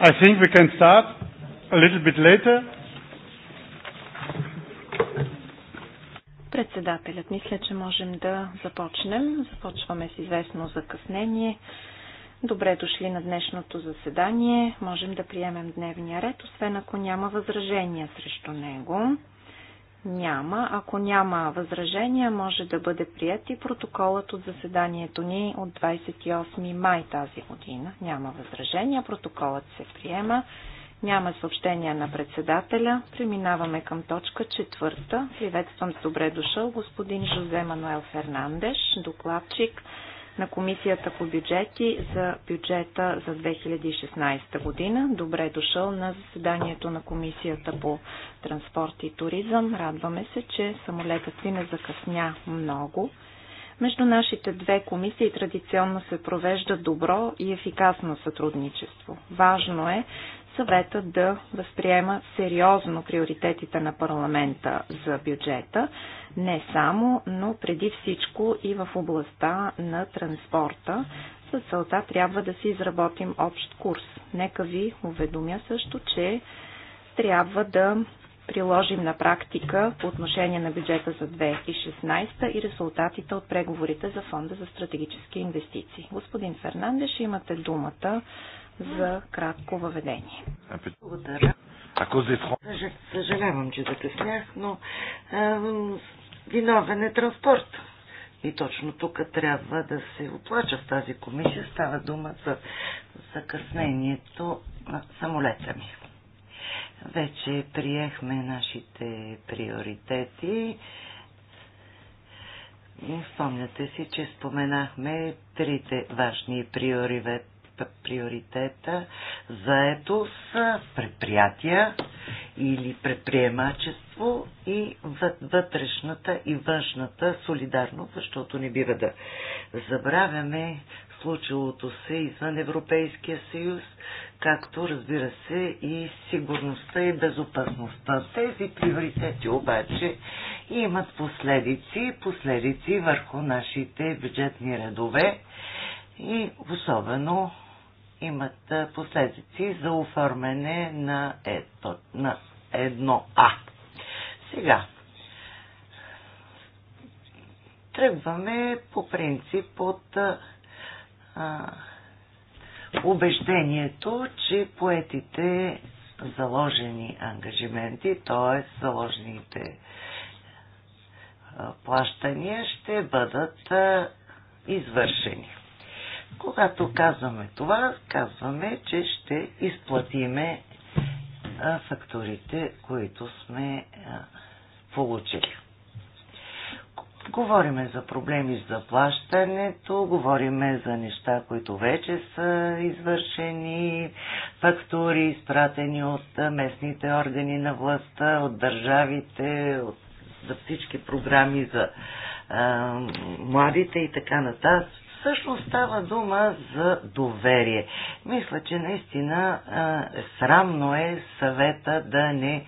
I think we can start a little bit later. Председателят, мисля, че можем да започнем. Започваме с известно закъснение. Добре дошли на днешното заседание. Можем да приемем дневния ред, освен ако няма възражения срещу него. Няма. Ако няма възражения, може да бъде прият и протоколът от заседанието ни от 28 май тази година. Няма възражения, протоколът се приема. Няма съобщения на председателя. Преминаваме към точка четвърта. Приветствам с добре дошъл господин Жозе Мануел Фернандеш, докладчик на Комисията по бюджети за бюджета за 2016 година. Добре е дошъл на заседанието на Комисията по транспорт и туризъм. Радваме се, че самолетът ви не закъсня много. Между нашите две комисии традиционно се провежда добро и ефикасно сътрудничество. Важно е Съвета да възприема сериозно приоритетите на парламента за бюджета, не само, но преди всичко и в областта на транспорта. За целта трябва да си изработим общ курс. Нека ви уведомя също, че трябва да приложим на практика по отношение на бюджета за 2016 и резултатите от преговорите за Фонда за стратегически инвестиции. Господин Фернандеш, имате думата за кратко въведение. Благодаря. Съжалявам, че закъснях, но е, виновен е транспорт. И точно тук трябва да се оплача в тази комисия. Става дума за закъснението на самолета ми. Вече приехме нашите приоритети. Спомняте си, че споменахме трите важни приоритет, приоритета заетост, предприятия или предприемачество и вътрешната и външната солидарност, защото не бива да забравяме случилото се извън Европейския съюз, както разбира се и сигурността и безопасността. Тези приоритети обаче имат последици, последици върху нашите бюджетни редове и особено имат последици за оформяне на, ето, на едно А. Сега, тръгваме по принцип от а, убеждението, че поетите заложени ангажименти, т.е. заложените плащания ще бъдат извършени. Когато казваме това, казваме, че ще изплатиме факторите, които сме получили. Говориме за проблеми с заплащането, говориме за неща, които вече са извършени, фактури, изпратени от местните органи на властта, от държавите, от, за всички програми за а, младите и така нататък всъщност става дума за доверие. Мисля, че наистина срамно е съвета да не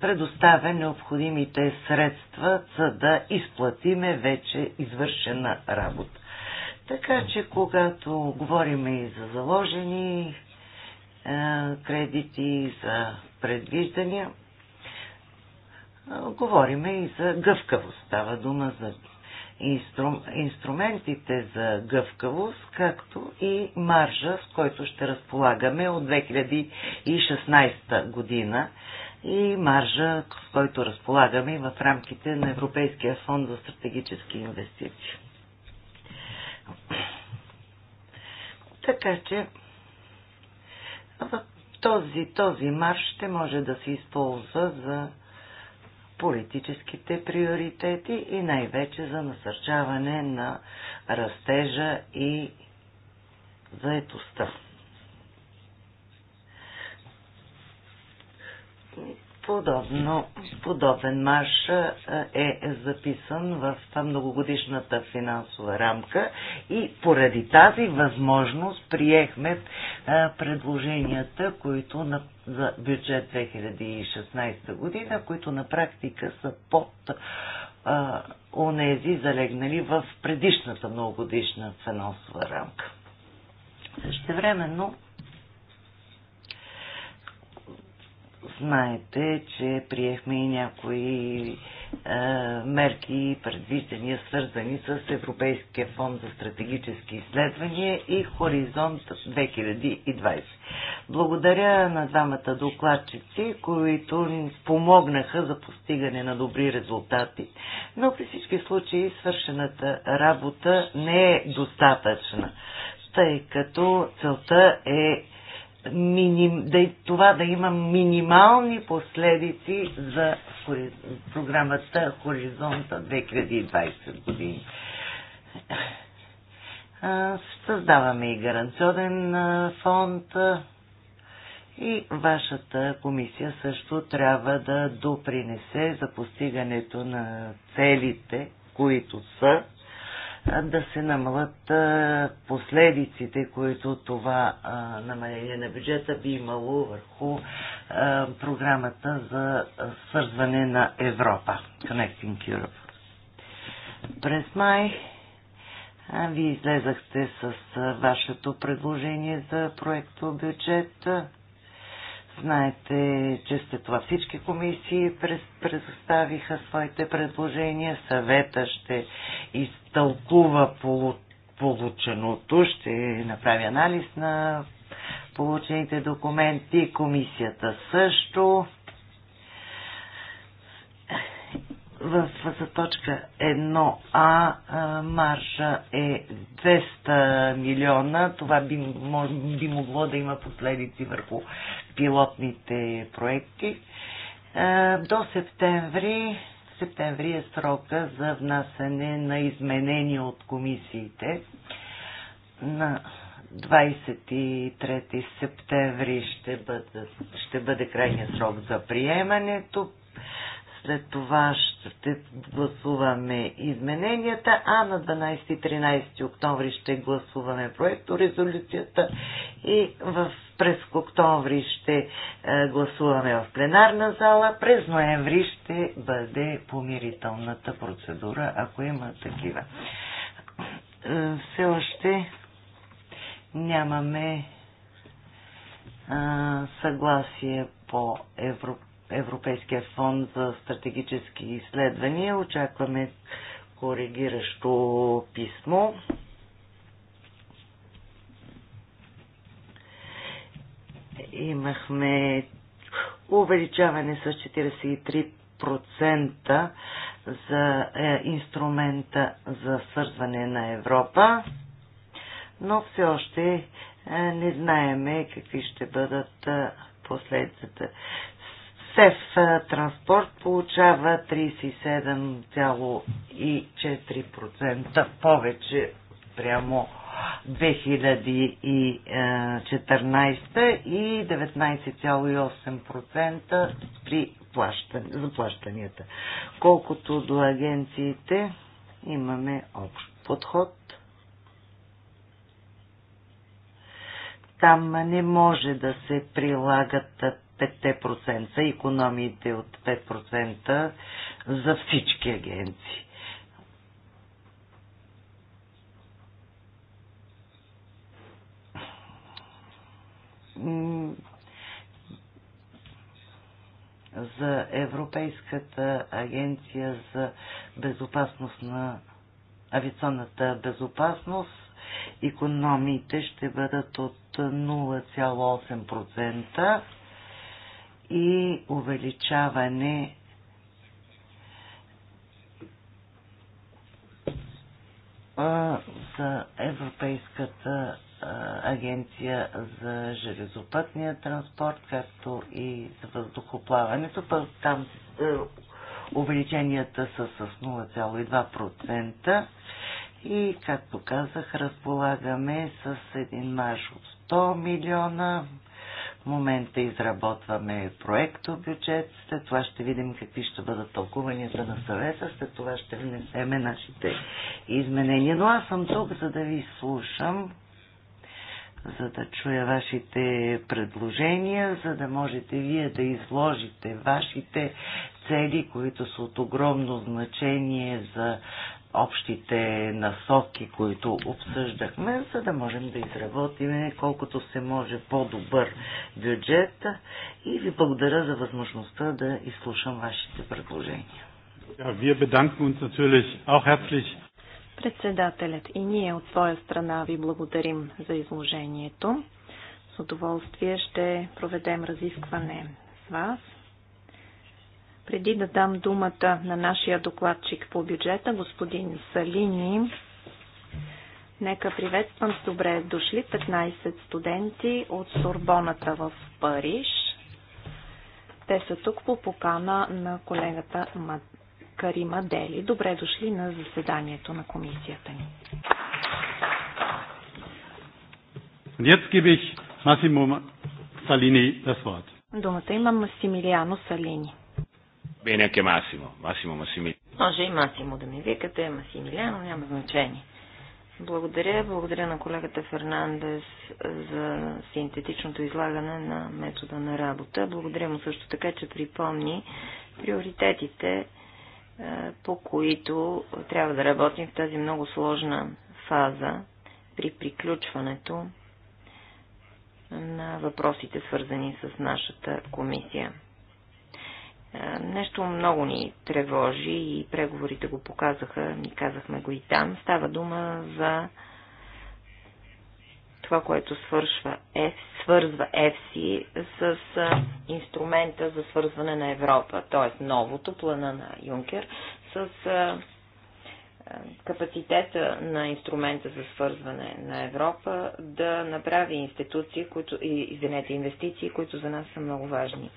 предоставя необходимите средства, за да изплатиме вече извършена работа. Така че, когато говорим и за заложени кредити, за предвиждания, говориме и за гъвкавост. Става дума за инстру, инструментите за гъвкавост, както и маржа, с който ще разполагаме от 2016 година и маржа, с който разполагаме в рамките на Европейския фонд за стратегически инвестиции. Така че в този, този марш ще може да се използва за политическите приоритети и най-вече за насърчаване на растежа и заетостта. Подобно, подобен марш е записан в многогодишната финансова рамка и поради тази възможност приехме предложенията, които на, за бюджет 2016 година, които на практика са под онези залегнали в предишната многогодишна финансова рамка. Същевременно Знаете, че приехме и някои е, мерки и предвиждания, свързани с Европейския фонд за стратегически изследвания и Хоризонт 2020. Благодаря на двамата докладчици, които ни помогнаха за постигане на добри резултати. Но при всички случаи свършената работа не е достатъчна, тъй като целта е миним, да, това да има минимални последици за програмата Хоризонта 2020 години. Създаваме и гаранционен фонд и вашата комисия също трябва да допринесе за постигането на целите, които са да се намалят последиците, които това намаление на бюджета би имало върху програмата за свързване на Европа, Connecting Europe. През май вие излезахте с вашето предложение за проекто бюджет. Знаете, че след това всички комисии предоставиха своите предложения. Съвета ще изтълкува полученото, ще направи анализ на получените документи. Комисията също. в, за точка 1А маржа е 200 милиона. Това би, мож, би могло да има последици върху пилотните проекти. До септември, септември е срока за внасене на изменения от комисиите. На 23 септември ще бъде, ще бъде крайния срок за приемането. След това ще гласуваме измененията, а на 12 и 13 октомври ще гласуваме проекто резолюцията и в, през октомври ще е, гласуваме в пленарна зала. През ноември ще бъде помирителната процедура, ако има такива. Е, все още нямаме а, е, съгласие по Европа Европейския фонд за стратегически изследвания. Очакваме коригиращо писмо. Имахме увеличаване с 43% за е, инструмента за свързване на Европа, но все още е, не знаеме какви ще бъдат е, последствията. СЕФ транспорт получава 37,4% повече прямо 2014 и 19,8% при заплащанията. Колкото до агенциите, имаме общ подход. Там не може да се прилагат 5%, економиите от 5% за всички агенции. За Европейската агенция за безопасност на авиационната безопасност економиите ще бъдат от 0,8% и увеличаване за Европейската агенция за железопътния транспорт, както и за въздухоплаването. Пък там е, увеличенията са с 0,2% и, както казах, разполагаме с един марш от 100 милиона в момента изработваме проекто бюджет, след това ще видим какви ще бъдат тълкуванията на съвета, след това ще внесеме нашите изменения. Но аз съм тук, за да ви слушам, за да чуя вашите предложения, за да можете вие да изложите вашите цели, които са от огромно значение за общите насоки, които обсъждахме, за да можем да изработим колкото се може по-добър бюджет и ви благодаря за възможността да изслушам вашите предложения. Ja, wir bedanken uns natürlich auch herzlich. Председателят и ние от своя страна ви благодарим за изложението. С удоволствие ще проведем разискване с вас преди да дам думата на нашия докладчик по бюджета, господин Салини, нека приветствам с добре дошли 15 студенти от Сорбоната в Париж. Те са тук по покана на колегата Карима Дели. Добре дошли на заседанието на комисията ни. Салини, Думата има Масимилиано Салини. Bene anche масимо, масимо Massimiliano. Може и Масимо да ми викате, Масимиляно, няма значение. Благодаря, благодаря на колегата Фернандес за синтетичното излагане на метода на работа. Благодаря му също така, че припомни приоритетите, е, по които трябва да работим в тази много сложна фаза при приключването на въпросите, свързани с нашата комисия. Е, нещо много ни тревожи и преговорите го показаха, ни казахме го и там. Става дума за това, което свършва F, свързва ЕФСИ с е, инструмента за свързване на Европа, т.е. новото плана на Юнкер с е, капацитета на инструмента за свързване на Европа да направи институции, които, извинете, инвестиции, които за нас са много важни.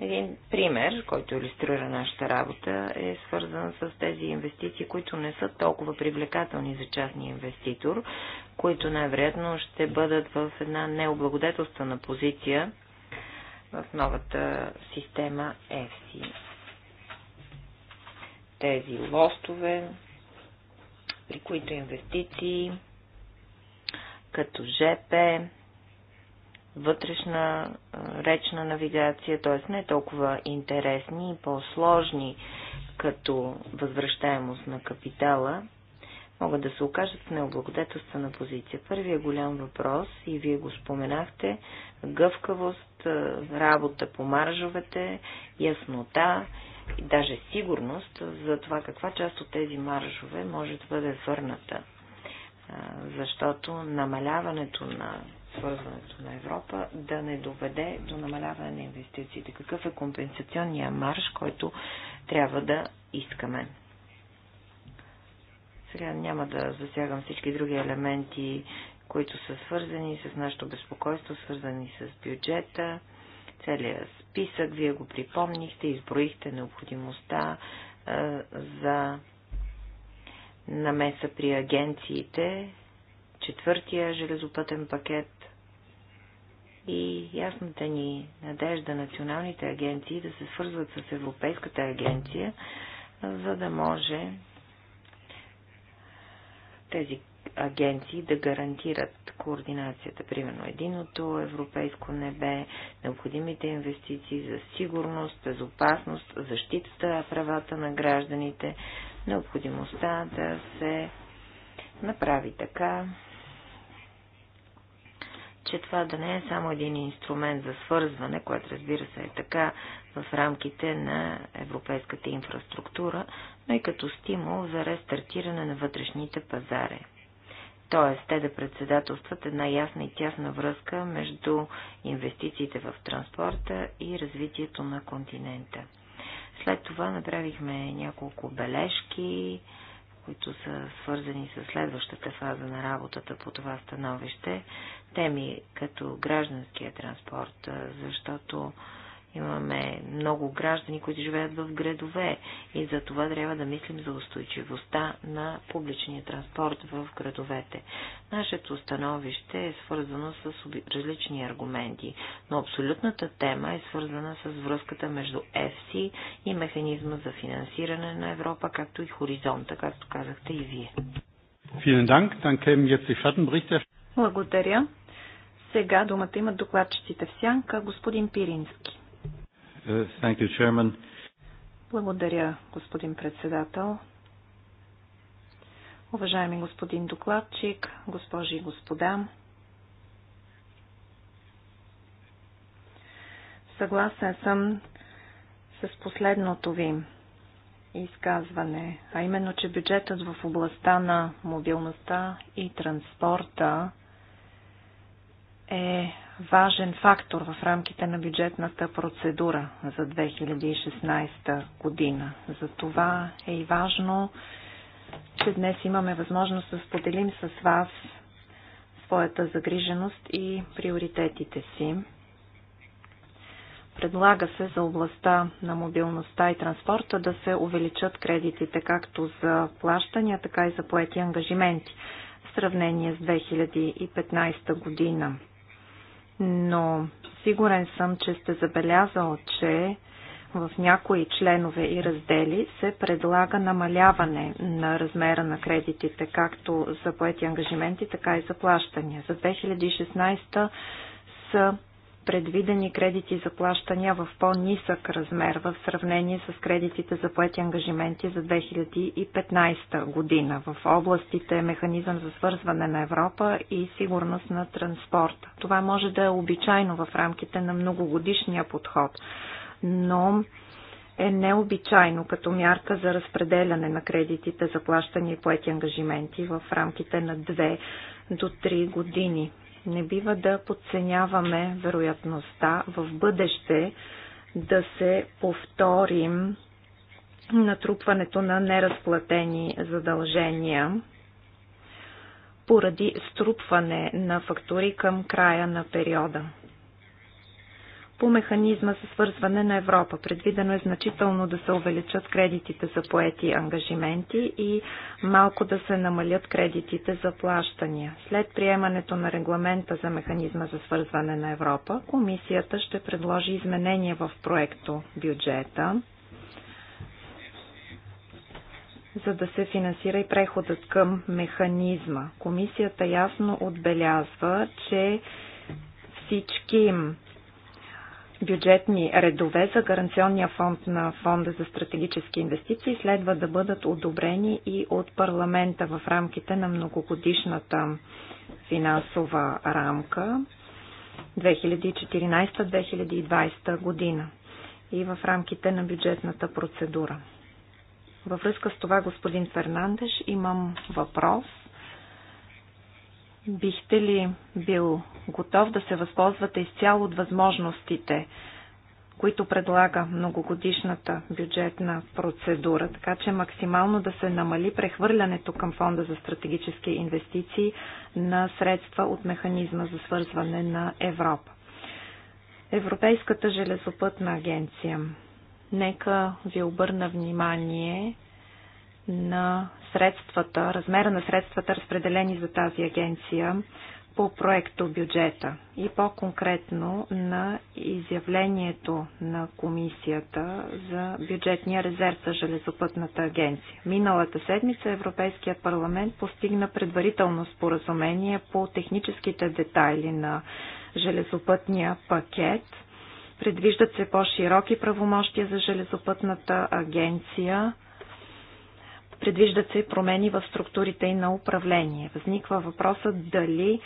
Един пример, който иллюстрира нашата работа, е свързан с тези инвестиции, които не са толкова привлекателни за частния инвеститор, които най-вероятно ще бъдат в една необлагодетелствена позиция в новата система EFSI тези лостове, при които инвестиции, като ЖП, вътрешна речна навигация, т.е. не толкова интересни и по-сложни като възвръщаемост на капитала, могат да се окажат в необлагодетелствена позиция. Първият голям въпрос, и вие го споменахте, гъвкавост, работа по маржовете, яснота и даже сигурност за това каква част от тези маржове може да бъде върната. Защото намаляването на свързването на Европа да не доведе до намаляване на инвестициите. Какъв е компенсационния марш, който трябва да искаме? Сега няма да засягам всички други елементи, които са свързани с нашето безпокойство, свързани с бюджета, целият списък, вие го припомнихте, изброихте необходимостта е, за намеса при агенциите, четвъртия железопътен пакет и ясната ни надежда националните агенции да се свързват с Европейската агенция, за да може тези агенции да гарантират координацията, примерно единото европейско небе, необходимите инвестиции за сигурност, безопасност, защитата на правата на гражданите, необходимостта да се направи така, че това да не е само един инструмент за свързване, което разбира се е така в рамките на европейската инфраструктура, но и като стимул за рестартиране на вътрешните пазари. Тоест, те да председателстват една ясна и тясна връзка между инвестициите в транспорта и развитието на континента. След това направихме няколко бележки, които са свързани с следващата фаза на работата по това становище, теми като гражданския транспорт, защото Имаме много граждани, които живеят в градове и за това трябва да мислим за устойчивостта на публичния транспорт в градовете. Нашето становище е свързано с различни аргументи, но абсолютната тема е свързана с връзката между ЕФСИ и механизма за финансиране на Европа, както и хоризонта, както казахте и вие. Благодаря. Сега думата имат докладчиците в сянка господин Пирински. Uh, thank you, Chairman. Благодаря, господин председател. Уважаеми господин докладчик, госпожи и господа, съгласен съм с последното ви изказване, а именно, че бюджетът в областта на мобилността и транспорта е важен фактор в рамките на бюджетната процедура за 2016 година. За това е и важно, че днес имаме възможност да споделим с вас своята загриженост и приоритетите си. Предлага се за областта на мобилността и транспорта да се увеличат кредитите както за плащания, така и за поети ангажименти в сравнение с 2015 година но сигурен съм, че сте забелязал, че в някои членове и раздели се предлага намаляване на размера на кредитите, както за поети ангажименти, така и за плащания. За 2016 са предвидени кредити за плащания в по-нисък размер в сравнение с кредитите за поети ангажименти за 2015 година в областите е Механизъм за свързване на Европа и сигурност на транспорта. Това може да е обичайно в рамките на многогодишния подход, но е необичайно като мярка за разпределяне на кредитите за плащания и поети ангажименти в рамките на 2 до 3 години. Не бива да подценяваме вероятността в бъдеще да се повторим натрупването на неразплатени задължения поради струпване на фактури към края на периода по механизма за свързване на Европа. Предвидено е значително да се увеличат кредитите за поети ангажименти и малко да се намалят кредитите за плащания. След приемането на регламента за механизма за свързване на Европа, комисията ще предложи изменения в проекто бюджета за да се финансира и преходът към механизма. Комисията ясно отбелязва, че всички бюджетни редове за гаранционния фонд на Фонда за стратегически инвестиции следва да бъдат одобрени и от парламента в рамките на многогодишната финансова рамка 2014-2020 година и в рамките на бюджетната процедура. Във връзка с това, господин Фернандеш, имам въпрос – Бихте ли бил готов да се възползвате изцяло от възможностите, които предлага многогодишната бюджетна процедура, така че максимално да се намали прехвърлянето към Фонда за стратегически инвестиции на средства от механизма за свързване на Европа? Европейската железопътна агенция. Нека ви обърна внимание, на средствата, размера на средствата, разпределени за тази агенция по проекто бюджета и по-конкретно на изявлението на комисията за бюджетния резерв за железопътната агенция. Миналата седмица Европейският парламент постигна предварително споразумение по техническите детайли на железопътния пакет. Предвиждат се по-широки правомощия за железопътната агенция – Предвиждат се промени в структурите и на управление. Възниква въпросът дали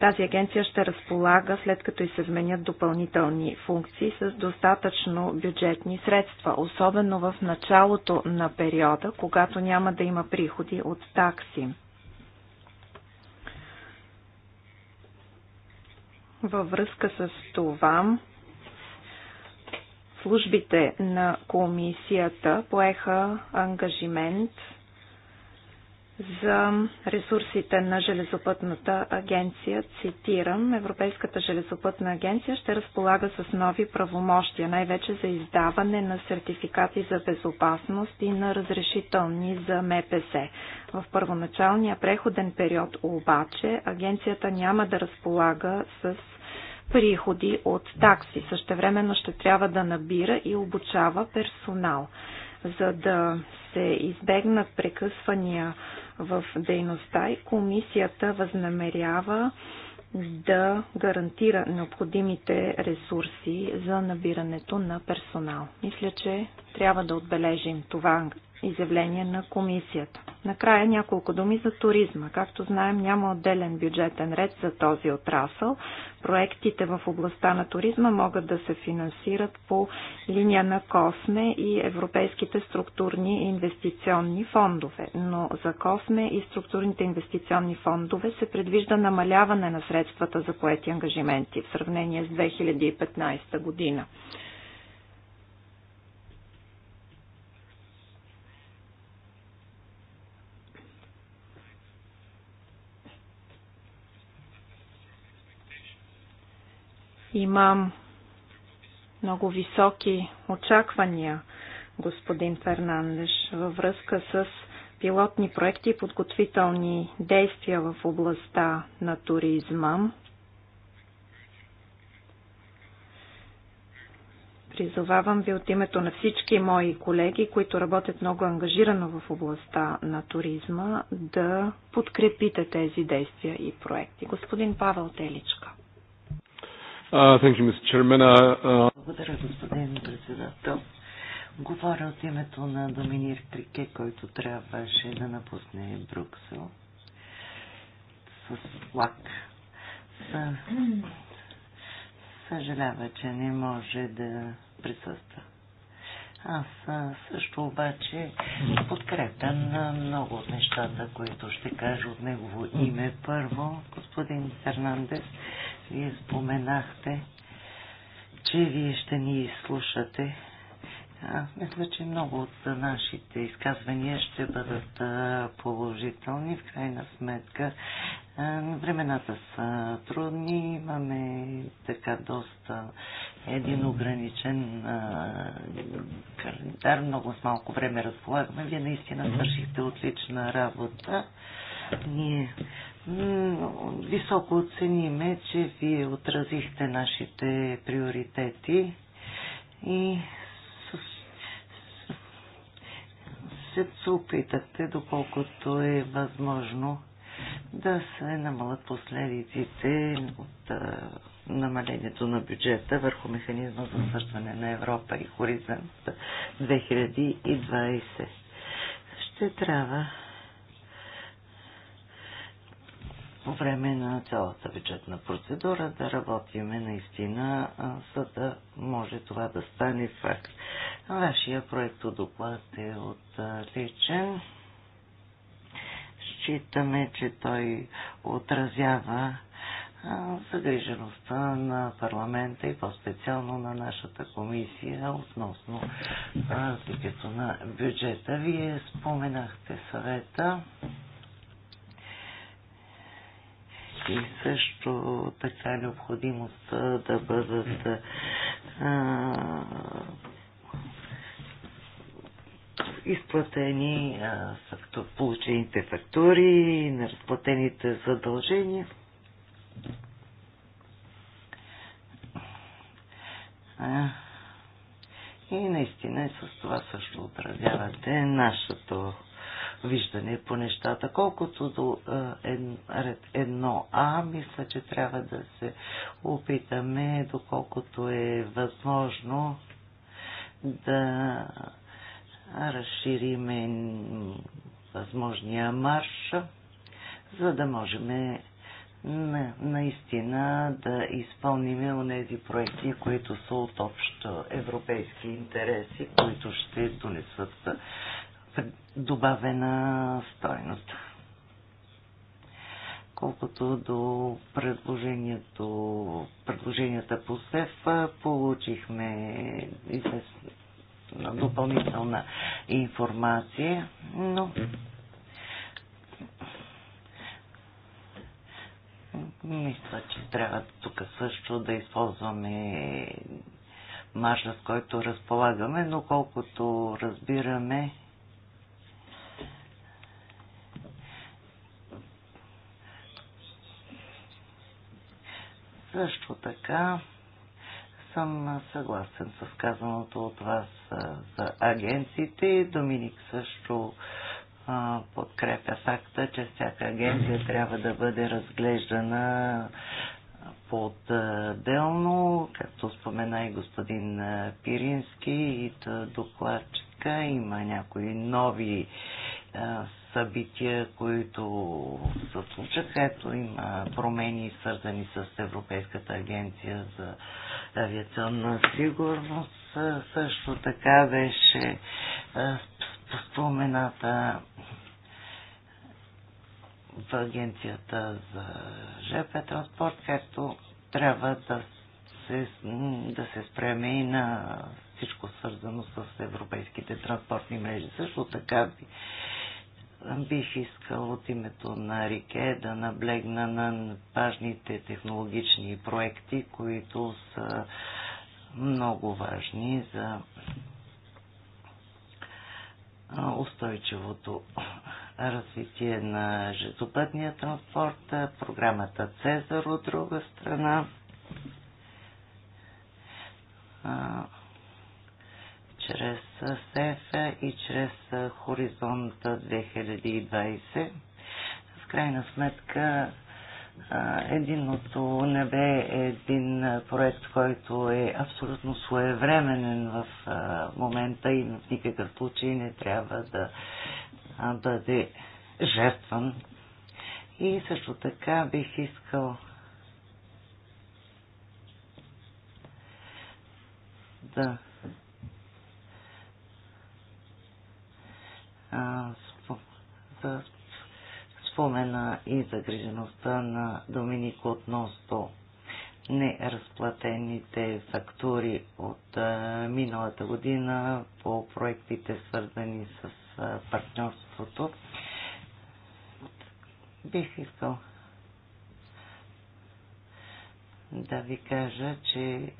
тази агенция ще разполага, след като и се вменят допълнителни функции, с достатъчно бюджетни средства, особено в началото на периода, когато няма да има приходи от такси. Във връзка с това, службите на комисията поеха ангажимент за ресурсите на Железопътната агенция. Цитирам, Европейската железопътна агенция ще разполага с нови правомощия, най-вече за издаване на сертификати за безопасност и на разрешителни за МПС. В първоначалния преходен период обаче агенцията няма да разполага с приходи от такси. Същевременно ще трябва да набира и обучава персонал. За да се избегнат прекъсвания в дейността и комисията възнамерява да гарантира необходимите ресурси за набирането на персонал. Мисля, че трябва да отбележим това изявление на комисията. Накрая няколко думи за туризма. Както знаем, няма отделен бюджетен ред за този отрасъл. Проектите в областта на туризма могат да се финансират по линия на Косме и европейските структурни и инвестиционни фондове. Но за Косме и структурните инвестиционни фондове се предвижда намаляване на средствата за поети ангажименти в сравнение с 2015 година. Имам много високи очаквания, господин Фернандеш, във връзка с пилотни проекти и подготвителни действия в областта на туризма. Призовавам ви от името на всички мои колеги, които работят много ангажирано в областта на туризма, да подкрепите тези действия и проекти. Господин Павел Теличка. Благодаря, господин председател. Говоря от името на Доминир Трике, който трябваше да напусне Брюксел с лак. Съжалява, че не може да присъства. Аз също обаче подкрепям много от нещата, които ще кажа от негово име. Първо, господин Фернандес вие споменахте, че вие ще ни слушате. Аз мисля, че много от нашите изказвания ще бъдат положителни. В крайна сметка времената са трудни, имаме така доста един ограничен календар, много с малко време разполагаме. Вие наистина свършихте отлична работа. Ние Високо оцениме, че вие отразихте нашите приоритети и се опитате, доколкото е възможно, да се намалят последиците от намалението на бюджета върху механизма за свързване на Европа и Хоризонт 2020. Ще трябва по време на цялата бюджетна процедура да работиме наистина, за да може това да стане факт. Вашия доклад е отличен. Считаме, че той отразява загрижеността на парламента и по-специално на нашата комисия относно развитието на бюджета. Вие споменахте съвета. И Също така необходимост да бъдат изплатени получените фактури, неразплатените задължения. и наистина с това също отразявате нашето виждане по нещата. Колкото до е, ред 1А, мисля, че трябва да се опитаме, доколкото е възможно, да разшириме възможния марш, за да можем е, наистина да изпълним тези проекти, които са от общо европейски интереси, които ще донесат добавена стойност. Колкото до предложението, предложенията по СЕФ, получихме известна допълнителна информация, но мисля, че трябва тук също да използваме маржа, с който разполагаме, но колкото разбираме, Също така съм съгласен с казаното от вас за агенциите. Доминик също подкрепя факта, че всяка агенция трябва да бъде разглеждана по-отделно, както спомена и господин Пирински и докладчика, има някои нови събития, които се случат, ето има промени свързани с Европейската агенция за авиационна сигурност. Също така беше е, спомената в агенцията за ЖП транспорт, както трябва да се, да се спреме и на всичко свързано с европейските транспортни мрежи. Също така би бих искал от името на Рике да наблегна на важните технологични проекти, които са много важни за устойчивото развитие на железопътния транспорт, програмата Цезар от друга страна чрез СЕФ и чрез Хоризонта 2020. В крайна сметка Единното небе е един проект, който е абсолютно своевременен в момента и в никакъв случай не трябва да бъде жертван. И също така бих искал да за спомена и загрижеността на Доминик относно неразплатените фактури от миналата година по проектите свързани с партньорството. Бих искал да ви кажа, че е,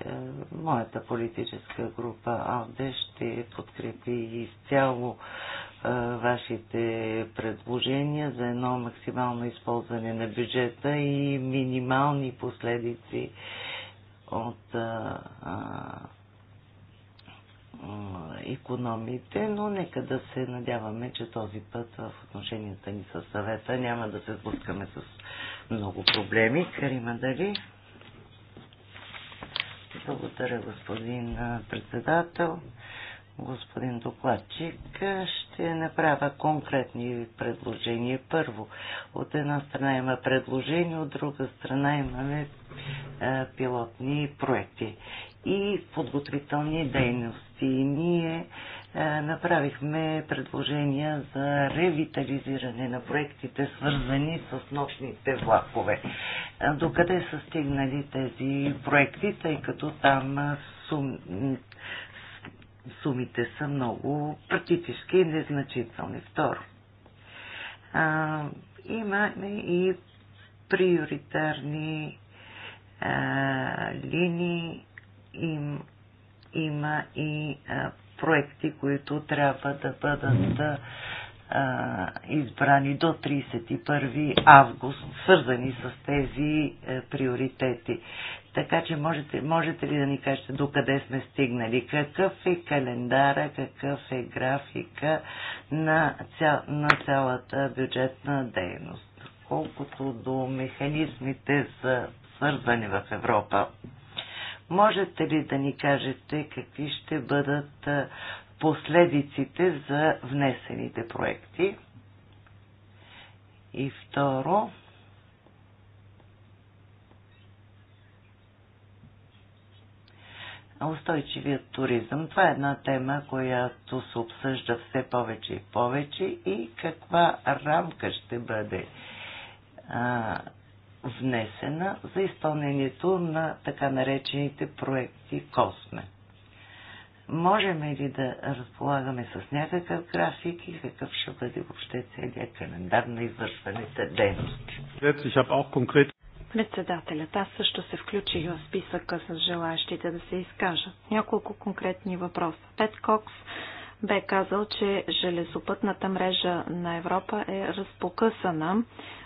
моята политическа група АВД ще подкрепи изцяло вашите предложения за едно максимално използване на бюджета и минимални последици от а, а, економите, но нека да се надяваме, че този път в отношенията ни с съвета няма да се сблъскаме с много проблеми. Карима Дали. Благодаря, господин председател господин докладчик, ще направя конкретни предложения. Първо, от една страна има предложения, от друга страна имаме а, е, пилотни проекти и подготвителни дейности. Ние а, е, направихме предложения за ревитализиране на проектите, свързани с нощните влакове. Е, докъде са стигнали тези проекти, тъй като там сум сумите са много практически незначителни. Второ, а, имаме и приоритарни а, линии, им, има и а, проекти, които трябва да бъдат а, избрани до 31 август, свързани с тези а, приоритети. Така че можете, можете ли да ни кажете до къде сме стигнали? Какъв е календара, какъв е графика на, ця, на цялата бюджетна дейност? Колкото до механизмите за свързване в Европа, можете ли да ни кажете какви ще бъдат последиците за внесените проекти? И второ, устойчивият туризъм. Това е една тема, която се обсъжда все повече и повече и каква рамка ще бъде а, внесена за изпълнението на така наречените проекти Косме. Можем ли да разполагаме с някакъв график и какъв ще бъде въобще целият календар на извършваните дейности? Председателят, аз също се включих в списъка с желаящите да се изкажат. Няколко конкретни въпроса. Пет Кокс бе казал, че железопътната мрежа на Европа е разпокъсана,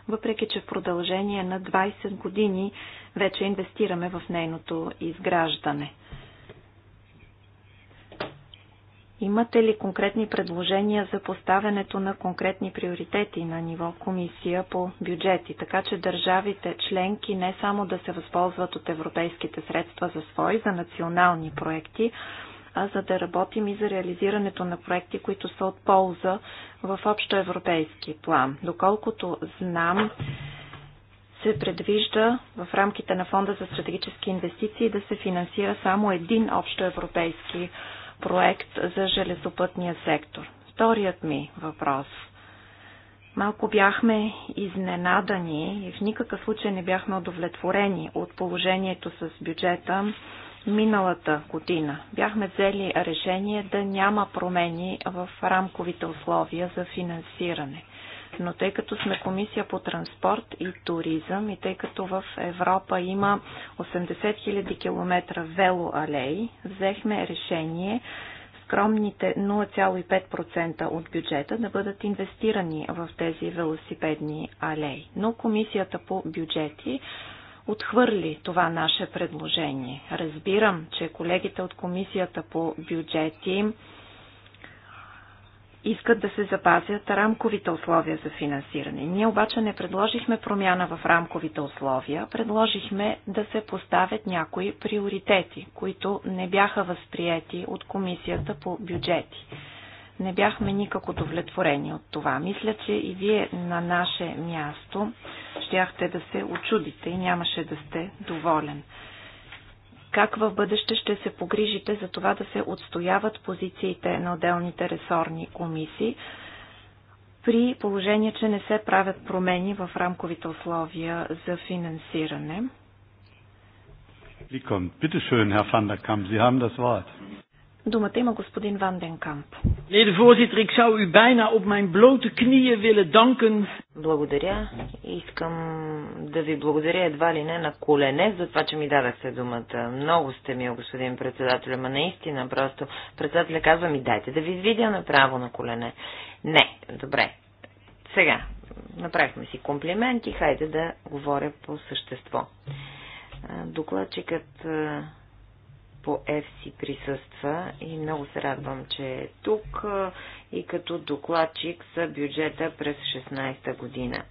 въпреки че в продължение на 20 години вече инвестираме в нейното изграждане. Имате ли конкретни предложения за поставянето на конкретни приоритети на ниво комисия по бюджети, така че държавите членки не само да се възползват от европейските средства за свои, за национални проекти, а за да работим и за реализирането на проекти, които са от полза в общо европейски план. Доколкото знам, се предвижда в рамките на Фонда за стратегически инвестиции да се финансира само един общо европейски проект проект за железопътния сектор. Вторият ми въпрос. Малко бяхме изненадани и в никакъв случай не бяхме удовлетворени от положението с бюджета миналата година. Бяхме взели решение да няма промени в рамковите условия за финансиране но тъй като сме комисия по транспорт и туризъм и тъй като в Европа има 80 000 км велоалей, взехме решение скромните 0,5% от бюджета да бъдат инвестирани в тези велосипедни алеи. Но комисията по бюджети отхвърли това наше предложение. Разбирам, че колегите от комисията по бюджети искат да се запазят рамковите условия за финансиране. Ние обаче не предложихме промяна в рамковите условия, предложихме да се поставят някои приоритети, които не бяха възприяти от комисията по бюджети. Не бяхме никак удовлетворени от това. Мисля, че и вие на наше място щяхте да се очудите и нямаше да сте доволен. Как в бъдеще ще се погрижите за това да се отстояват позициите на отделните ресорни комисии, при положение, че не се правят промени в рамковите условия за финансиране? Bitte schön, Herr van der Kamp, Sie haben das Wort. Думата има господин Ван Денкамп. Леди voorzitter, ik zou u bijna op mijn blote knieën willen danken. Благодаря. Искам да ви благодаря едва ли не на колене за това, че ми дадахте думата. Много сте ми, господин председател, ама наистина просто председателя казва ми дайте да ви видя направо на колене. Не, добре. Сега, направихме си комплименти, хайде да говоря по същество. Докладчикът по ЕФСИ присъства и много се радвам, че е тук и като докладчик за бюджета през 16-та година.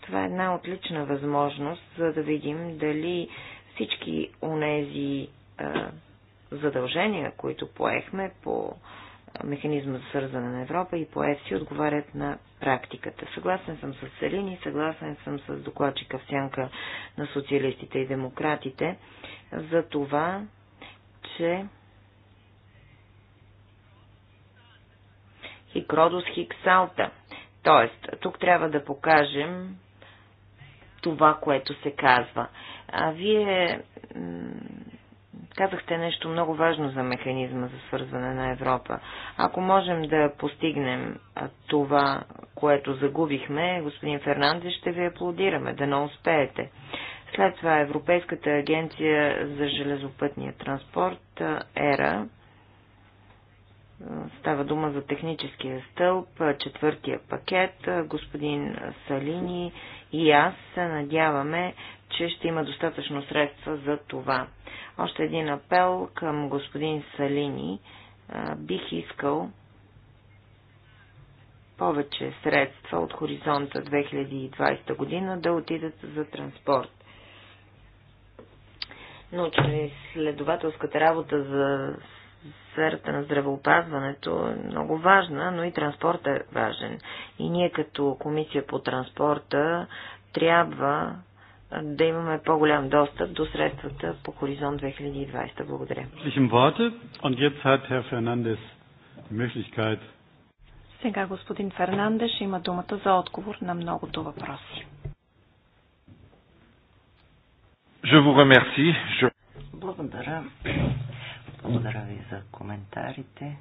Това е една отлична възможност, за да видим дали всички онези задължения, които поехме по механизма за свързане на Европа и по ЕФСИ отговарят на практиката. Съгласен съм с Селини, съгласен съм с докладчика в сянка на социалистите и демократите за това, че Хикродос Хиксалта. Тоест, тук трябва да покажем това, което се казва. А вие казахте нещо много важно за механизма за свързване на Европа. Ако можем да постигнем това, което загубихме, господин Фернандес, ще ви аплодираме, да не успеете. След това Европейската агенция за железопътния транспорт, ЕРА, става дума за техническия стълб, четвъртия пакет. Господин Салини и аз се надяваме, че ще има достатъчно средства за това. Още един апел към господин Салини. Бих искал повече средства от хоризонта 2020 година да отидат за транспорт. Научно-изследователската работа за сферата на здравеопазването е много важна, но и транспорт е важен. И ние като комисия по транспорта трябва да имаме по-голям достъп до средствата по Хоризонт 2020. Благодаря. Сега господин Фернандеш има думата за отговор на многото въпроси. Je vous remercie. Je... Благодаря. Благодаря ви за коментарите.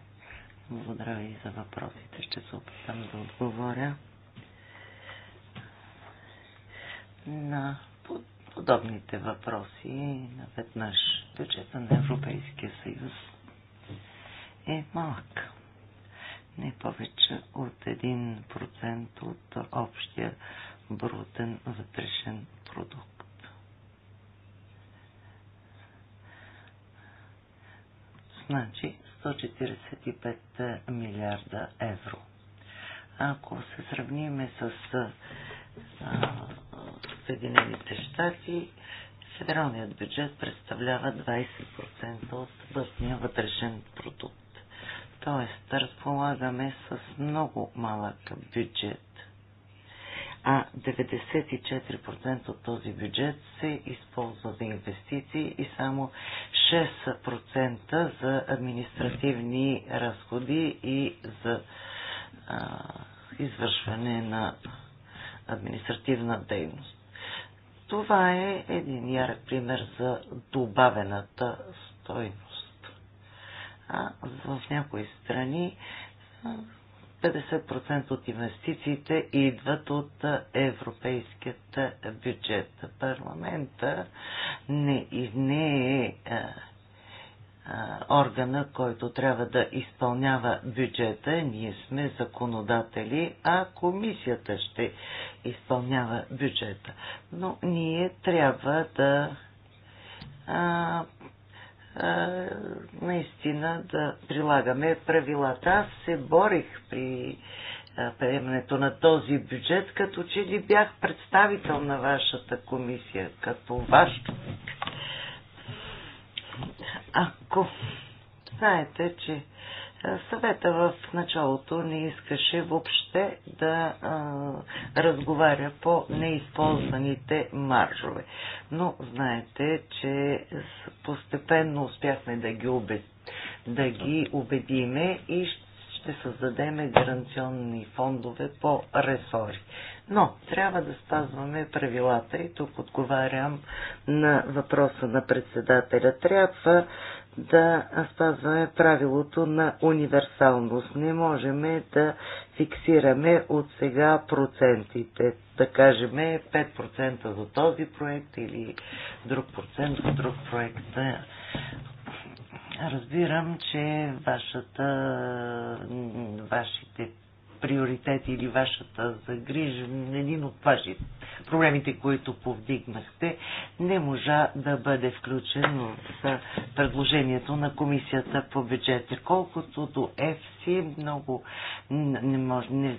Благодаря ви за въпросите. Ще се опитам да отговоря на подобните въпроси на веднъж. Бюджета на Европейския съюз е малък. Не повече от 1% от общия брутен вътрешен продукт. Значи 145 е, милиарда евро. Ако се сравниме с е, е, Съединените щати, федералният бюджет представлява 20% от вътрешния вътрешен продукт. Тоест, разполагаме с много малък бюджет а 94% от този бюджет се използва за инвестиции и само 6% за административни разходи и за а, извършване на административна дейност. Това е един ярък пример за добавената стойност. А в някои страни 50% от инвестициите идват от европейският бюджет. Парламента не, не е органа, който трябва да изпълнява бюджета. Ние сме законодатели, а комисията ще изпълнява бюджета. Но ние трябва да а, наистина да прилагаме правилата. Аз се борих при приемането на този бюджет, като че ли бях представител на вашата комисия, като ваш. Ако знаете, че Съвета в началото не искаше въобще да а, разговаря по неизползваните маржове. Но знаете, че постепенно успяхме да ги, убед... да ги убедиме и ще създадеме гаранционни фондове по ресори. Но трябва да спазваме правилата и тук отговарям на въпроса на председателя. Трябва да спазваме правилото на универсалност. Не можем да фиксираме от сега процентите, да кажем 5% за този проект или друг процент за друг проект. Разбирам, че вашата, вашите приоритет или вашата загрижа, един от вашите проблемите, които повдигнахте, не можа да бъде включен в предложението на комисията по бюджета. Колкото до ЕФСИ, много не, може, не,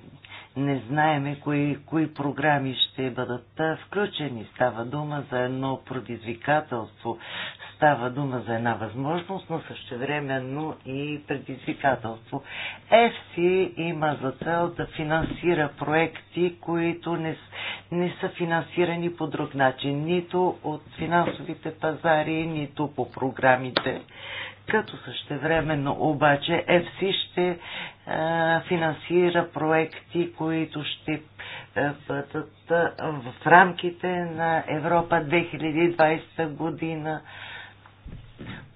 не знаеме кои, кои програми ще бъдат включени. Става дума за едно предизвикателство, Става дума за една възможност, но същевременно и предизвикателство. ЕФСИ има за цел да финансира проекти, които не, не са финансирани по друг начин, нито от финансовите пазари, нито по програмите, като същевременно обаче ЕФСИ ще а, е, финансира проекти, които ще е, бъдат е, в рамките на Европа 2020 година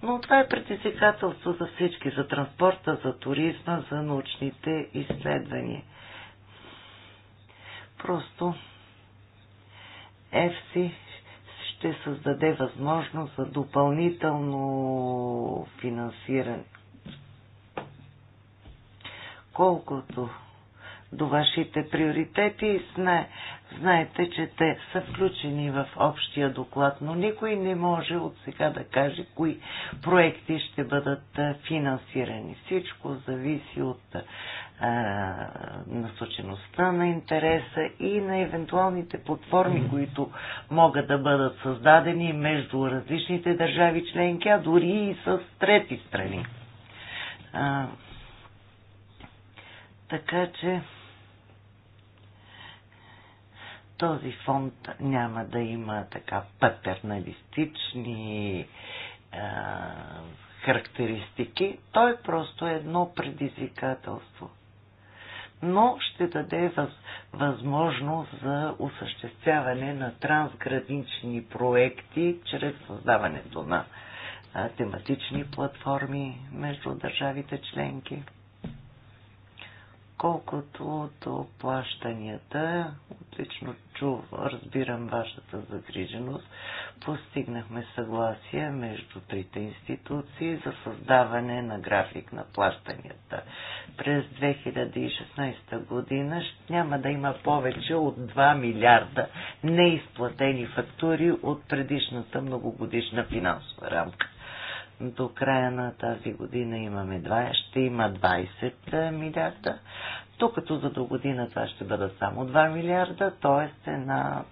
но това е предизвикателство за всички, за транспорта, за туризма, за научните изследвания. Просто ЕФСИ ще създаде възможност за допълнително финансиране. Колкото до вашите приоритети, знае, Знаете, че те са включени в общия доклад, но никой не може от сега да каже кои проекти ще бъдат финансирани. Всичко зависи от а, насочеността на интереса и на евентуалните платформи, които могат да бъдат създадени между различните държави членки, а дори и с трети страни. А, така че този фонд няма да има така патерналистични а, характеристики. Той просто е едно предизвикателство. Но ще даде въз, възможност за осъществяване на трансгранични проекти чрез създаването на а, тематични платформи между държавите членки. Колкото до плащанията, отлично чув, разбирам вашата загриженост, постигнахме съгласие между трите институции за създаване на график на плащанията. През 2016 година няма да има повече от 2 милиарда неизплатени фактури от предишната многогодишна финансова рамка до края на тази година имаме 20, ще има 20 е, милиарда, докато за до година това ще бъде само 2 милиарда, т.е. една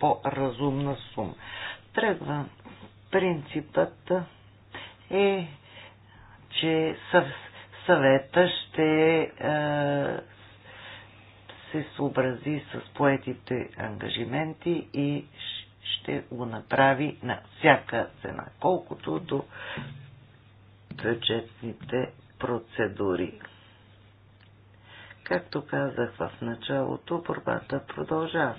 по-разумна сума. Тръгва принципът е, че съв, съвета ще е, се съобрази с поетите ангажименти и ще го направи на всяка цена, колкото до бюджетните процедури. Както казах в началото, борбата продължава.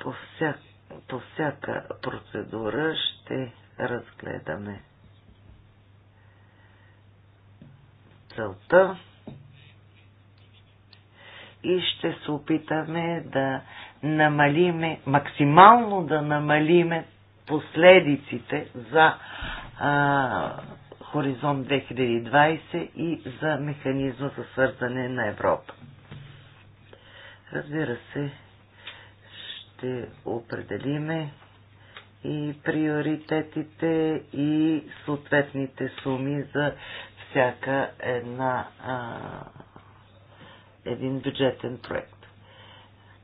По, вся, по всяка процедура ще разгледаме целта и ще се опитаме да намалиме, максимално да намалиме последиците за а, Хоризонт 2020 и за механизма за свързане на Европа. Разбира се, ще определиме и приоритетите и съответните суми за всяка една а, един бюджетен проект.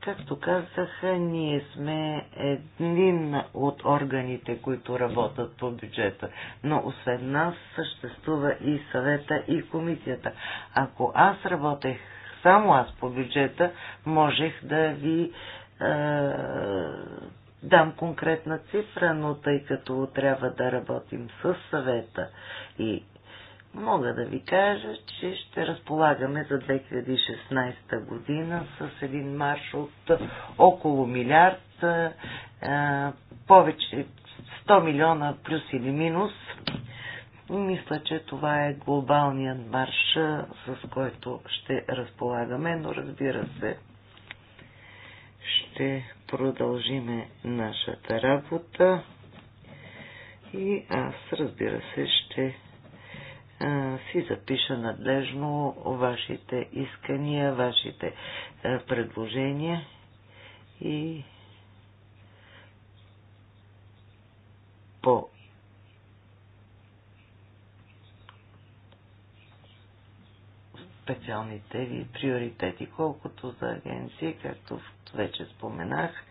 Както казах, ние сме един от органите, които работят по бюджета, но освен нас съществува и съвета и комисията. Ако аз работех само аз по бюджета, можех да ви е, дам конкретна цифра, но тъй като трябва да работим с съвета и мога да ви кажа, че ще разполагаме за 2016 година с един марш от около милиард, повече 100 милиона плюс или минус. Мисля, че това е глобалният марш, с който ще разполагаме, но разбира се, ще продължиме нашата работа и аз, разбира се, ще си запиша надлежно вашите искания, вашите предложения и по специалните ви приоритети, колкото за агенции, както вече споменах,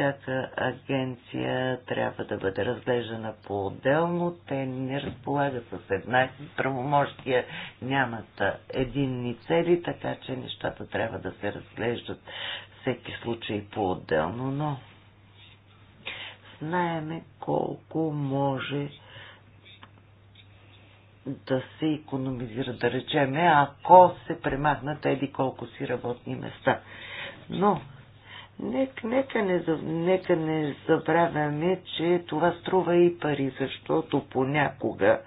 всяка агенция трябва да бъде разглеждана по-отделно. Те не разполагат с една правомощия, нямат единни цели, така че нещата трябва да се разглеждат всеки случай по-отделно, но знаеме колко може да се економизира, да речеме, ако се премахнат еди колко си работни места. Но Нека, нека, не, нека не забравяме, че това струва и пари, защото понякога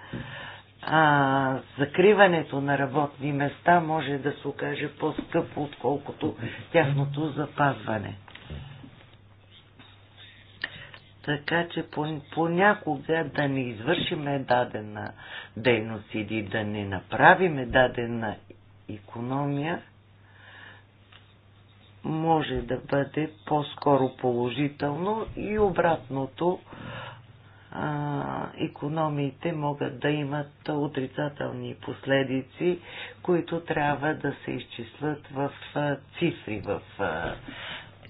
а, закриването на работни места може да се окаже по-скъпо, отколкото тяхното запазване. Така че понякога да не извършиме дадена дейност или да не направиме дадена економия, може да бъде по-скоро положително и обратното а, економиите могат да имат отрицателни последици, които трябва да се изчислят в а, цифри, в, а,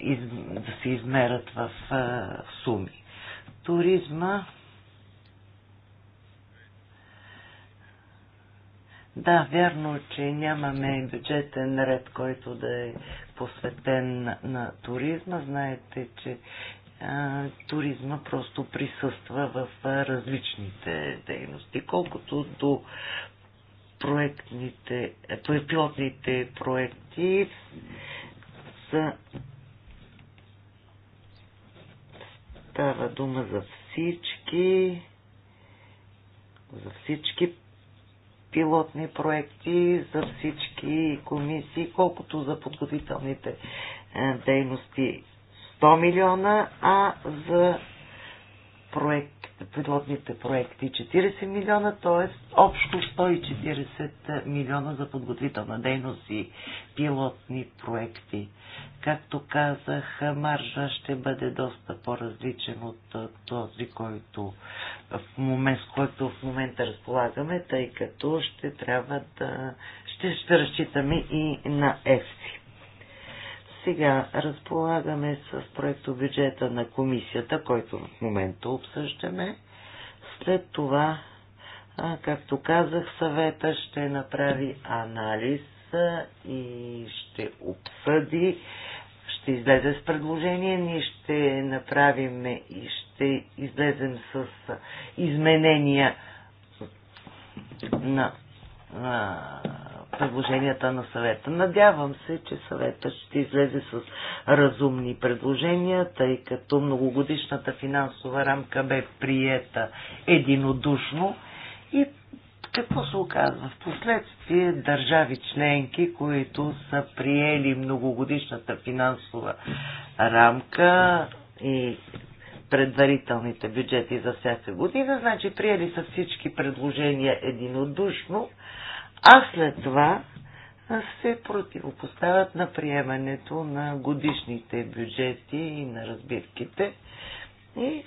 из, да се измерят в а, суми. Туризма. Да, вярно, че нямаме бюджетен ред, който да е посветен на туризма. Знаете, че туризма просто присъства в различните дейности. Колкото до проектните, е, пилотните проекти са става дума за всички за всички пилотни проекти за всички комисии, колкото за подготвителните е, дейности 100 милиона, а за проект пилотните проекти 40 милиона, т.е. общо 140 милиона за подготвителна дейност и пилотни проекти. Както казах, маржа ще бъде доста по-различен от този, който в момент, с който в момента разполагаме, тъй като ще трябва да ще, ще разчитаме и на ЕФСИ. Сега разполагаме с проекто бюджета на комисията, който в момента обсъждаме. След това, както казах, съвета ще направи анализ и ще обсъди, ще излезе с предложение, ние ще направим и ще излезем с изменения на, на предложенията на съвета. Надявам се, че съвета ще излезе с разумни предложения, тъй като многогодишната финансова рамка бе приета единодушно и какво се оказва? В последствие държави членки, които са приели многогодишната финансова рамка и предварителните бюджети за всяка година, значи приели са всички предложения единодушно, а след това се противопоставят на приемането на годишните бюджети и на разбивките. И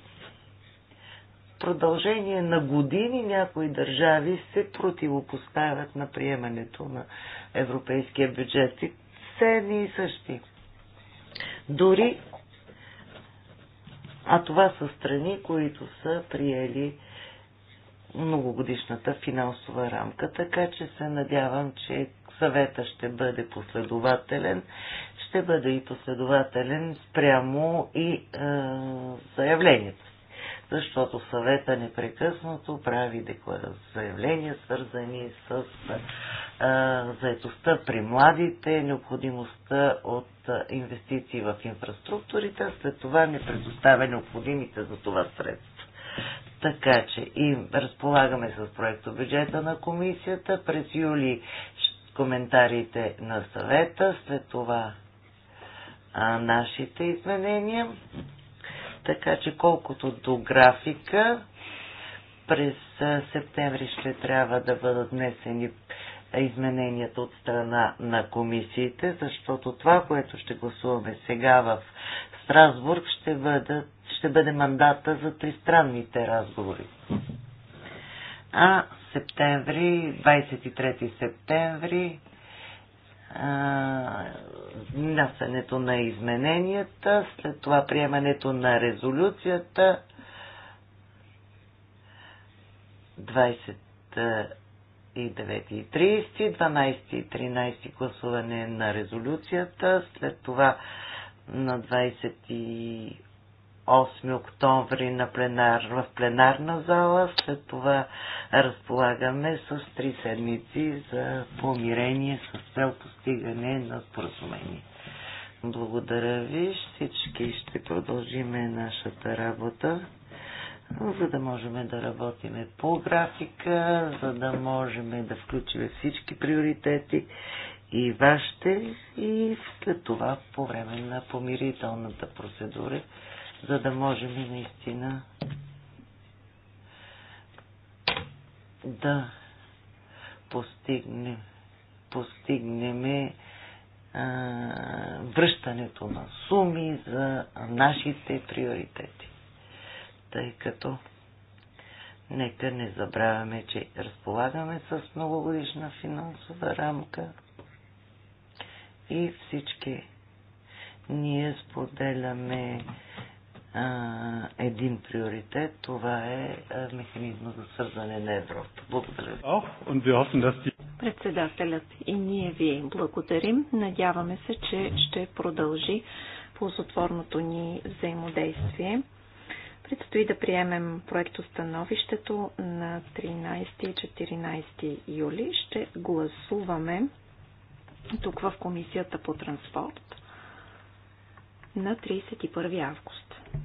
в продължение на години някои държави се противопоставят на приемането на европейския бюджет. И все едни и същи. Дори, а това са страни, които са приели многогодишната финансова рамка, така че се надявам, че съвета ще бъде последователен, ще бъде и последователен спрямо и е, заявлението. Защото съвета непрекъснато прави деклар... заявления, свързани с е, заетостта при младите, необходимостта от е, инвестиции в инфраструктурите, след това не предоставя необходимите за това средства. Така че и разполагаме с проекто бюджета на комисията. През юли коментарите на съвета, след това а, нашите изменения. Така че колкото до графика, през септември ще трябва да бъдат внесени измененията от страна на комисиите, защото това, което ще гласуваме сега в Страсбург, ще бъдат ще бъде мандата за тристранните разговори. А септември, 23 септември, внасянето на измененията, след това приемането на резолюцията 29 и 30, 12 и 13 гласуване на резолюцията, след това на 8 октомври на пленар, в пленарна зала. След това разполагаме с 3 седмици за помирение с цел постигане на споразумение. Благодаря ви. Всички ще продължиме нашата работа, за да можем да работиме по графика, за да можем да включим всички приоритети и вашите, и след това по време на помирителната процедура за да можем наистина да постигнем, постигнем а, връщането на суми за нашите приоритети. Тъй като нека не забравяме, че разполагаме с многогодишна финансова рамка и всички ние споделяме един приоритет. Това е механизма за свързване на Европа. Благодаря ви. Председателят и ние ви благодарим. Надяваме се, че ще продължи ползотворното ни взаимодействие. Предстои да приемем проектостановището на 13 и 14 юли. Ще гласуваме тук в Комисията по транспорт на 31 август.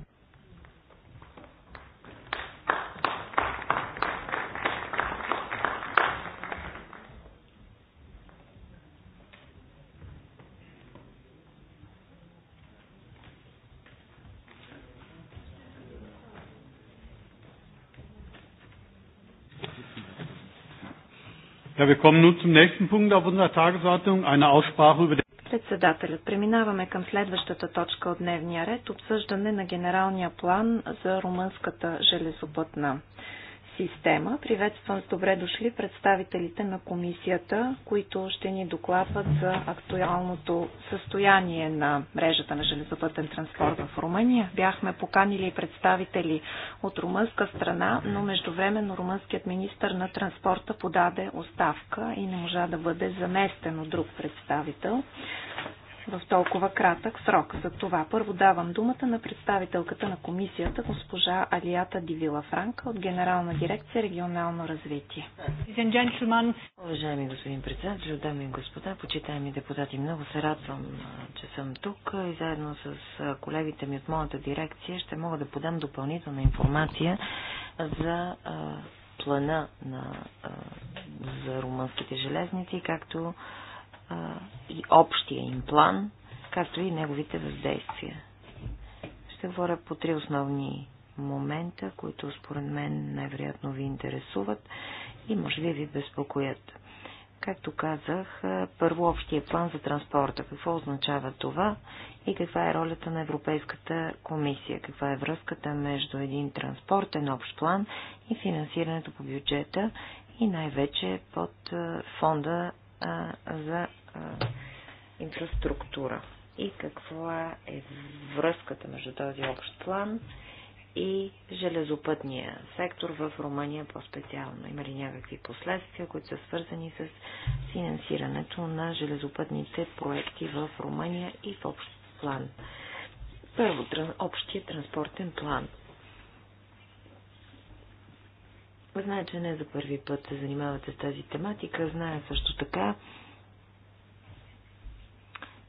Ja, wir kommen nun zum nächsten Punkt auf unserer Tagesordnung, eine Aussprache über Председателят, преминаваме към следващата точка от дневния ред – обсъждане на генералния план за румънската железопътна система. Приветствам с добре дошли представителите на комисията, които ще ни докладват за актуалното състояние на мрежата на железопътен транспорт в Румъния. Бяхме поканили и представители от румънска страна, но междувременно румънският министр на транспорта подаде оставка и не можа да бъде заместен от друг представител в толкова кратък срок. За това първо давам думата на представителката на комисията, госпожа Алията Дивила Франка от Генерална дирекция регионално развитие. Уважаеми господин председател, дами и господа, почитаеми депутати, много се радвам, че съм тук и заедно с колегите ми от моята дирекция ще мога да подам допълнителна информация за плана на, за румънските железници, както а, и общия им план, както и неговите въздействия. Ще говоря по три основни момента, които според мен най-вероятно ви интересуват и може би ви безпокоят. Както казах, първо общия план за транспорта. Какво означава това и каква е ролята на Европейската комисия? Каква е връзката между един транспортен общ план и финансирането по бюджета и най-вече под фонда за инфраструктура и каква е връзката между този общ план и железопътния сектор в Румъния по-специално. Има ли някакви последствия, които са свързани с финансирането на железопътните проекти в Румъния и в общ план? Първо, общия транспортен план. Знае, че не за първи път се занимавате с тази тематика. Зная също така,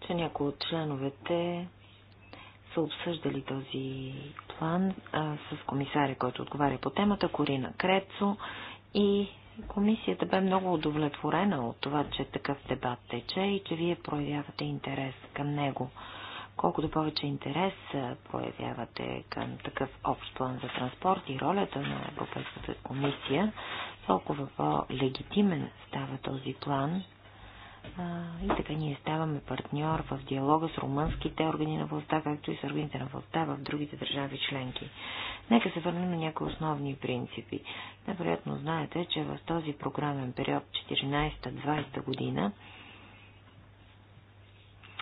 че някои от членовете са обсъждали този план а, с комисаря, който отговаря по темата, Корина Крецо и комисията бе много удовлетворена от това, че такъв дебат тече и че вие проявявате интерес към него. Колкото повече интерес проявявате към такъв общ план за транспорт и ролята на Европейската комисия, толкова по-легитимен става този план и така ние ставаме партньор в диалога с румънските органи на властта, както и с органите на властта в другите държави членки. Нека се върнем на някои основни принципи. Невероятно знаете, че в този програмен период 14-20 година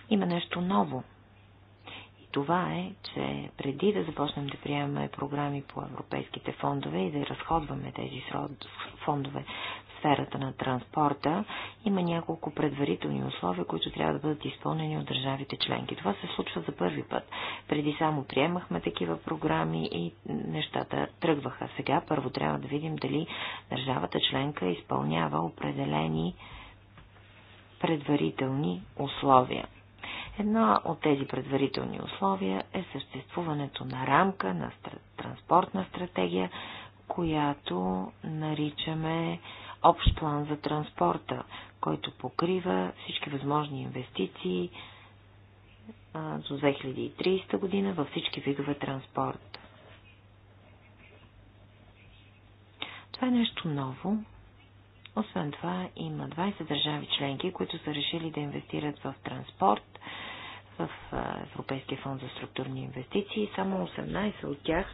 има нещо ново. И това е, че преди да започнем да приемаме програми по европейските фондове и да разходваме тези фондове сферата на транспорта, има няколко предварителни условия, които трябва да бъдат изпълнени от държавите членки. Това се случва за първи път. Преди само приемахме такива програми и нещата тръгваха. Сега първо трябва да видим дали държавата членка изпълнява определени предварителни условия. Едно от тези предварителни условия е съществуването на рамка на транспортна стратегия, която наричаме общ план за транспорта, който покрива всички възможни инвестиции до 2030 година във всички видове транспорт. Това е нещо ново. Освен това, има 20 държави членки, които са решили да инвестират в транспорт, в Европейския фонд за структурни инвестиции. Само 18 от тях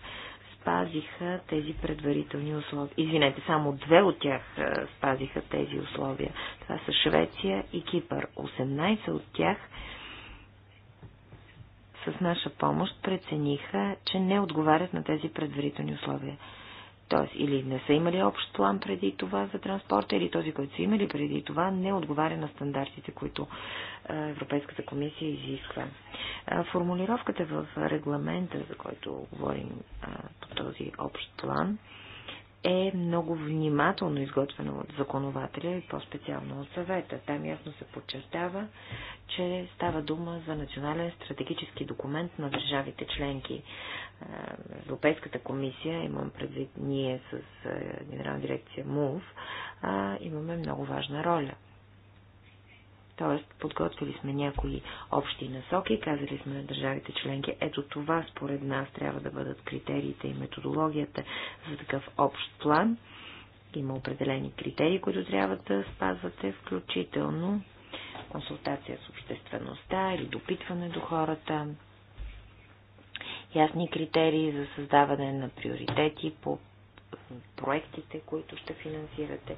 спазиха тези предварителни условия. Извинете, само две от тях е, спазиха тези условия. Това са Швеция и Кипър. 18 от тях с наша помощ прецениха, че не отговарят на тези предварителни условия. Тоест, или не са имали общ план преди това за транспорта, или този, който са имали преди това, не отговаря на стандартите, които е, Европейската комисия изисква. Формулировката в регламента, за който говорим по този общ план, е много внимателно изготвено от законодателя и по-специално от съвета. Там ясно се подчертава, че става дума за национален стратегически документ на държавите членки. Европейската комисия, имам предвид ние с генерална дирекция МУВ, имаме много важна роля – т.е. подготвили сме някои общи насоки, казали сме на държавите членки, ето това според нас трябва да бъдат критериите и методологията за такъв общ план. Има определени критерии, които трябва да спазвате, включително консултация с обществеността или допитване до хората, ясни критерии за създаване на приоритети по проектите, които ще финансирате.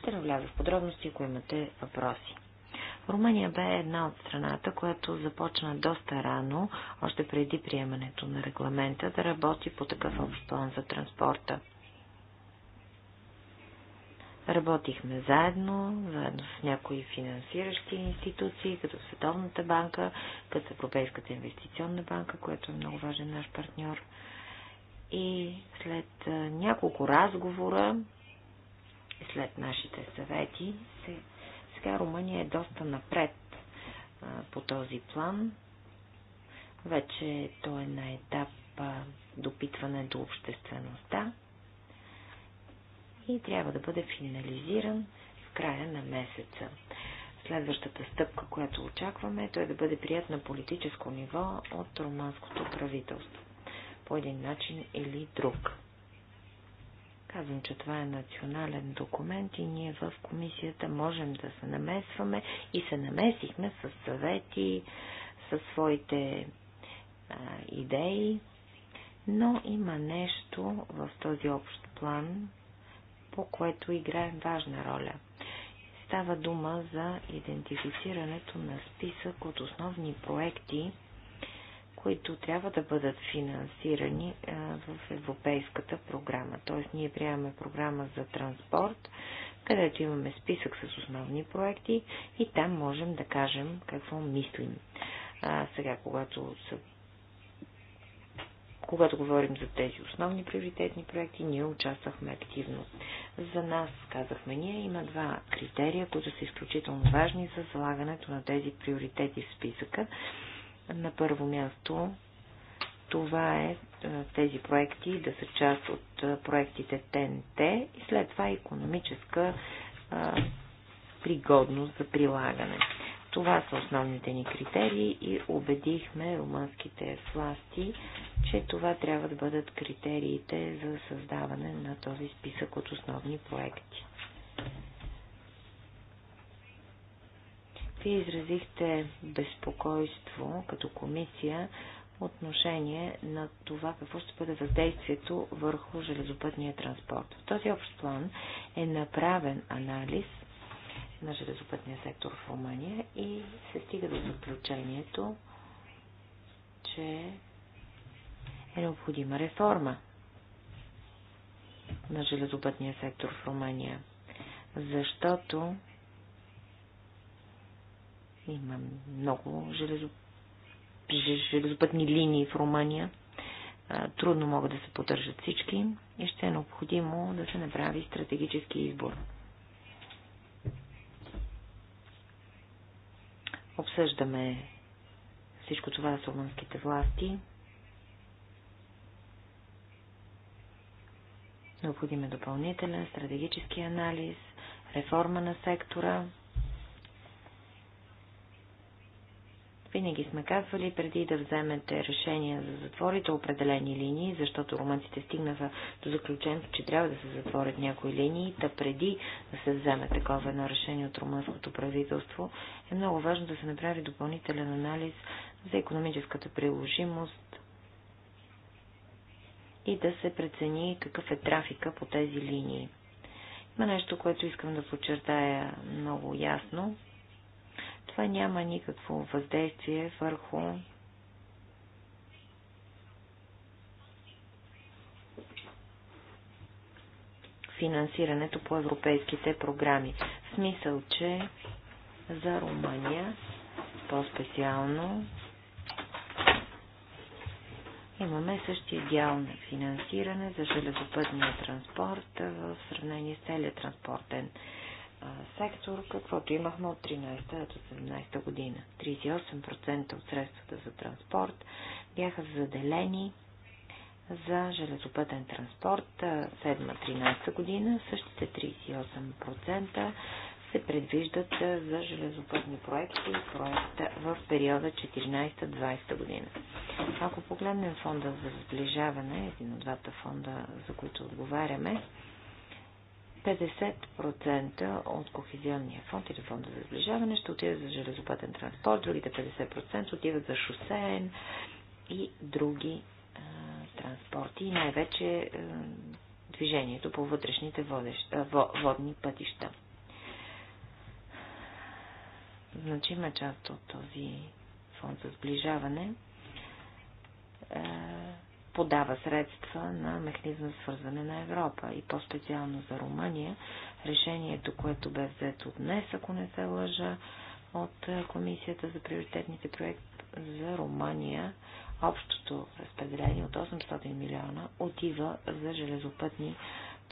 Ще навляза в подробности, ако имате въпроси. Румъния бе една от страната, която започна доста рано, още преди приемането на регламента, да работи по такъв общ план за транспорта. Работихме заедно, заедно с някои финансиращи институции, като Световната банка, като Европейската инвестиционна банка, което е много важен наш партньор. И след няколко разговора, след нашите съвети, сега Румъния е доста напред по този план. Вече той е на етап допитване до обществеността и трябва да бъде финализиран в края на месеца. Следващата стъпка, която очакваме, е той да бъде прият на политическо ниво от романското правителство. По един начин или друг. Казвам, че това е национален документ и ние в комисията можем да се намесваме и се намесихме с съвети, със своите а, идеи, но има нещо в този общ план, по което играем важна роля. Става дума за идентифицирането на списък от основни проекти, които трябва да бъдат финансирани в Европейската програма. Т.е. ние приемаме програма за транспорт, където имаме списък с основни проекти и там можем да кажем какво мислим. А, сега, когато са когато говорим за тези основни приоритетни проекти, ние участвахме активно. За нас, казахме ние, има два критерия, които са изключително важни за залагането на тези приоритети в списъка на първо място това е, е тези проекти да са част от е, проектите ТНТ и след това економическа е, пригодност за прилагане. Това са основните ни критерии и убедихме румънските власти, че това трябва да бъдат критериите за създаване на този списък от основни проекти. Вие изразихте безпокойство като комисия по отношение на това какво ще бъде въздействието върху железопътния транспорт. В този общ план е направен анализ на железопътния сектор в Румъния и се стига до заключението, че е необходима реформа на железопътния сектор в Румъния, защото има много железопътни линии в Румъния. Трудно могат да се поддържат всички и ще е необходимо да се направи стратегически избор. Обсъждаме всичко това с румънските власти. Необходим е допълнителен стратегически анализ, реформа на сектора, Винаги сме казвали, преди да вземете решение за затворите определени линии, защото румънците стигнаха до заключението, че трябва да се затворят някои линии, та да преди да се вземе такова едно решение от румънското правителство, е много важно да се направи допълнителен анализ за економическата приложимост и да се прецени какъв е трафика по тези линии. Има нещо, което искам да подчертая много ясно това няма никакво въздействие върху финансирането по европейските програми. В смисъл, че за Румъния по-специално имаме същия дял на финансиране за железопътния транспорт в сравнение с целият транспортен сектор, каквото имахме от 13 до 17 година. 38% от средствата за транспорт бяха заделени за железопътен транспорт 7-13 година. Същите 38% се предвиждат за железопътни проекти и проекта в периода 14-20 година. Ако погледнем фонда за сближаване, един от двата фонда, за които отговаряме, 50% от кохезионния фонд или фонда за сближаване ще отидат за железопътен транспорт, другите 50% отиват за шосеен и други а, транспорти и най-вече движението по вътрешните водеща, водни пътища. Значима част от този фонд за сближаване подава средства на механизма за свързване на Европа и по-специално за Румъния. Решението, което бе взето днес, ако не се лъжа, от е, Комисията за приоритетните проекти за Румъния, общото разпределение от 800 милиона отива за железопътни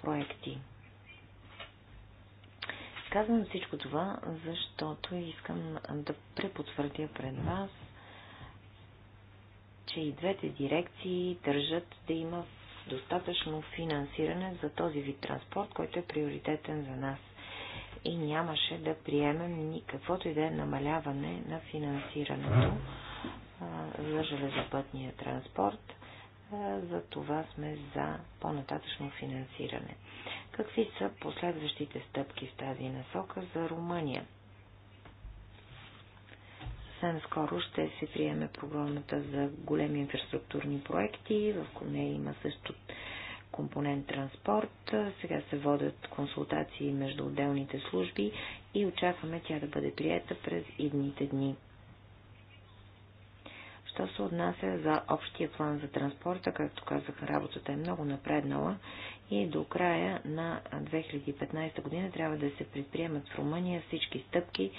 проекти. Казвам всичко това, защото искам да препотвърдя пред вас че и двете дирекции държат да има достатъчно финансиране за този вид транспорт, който е приоритетен за нас. И нямаше да приемем никаквото и да е намаляване на финансирането за железопътния транспорт. За това сме за по-нататъчно финансиране. Какви са последващите стъпки в тази насока за Румъния? Съвсем скоро ще се приеме програмата за големи инфраструктурни проекти, в нея има също компонент транспорт. Сега се водят консултации между отделните служби и очакваме тя да бъде приета през идните дни. Що се отнася за общия план за транспорта, както казах, работата е много напреднала и до края на 2015 година трябва да се предприемат в Румъния всички стъпки,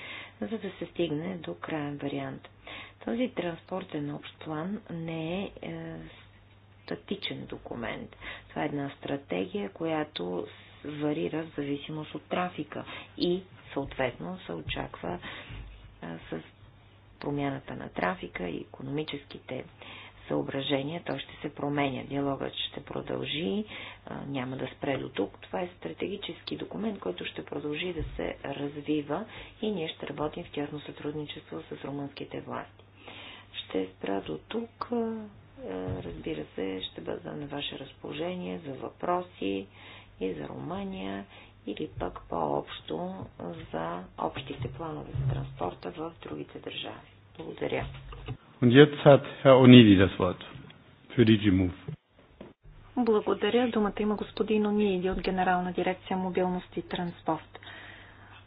за да се стигне до крайен вариант. Този транспортен общ план не е, е статичен документ. Това е една стратегия, която варира в зависимост от трафика и съответно се очаква е, с промяната на трафика и економическите е, съображения, той ще се променя. Диалогът ще продължи, няма да спре до тук. Това е стратегически документ, който ще продължи да се развива и ние ще работим в тясно сътрудничество с румънските власти. Ще спра до тук. Разбира се, ще бъда на ваше разположение за въпроси и за Румъния или пък по-общо за общите планове за транспорта в другите държави. Благодаря. Und jetzt hat Herr Onidi das Wort für DigiMove. Благодаря. Думата има господин Ониди от Генерална дирекция мобилност и транспорт.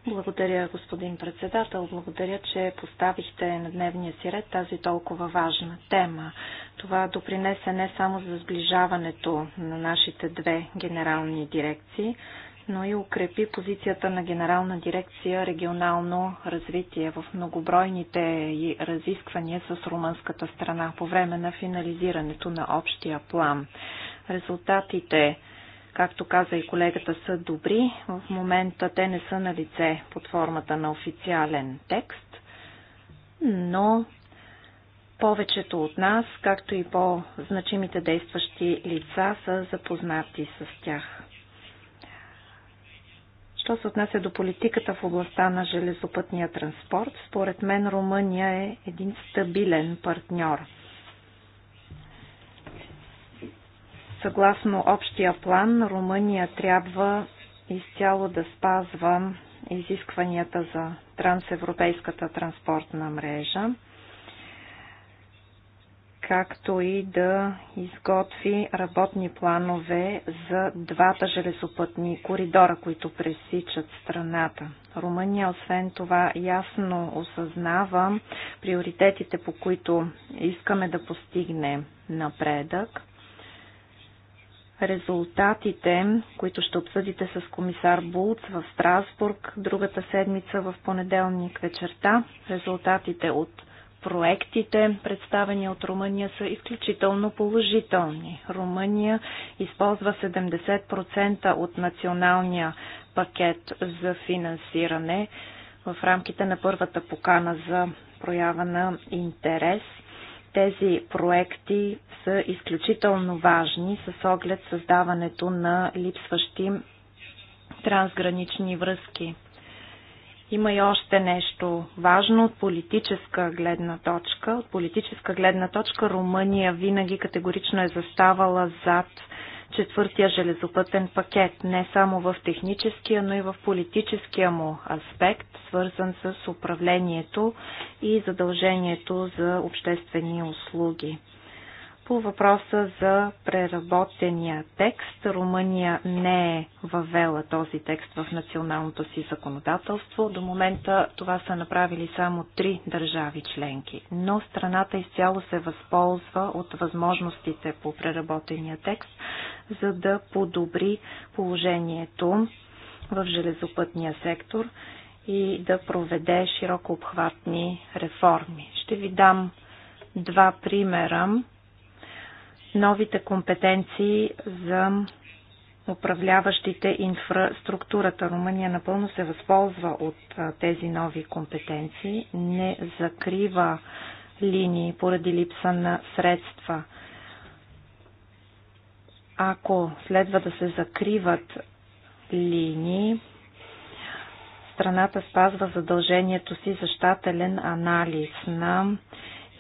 Благодаря, господин председател. Благодаря, че поставихте на дневния си ред тази толкова важна тема. Това допринесе не само за сближаването на нашите две генерални дирекции, но и укрепи позицията на Генерална дирекция регионално развитие в многобройните и разисквания с румънската страна по време на финализирането на общия план. Резултатите, както каза и колегата, са добри. В момента те не са на лице под формата на официален текст, но повечето от нас, както и по-значимите действащи лица, са запознати с тях. Що се отнася до политиката в областта на железопътния транспорт, според мен Румъния е един стабилен партньор. Съгласно общия план, Румъния трябва изцяло да спазва изискванията за трансевропейската транспортна мрежа както и да изготви работни планове за двата железопътни коридора, които пресичат страната. Румъния, освен това, ясно осъзнава приоритетите, по които искаме да постигне напредък. Резултатите, които ще обсъдите с комисар Булц в Страсбург другата седмица в понеделник вечерта, резултатите от проектите, представени от Румъния, са изключително положителни. Румъния използва 70% от националния пакет за финансиране в рамките на първата покана за проява на интерес. Тези проекти са изключително важни с оглед създаването на липсващи трансгранични връзки. Има и още нещо важно от политическа гледна точка. От политическа гледна точка Румъния винаги категорично е заставала зад четвъртия железопътен пакет, не само в техническия, но и в политическия му аспект, свързан с управлението и задължението за обществени услуги. По въпроса за преработения текст, Румъния не е въвела този текст в националното си законодателство. До момента това са направили само три държави членки, но страната изцяло се възползва от възможностите по преработения текст, за да подобри положението в железопътния сектор и да проведе широко обхватни реформи. Ще ви дам два примера новите компетенции за управляващите инфраструктурата. Румъния напълно се възползва от тези нови компетенции, не закрива линии поради липса на средства. Ако следва да се закриват линии, страната спазва задължението си за щателен анализ на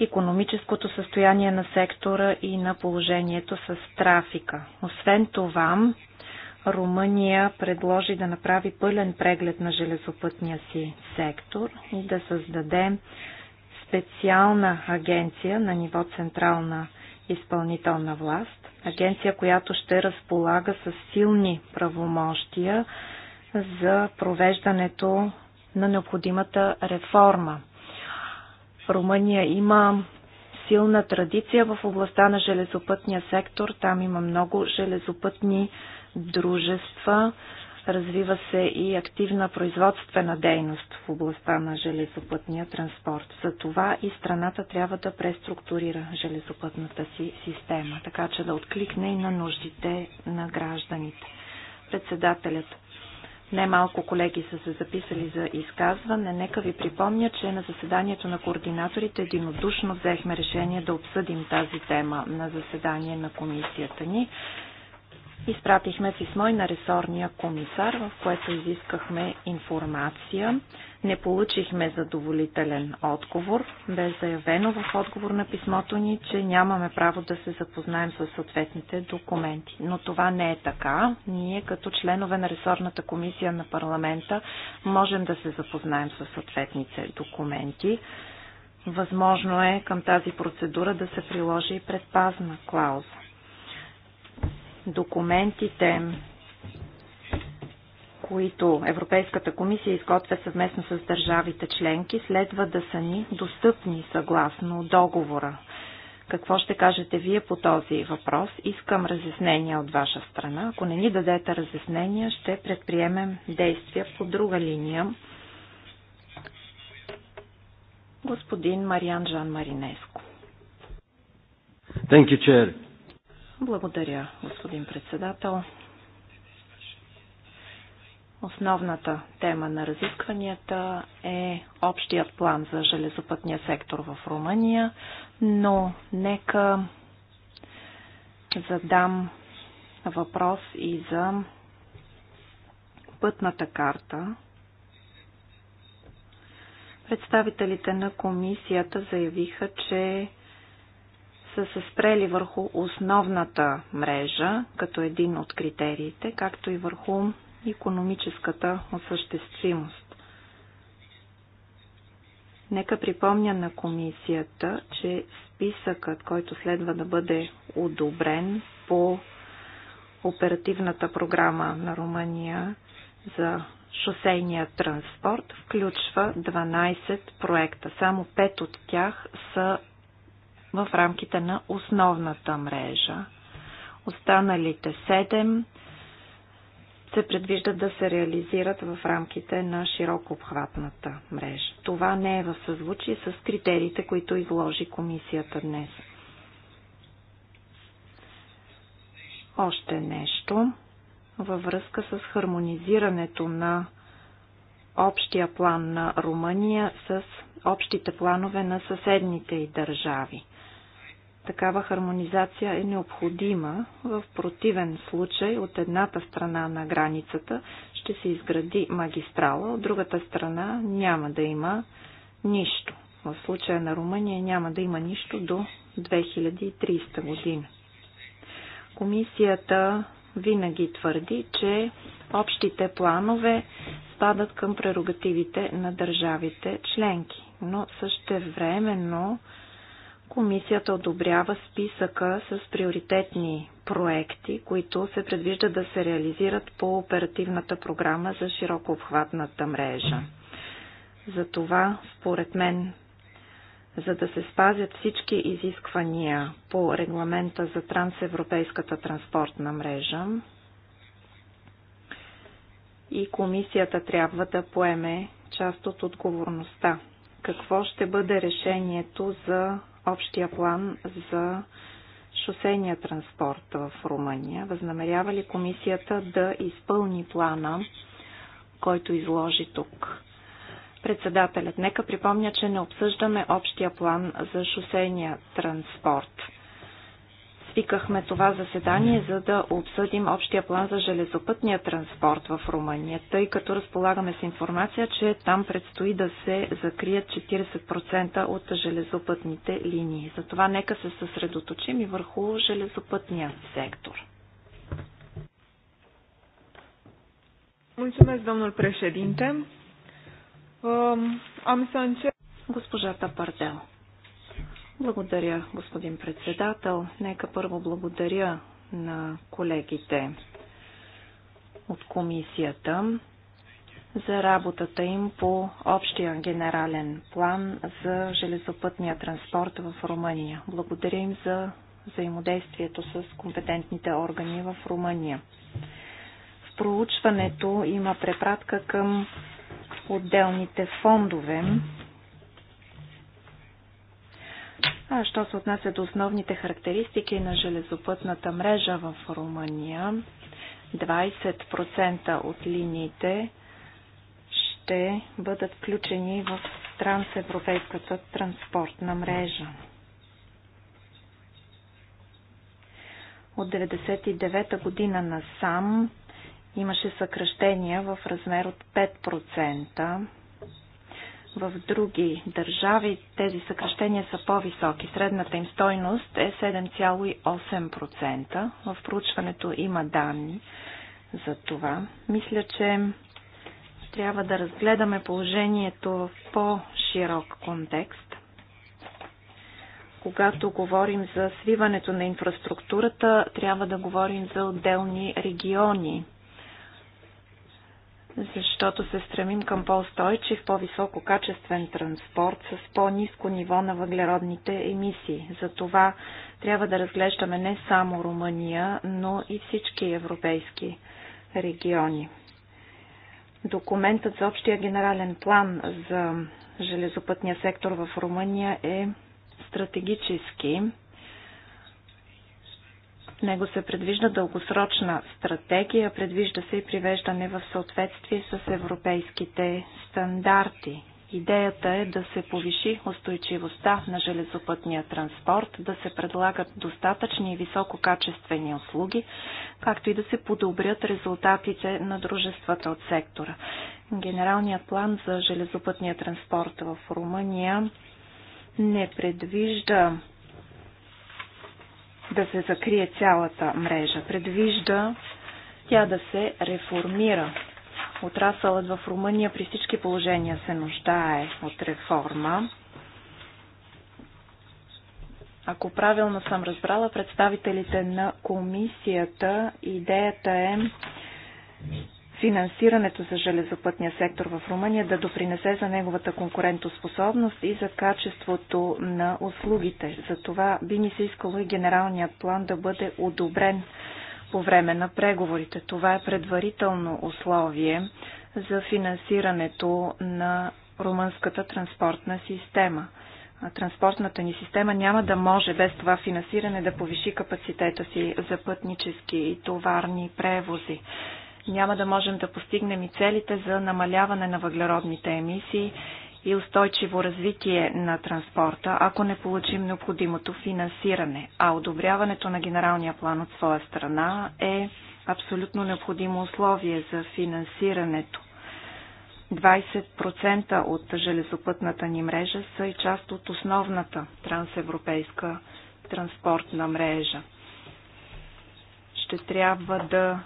економическото състояние на сектора и на положението с трафика. Освен това, Румъния предложи да направи пълен преглед на железопътния си сектор и да създаде специална агенция на ниво централна изпълнителна власт, агенция, която ще разполага с силни правомощия за провеждането на необходимата реформа Румъния има силна традиция в областта на железопътния сектор. Там има много железопътни дружества. Развива се и активна производствена дейност в областта на железопътния транспорт. За това и страната трябва да преструктурира железопътната си система, така че да откликне и на нуждите на гражданите. Председателят Немалко колеги са се записали за изказване. Нека ви припомня, че на заседанието на координаторите единодушно взехме решение да обсъдим тази тема на заседание на комисията ни. Изпратихме писмо и на ресорния комисар, в което изискахме информация. Не получихме задоволителен отговор. Бе заявено в отговор на писмото ни, че нямаме право да се запознаем с съответните документи. Но това не е така. Ние като членове на ресорната комисия на парламента можем да се запознаем с съответните документи. Възможно е към тази процедура да се приложи и предпазна клауза документите, които Европейската комисия изготвя съвместно с държавите членки, следва да са ни достъпни съгласно договора. Какво ще кажете вие по този въпрос? Искам разяснения от ваша страна. Ако не ни дадете разяснения, ще предприемем действия по друга линия. Господин Мариан Жан Маринеско. Thank you, Chair. Благодаря, господин председател. Основната тема на разискванията е общият план за железопътния сектор в Румъния, но нека задам въпрос и за пътната карта. Представителите на комисията заявиха, че са се спрели върху основната мрежа, като един от критериите, както и върху економическата осъществимост. Нека припомня на комисията, че списъкът, който следва да бъде одобрен по оперативната програма на Румъния за шосейния транспорт включва 12 проекта. Само 5 от тях са в рамките на основната мрежа. Останалите 7 се предвижда да се реализират в рамките на широко обхватната мрежа. Това не е в съзвучие с критериите, които изложи комисията днес. Още нещо във връзка с хармонизирането на общия план на Румъния с общите планове на съседните й държави. Такава хармонизация е необходима. В противен случай от едната страна на границата ще се изгради магистрала, от другата страна няма да има нищо. В случая на Румъния няма да има нищо до 2030 година. Комисията винаги твърди, че общите планове спадат към прерогативите на държавите членки, но също времено Комисията одобрява списъка с приоритетни проекти, които се предвижда да се реализират по оперативната програма за широко обхватната мрежа. това, според мен, за да се спазят всички изисквания по регламента за трансевропейската транспортна мрежа, и комисията трябва да поеме част от отговорността. Какво ще бъде решението за общия план за шосения транспорт в Румъния. Възнамерява ли комисията да изпълни плана, който изложи тук? Председателят, нека припомня, че не обсъждаме общия план за шосения транспорт свикахме това заседание, за да обсъдим общия план за железопътния транспорт в Румъния, тъй като разполагаме с информация, че там предстои да се закрият 40% от железопътните линии. Затова нека се съсредоточим и върху железопътния сектор. Mulțumesc, domnul președinte. Am să încep. Госпожата Пардел. Благодаря, господин председател. Нека първо благодаря на колегите от комисията за работата им по общия генерален план за железопътния транспорт в Румъния. Благодаря им за взаимодействието с компетентните органи в Румъния. В проучването има препратка към отделните фондове, А що се отнася до основните характеристики на железопътната мрежа в Румъния, 20% от линиите ще бъдат включени в трансевропейската транспортна мрежа. От 1999-та година насам имаше съкръщения в размер от 5% в други държави тези съкръщения са по-високи. Средната им стойност е 7,8%. В проучването има данни за това. Мисля, че трябва да разгледаме положението в по-широк контекст. Когато говорим за свиването на инфраструктурата, трябва да говорим за отделни региони – защото се стремим към по-устойчив, по-високо качествен транспорт с по-низко ниво на въглеродните емисии. За това трябва да разглеждаме не само Румъния, но и всички европейски региони. Документът за общия генерален план за железопътния сектор в Румъния е стратегически него се предвижда дългосрочна стратегия, предвижда се и привеждане в съответствие с европейските стандарти. Идеята е да се повиши устойчивостта на железопътния транспорт, да се предлагат достатъчни и висококачествени услуги, както и да се подобрят резултатите на дружествата от сектора. Генералният план за железопътния транспорт в Румъния не предвижда да се закрие цялата мрежа. Предвижда тя да се реформира. Отрасълът в Румъния при всички положения се нуждае от реформа. Ако правилно съм разбрала представителите на комисията, идеята е финансирането за железопътния сектор в Румъния да допринесе за неговата конкурентоспособност и за качеството на услугите. За това би ни се искало и генералният план да бъде одобрен по време на преговорите. Това е предварително условие за финансирането на румънската транспортна система. Транспортната ни система няма да може без това финансиране да повиши капацитета си за пътнически и товарни превози няма да можем да постигнем и целите за намаляване на въглеродните емисии и устойчиво развитие на транспорта, ако не получим необходимото финансиране. А одобряването на генералния план от своя страна е абсолютно необходимо условие за финансирането. 20% от железопътната ни мрежа са и част от основната трансевропейска транспортна мрежа. Ще трябва да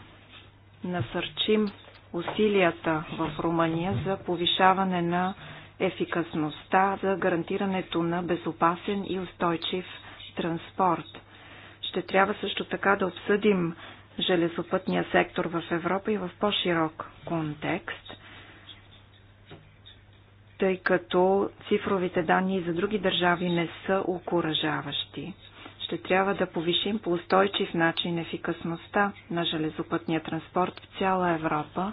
насърчим усилията в Румъния за повишаване на ефикасността за гарантирането на безопасен и устойчив транспорт. Ще трябва също така да обсъдим железопътния сектор в Европа и в по-широк контекст, тъй като цифровите данни за други държави не са окоръжаващи. Ще трябва да повишим по устойчив начин ефикасността на железопътния транспорт в цяла Европа.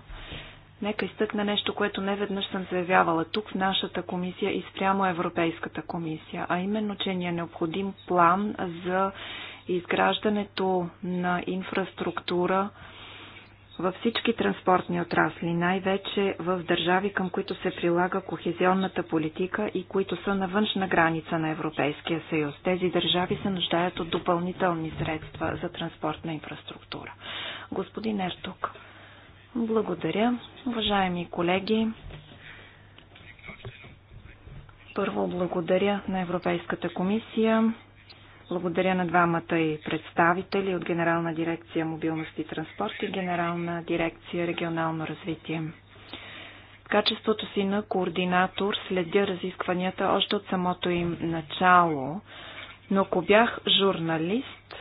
Нека изтъкна нещо, което не веднъж съм заявявала тук в нашата комисия и спрямо Европейската комисия, а именно, че ни е необходим план за изграждането на инфраструктура, във всички транспортни отрасли, най-вече в държави, към които се прилага кохезионната политика и които са на външна граница на Европейския съюз. Тези държави се нуждаят от допълнителни средства за транспортна инфраструктура. Господин Ертук, благодаря. Уважаеми колеги, първо благодаря на Европейската комисия благодаря на двамата и представители от Генерална дирекция мобилност и транспорт и Генерална дирекция регионално развитие. В качеството си на координатор следя разискванията още от самото им начало, но ако бях журналист,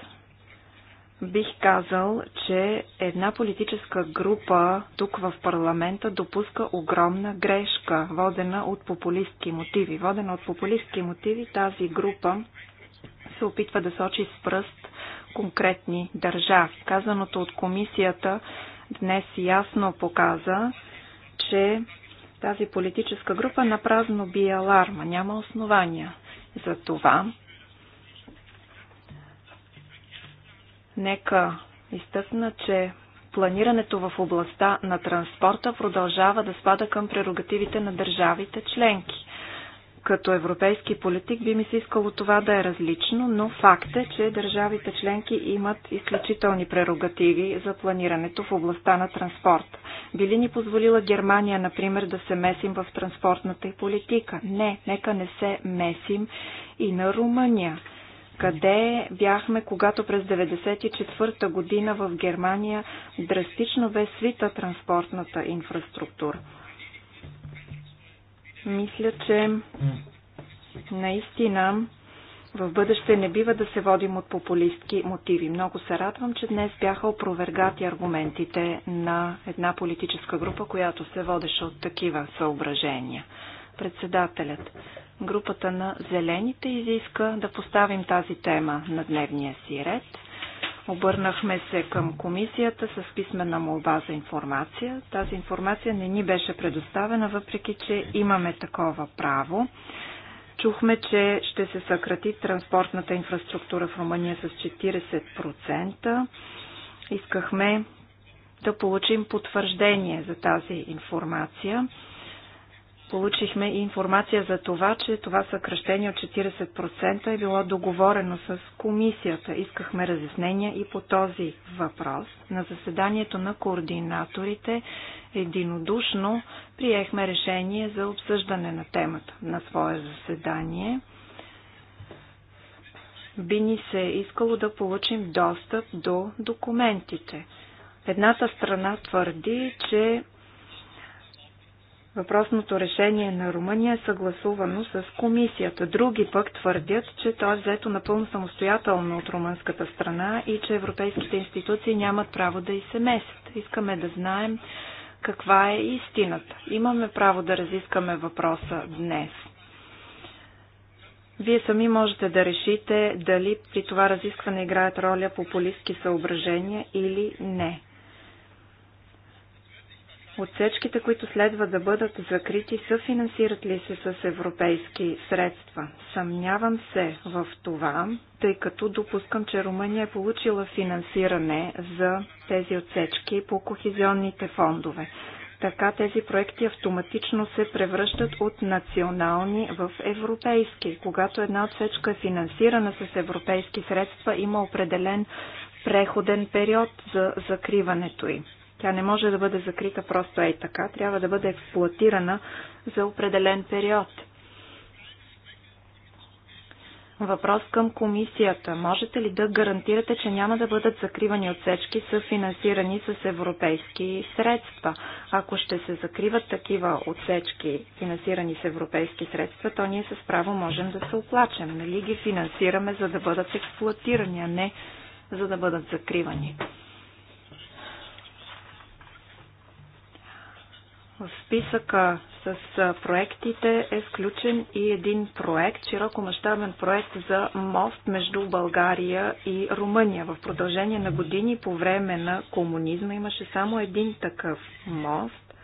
бих казал, че една политическа група тук в парламента допуска огромна грешка, водена от популистки мотиви. Водена от популистки мотиви тази група се опитва да сочи с пръст конкретни държави. Казаното от комисията днес ясно показа, че тази политическа група напразно би аларма. Няма основания за това. Нека изтъкна, че планирането в областта на транспорта продължава да спада към прерогативите на държавите членки като европейски политик би ми се искало това да е различно, но факт е, че държавите членки имат изключителни прерогативи за планирането в областта на транспорт. Би ли ни позволила Германия, например, да се месим в транспортната и политика? Не, нека не се месим и на Румъния. Къде бяхме, когато през 1994 година в Германия драстично бе свита транспортната инфраструктура? Мисля, че наистина в бъдеще не бива да се водим от популистки мотиви. Много се радвам, че днес бяха опровергати аргументите на една политическа група, която се водеше от такива съображения. Председателят, групата на зелените изиска да поставим тази тема на дневния си ред. Обърнахме се към комисията с писмена молба за информация. Тази информация не ни беше предоставена, въпреки че имаме такова право. Чухме, че ще се съкрати транспортната инфраструктура в Румъния с 40%. Искахме да получим потвърждение за тази информация. Получихме и информация за това, че това съкръщение от 40% е било договорено с комисията. Искахме разяснения и по този въпрос. На заседанието на координаторите единодушно приехме решение за обсъждане на темата на свое заседание. Би ни се искало да получим достъп до документите. Едната страна твърди, че Въпросното решение на Румъния е съгласувано с комисията. Други пък твърдят, че то е взето напълно самостоятелно от румънската страна и че европейските институции нямат право да и се месят. Искаме да знаем каква е истината. Имаме право да разискаме въпроса днес. Вие сами можете да решите дали при това разискване играят роля популистски съображения или не. Отсечките, които следва да бъдат закрити, съфинансират ли се с европейски средства? Съмнявам се в това, тъй като допускам, че Румъния е получила финансиране за тези отсечки по кохезионните фондове. Така тези проекти автоматично се превръщат от национални в европейски. Когато една отсечка е финансирана с европейски средства, има определен преходен период за закриването й. Тя не може да бъде закрита просто ей така, трябва да бъде експлуатирана за определен период. Въпрос към комисията. Можете ли да гарантирате, че няма да бъдат закривани отсечки, са финансирани с европейски средства? Ако ще се закриват такива отсечки, финансирани с европейски средства, то ние с право можем да се оплачем. Нали ги финансираме, за да бъдат експлуатирани, а не за да бъдат закривани? В списъка с проектите е включен и един проект, широкомащабен проект за мост между България и Румъния. В продължение на години по време на комунизма имаше само един такъв мост.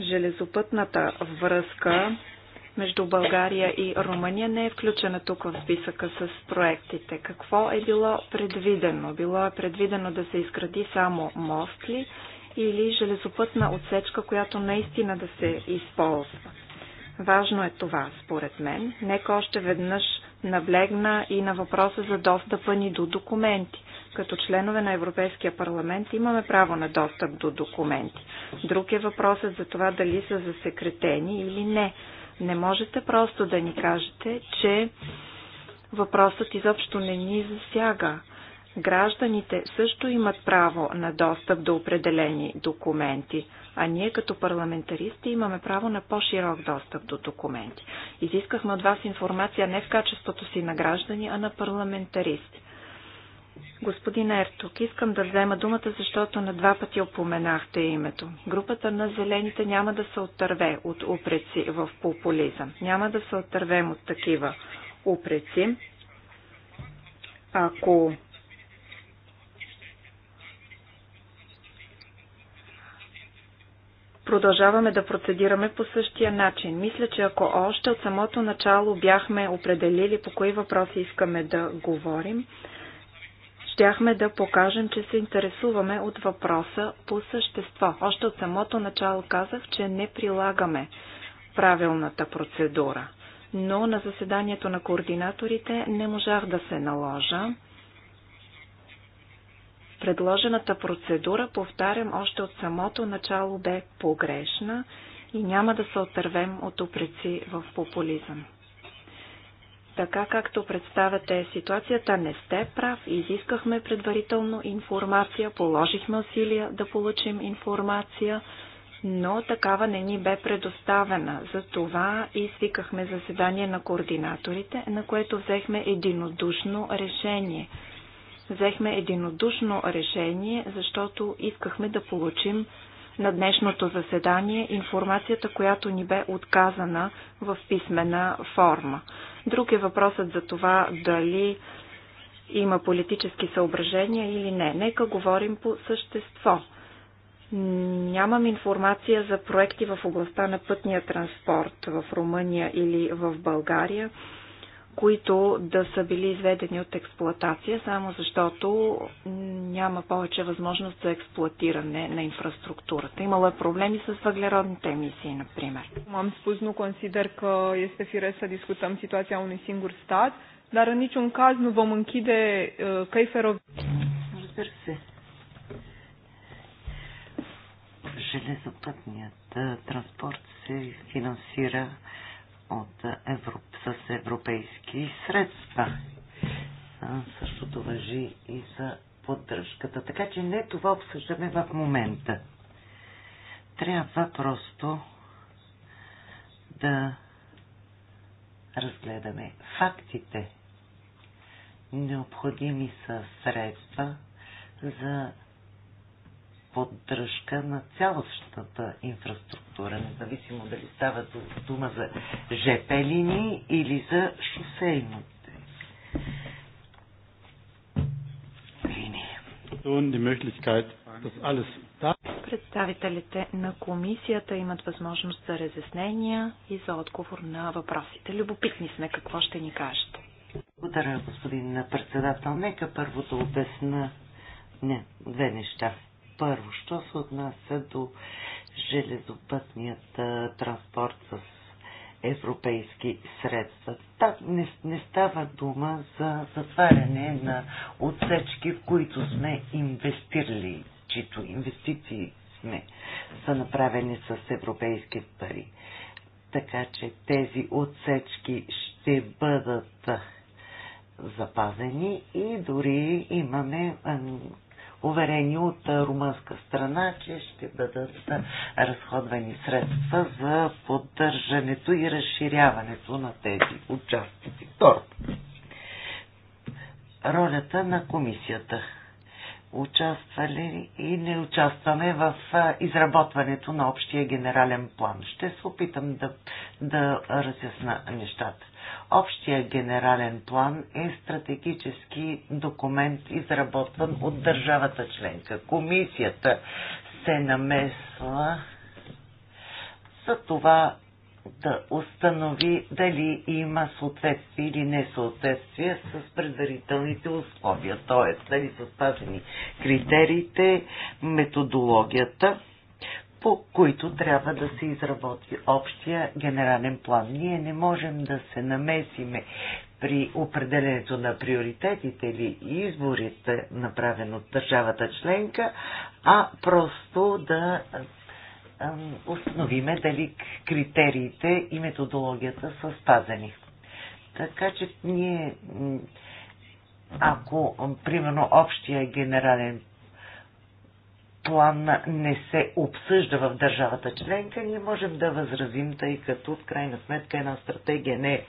Железопътната връзка между България и Румъния не е включена тук в списъка с проектите. Какво е било предвидено? Било е предвидено да се изгради само мост ли или железопътна отсечка, която наистина да се използва? Важно е това, според мен. Нека още веднъж наблегна и на въпроса за достъпа ни до документи. Като членове на Европейския парламент имаме право на достъп до документи. Друг е въпросът за това дали са засекретени или не. Не можете просто да ни кажете, че въпросът изобщо не ни засяга. Гражданите също имат право на достъп до определени документи, а ние като парламентаристи имаме право на по-широк достъп до документи. Изискахме от вас информация не в качеството си на граждани, а на парламентаристи. Господин Ертук, искам да взема думата, защото на два пъти опоменахте името. Групата на зелените няма да се отърве от упреци в популизъм. Няма да се отървем от такива упреци. Ако продължаваме да процедираме по същия начин. Мисля, че ако още от самото начало бяхме определили по кои въпроси искаме да говорим, щяхме да покажем, че се интересуваме от въпроса по същество. Още от самото начало казах, че не прилагаме правилната процедура. Но на заседанието на координаторите не можах да се наложа. Предложената процедура, повтарям, още от самото начало бе погрешна и няма да се отървем от упреци в популизъм. Така както представяте ситуацията, не сте прав. Изискахме предварително информация, положихме усилия да получим информация, но такава не ни бе предоставена. Затова и свикахме заседание на координаторите, на което взехме единодушно решение. Взехме единодушно решение, защото искахме да получим на днешното заседание информацията, която ни бе отказана в писмена форма. Друг е въпросът за това дали има политически съображения или не. Нека говорим по същество. Нямам информация за проекти в областта на пътния транспорт в Румъния или в България, които да са били изведени от експлоатация, само защото няма повече възможност за експлоатиране на инфраструктурата. Имало е проблеми с въглеродните емисии, например. Мам spus, nu consider că este firesc să discutăm situația unui singur stat, dar în niciun caz nu vom închide uh, căi feroviare. Разбира се. Железопътният uh, транспорт се финансира от Европ, с европейски средства. А, същото въжи и за поддръжката. Така че не това обсъждаме в момента. Трябва просто да разгледаме фактите. Необходими са средства за поддръжка на цялостната инфраструктура, независимо дали става дума за ЖП линии или за шосейните линии. Представителите на комисията имат възможност за разяснения и за отговор на въпросите. Любопитни сме какво ще ни кажете. Благодаря, господин председател. Нека първо да обясна не, две неща. Първо, що се отнася до железопътният транспорт с европейски средства. Та не, не става дума за затваряне на отсечки, в които сме инвестирали, чието инвестиции сме, са направени с европейски пари. Така че тези отсечки ще бъдат запазени и дори имаме уверени от румънска страна, че ще бъдат разходвани средства за поддържането и разширяването на тези участници. Второ, ролята на комисията. Участвали и не участваме в изработването на общия генерален план. Ще се опитам да, да разясна нещата. Общия генерален план е стратегически документ, изработван от държавата членка. Комисията се намесва за това да установи дали има съответствие или несъответствие с предварителните условия, т.е. дали са спазени критериите, методологията по които трябва да се изработи общия генерален план. Ние не можем да се намесиме при определенето на приоритетите или изборите, направен от държавата членка, а просто да установиме дали критериите и методологията са спазени. Така че ние, ако, примерно, общия генерален план не се обсъжда в държавата членка, ние можем да възразим, тъй като в крайна сметка една стратегия не е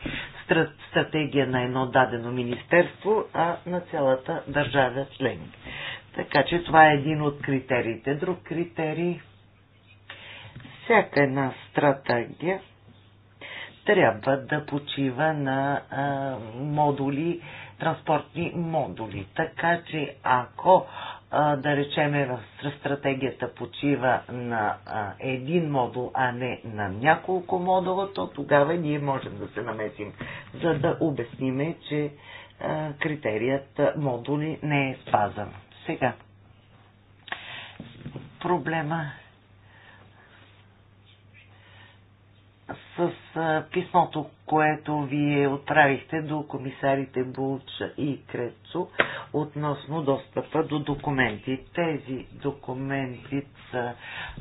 стратегия на едно дадено министерство, а на цялата държава членка. Така че това е един от критериите. Друг критерий всяка една стратегия трябва да почива на а, модули, транспортни модули. Така че ако да речеме, в стратегията почива на един модул, а не на няколко модула, то тогава ние можем да се намесим, за да обясниме, че критерият модули не е спазан. Сега, проблема с писмото, което вие отправихте до комисарите Булча и Крецо относно достъпа до документи. Тези документи са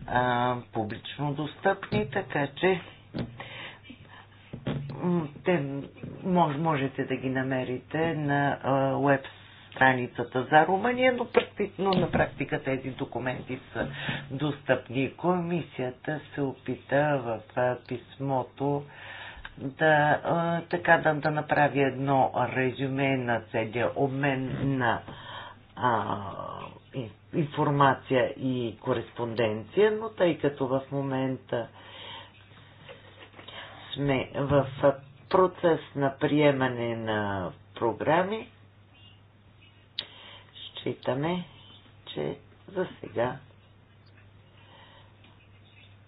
а, публично достъпни, така че те можете да ги намерите на а, уебс страницата за Румъния, но, но на практика тези документи са достъпни. Комисията се опита в писмото да, така, да, да направи едно резюме на целия обмен на а, информация и кореспонденция, но тъй като в момента сме в процес на приемане на програми, считаме, че за сега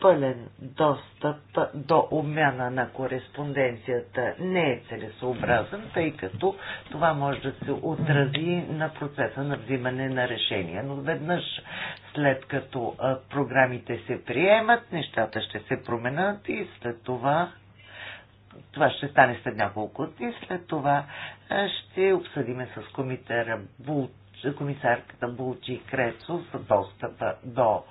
пълен достъп до обмяна на кореспонденцията не е целесообразен, тъй като това може да се отрази на процеса на взимане на решения. Но веднъж след като програмите се приемат, нещата ще се променят и след това това ще стане след няколко дни, след това ще обсъдиме с комитера Бут комисарката Булчи Крецо за достъпа до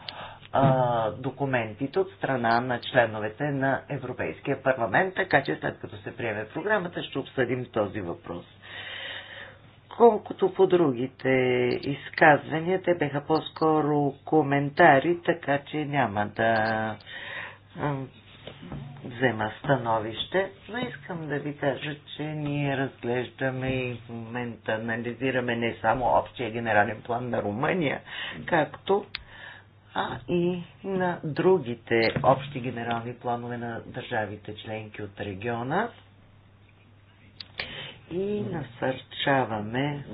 а, документите от страна на членовете на Европейския парламент, така че след като се приеме програмата ще обсъдим този въпрос. Колкото по другите изказвания, те беха по-скоро коментари, така че няма да взема становище, но искам да ви кажа, че ние разглеждаме и в момента анализираме не само общия генерален план на Румъния, както а и на другите общи генерални планове на държавите членки от региона и насърчаваме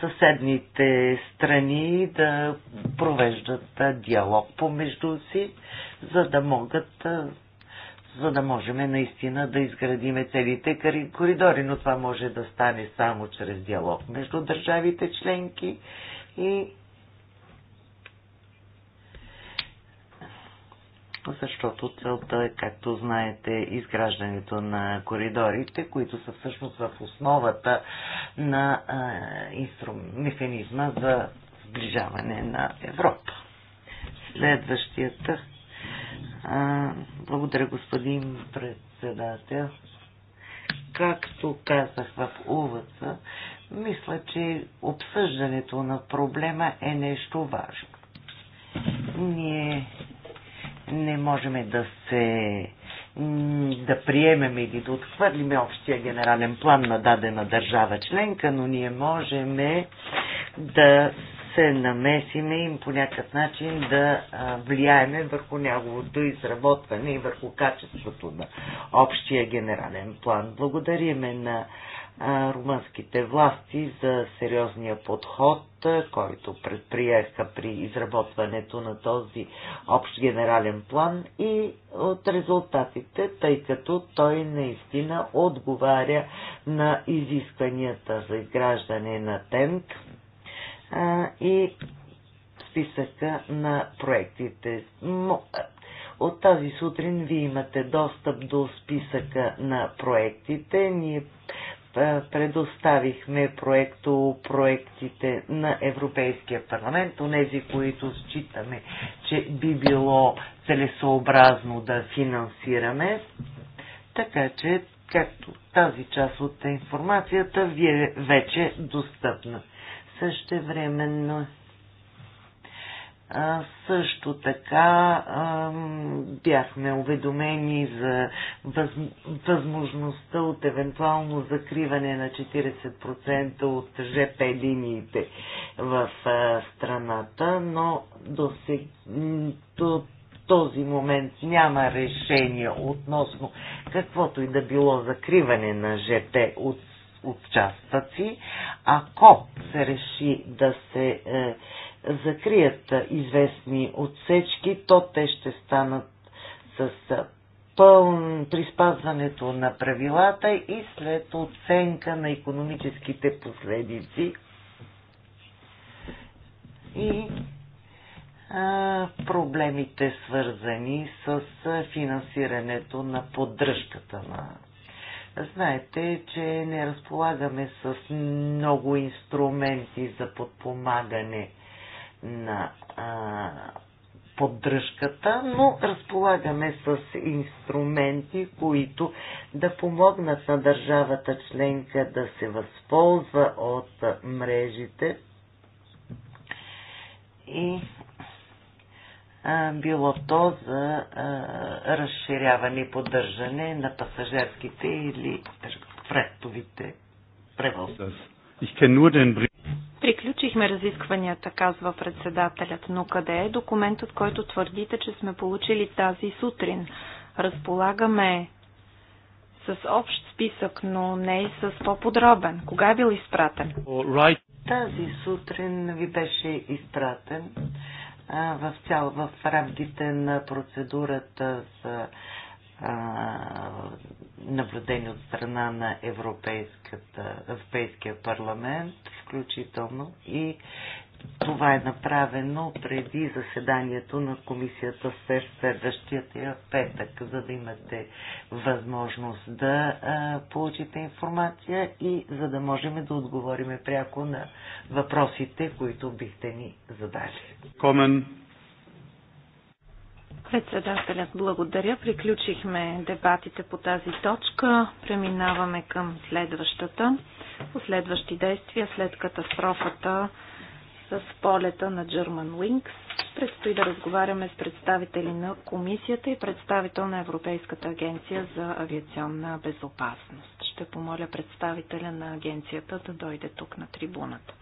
съседните страни да провеждат диалог помежду си, за да могат за да можем наистина да изградиме целите коридори, но това може да стане само чрез диалог между държавите членки и защото целта е, както знаете, изграждането на коридорите, които са всъщност в основата на а, механизма за сближаване на Европа. Следващията а, благодаря, господин председател. Както казах в увъца, мисля, че обсъждането на проблема е нещо важно. Ние не можем да се да приемем или да отхвърлим общия генерален план на дадена държава членка, но ние можем да се намесиме им по някакъв начин да влияеме върху неговото изработване и върху качеството на общия генерален план. Благодариме на румънските власти за сериозния подход, който предприеха при изработването на този общ генерален план и от резултатите, тъй като той наистина отговаря на изискванията за изграждане на ТЕНК, и списъка на проектите. От тази сутрин ви имате достъп до списъка на проектите. Ние предоставихме проекто проектите на Европейския парламент, онези, които считаме, че би било целесообразно да финансираме. Така че, както тази част от информацията ви е вече достъпна същевременно също така бяхме уведомени за възможността от евентуално закриване на 40% от ЖП линиите в страната, но до, до този момент няма решение относно каквото и да било закриване на ЖП от участъци. Ако се реши да се е, закрият известни отсечки, то те ще станат с пълн при спазването на правилата и след оценка на економическите последици и проблемите свързани с финансирането на поддръжката на Знаете, че не разполагаме с много инструменти за подпомагане на а, поддръжката, но разполагаме с инструменти, които да помогнат на държавата членка да се възползва от мрежите и било то за разширяване и поддържане на пасажирските или фрехтовите превози. Приключихме разискванията, казва председателят, но къде е документът, който твърдите, че сме получили тази сутрин? Разполагаме с общ списък, но не и с по-подробен. Кога е бил изпратен? Тази сутрин ви беше изпратен в, цял, в рамките на процедурата за наблюдение от страна на Европейския парламент, включително и това е направено преди заседанието на комисията в следващия петък, за да имате възможност да а, получите информация и за да можем да отговорим пряко на въпросите, които бихте ни задали. Комен. Председателят, благодаря. Приключихме дебатите по тази точка. Преминаваме към следващата. Последващи действия след катастрофата с полета на German Wings Предстои да разговаряме с представители на комисията и представител на Европейската агенция за авиационна безопасност. Ще помоля представителя на агенцията да дойде тук на трибуната.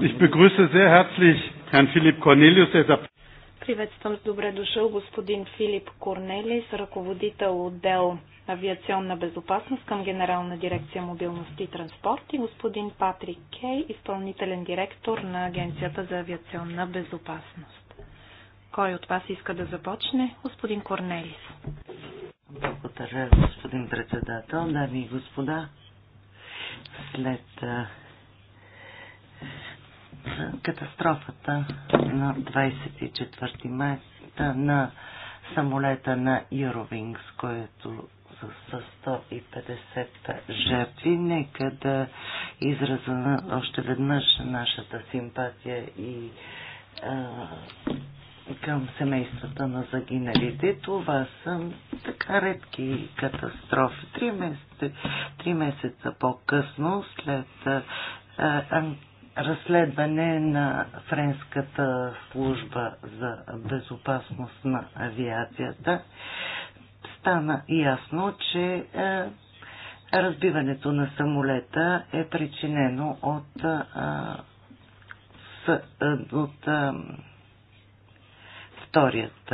Ich begrüße sehr herzlich Herrn Philipp Cornelius, der ist Приветствам с добре дошъл господин Филип Корнелис, ръководител отдел авиационна безопасност към Генерална дирекция мобилност и транспорт и господин Патрик Кей, изпълнителен директор на Агенцията за авиационна безопасност. Кой от вас иска да започне? Господин Корнелис. Благодаря, господин председател, дами и господа. След катастрофата на 24 марта на самолета на Юровингс, който с 150 жертви. Нека да израза още веднъж нашата симпатия и а, към семействата на загиналите. Това са така редки катастрофи. Три месеца, три месеца по-късно, след а, разследване на Френската служба за безопасност на авиацията стана ясно, че е, разбиването на самолета е причинено от, е, е, от, от вторият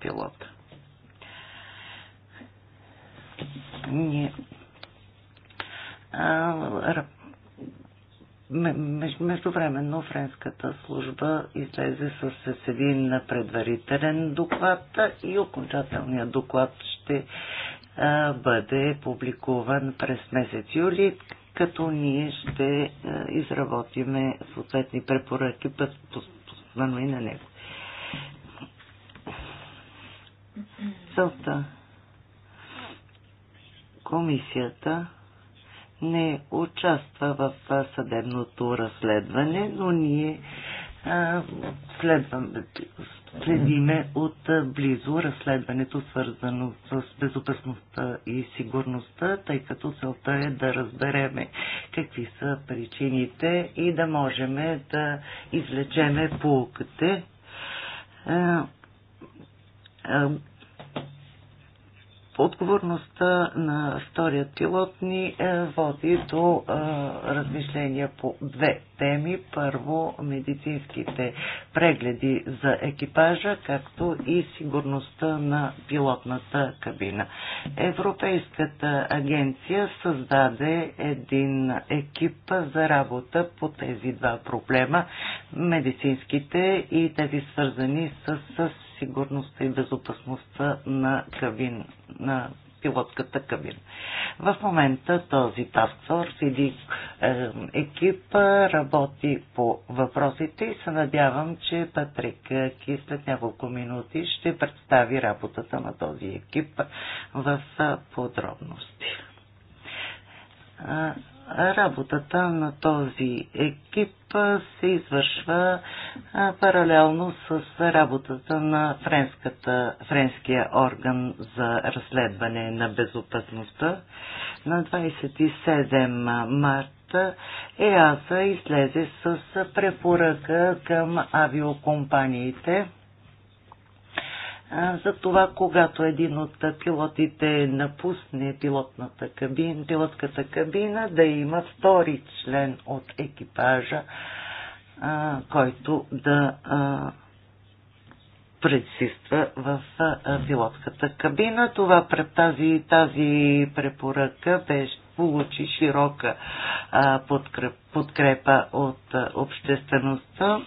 пилот. Ние Междувременно френската служба излезе с един предварителен доклад и окончателният доклад ще бъде публикуван през месец юли, като ние ще изработиме съответни препоръки постанови на него. Целта комисията не участва в съдебното разследване, но ние следваме, следиме от близо разследването, свързано с безопасността и сигурността, тъй като целта е да разбереме какви са причините и да можем да извлечеме полуките отговорността на вторият пилот ни е, води до е, размишления по две теми. Първо, медицинските прегледи за екипажа, както и сигурността на пилотната кабина. Европейската агенция създаде един екип за работа по тези два проблема медицинските и тези свързани с сигурността и безопасността на кабин, на пилотската кабина. В момента този таскфорс или е, екип е, работи по въпросите и се надявам, че Патрик Ки след няколко минути ще представи работата на този екип в е, подробности. Е, Работата на този екип се извършва паралелно с работата на френската, френския орган за разследване на безопасността. На 27 март ЕАСА излезе с препоръка към авиокомпаниите за това, когато един от пилотите напусне пилотната кабина, пилотската кабина, да има втори член от екипажа, а, който да а, присъства в а, пилотската кабина. Това пред тази, тази препоръка беше получи широка а, подкреп, подкрепа от а, обществеността.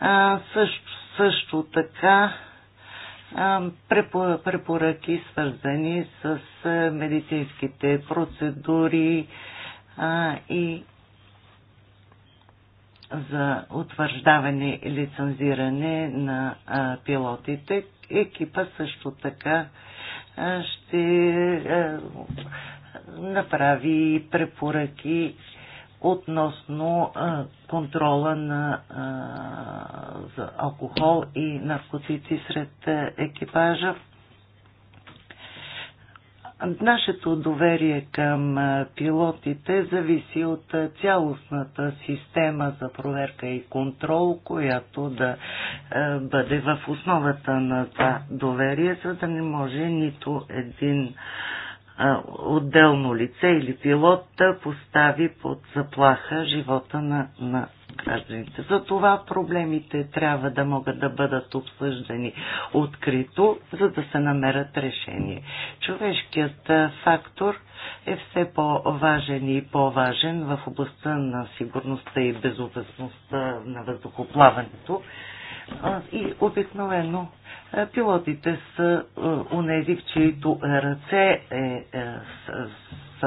А, също, също така препоръки, свързани с медицинските процедури и за утвърждаване и лицензиране на пилотите. Екипа също така ще направи препоръки относно а, контрола на, а, за алкохол и наркотици сред екипажа. Нашето доверие към пилотите зависи от цялостната система за проверка и контрол, която да бъде в основата на това доверие, за да не може нито един отделно лице или пилот постави под заплаха живота на, на гражданите. За това проблемите трябва да могат да бъдат обсъждани открито, за да се намерят решение. Човешкият фактор е все по-важен и по-важен в областта на сигурността и безопасността на въздухоплаването, и обикновено пилотите са унези, в чието ръце е, е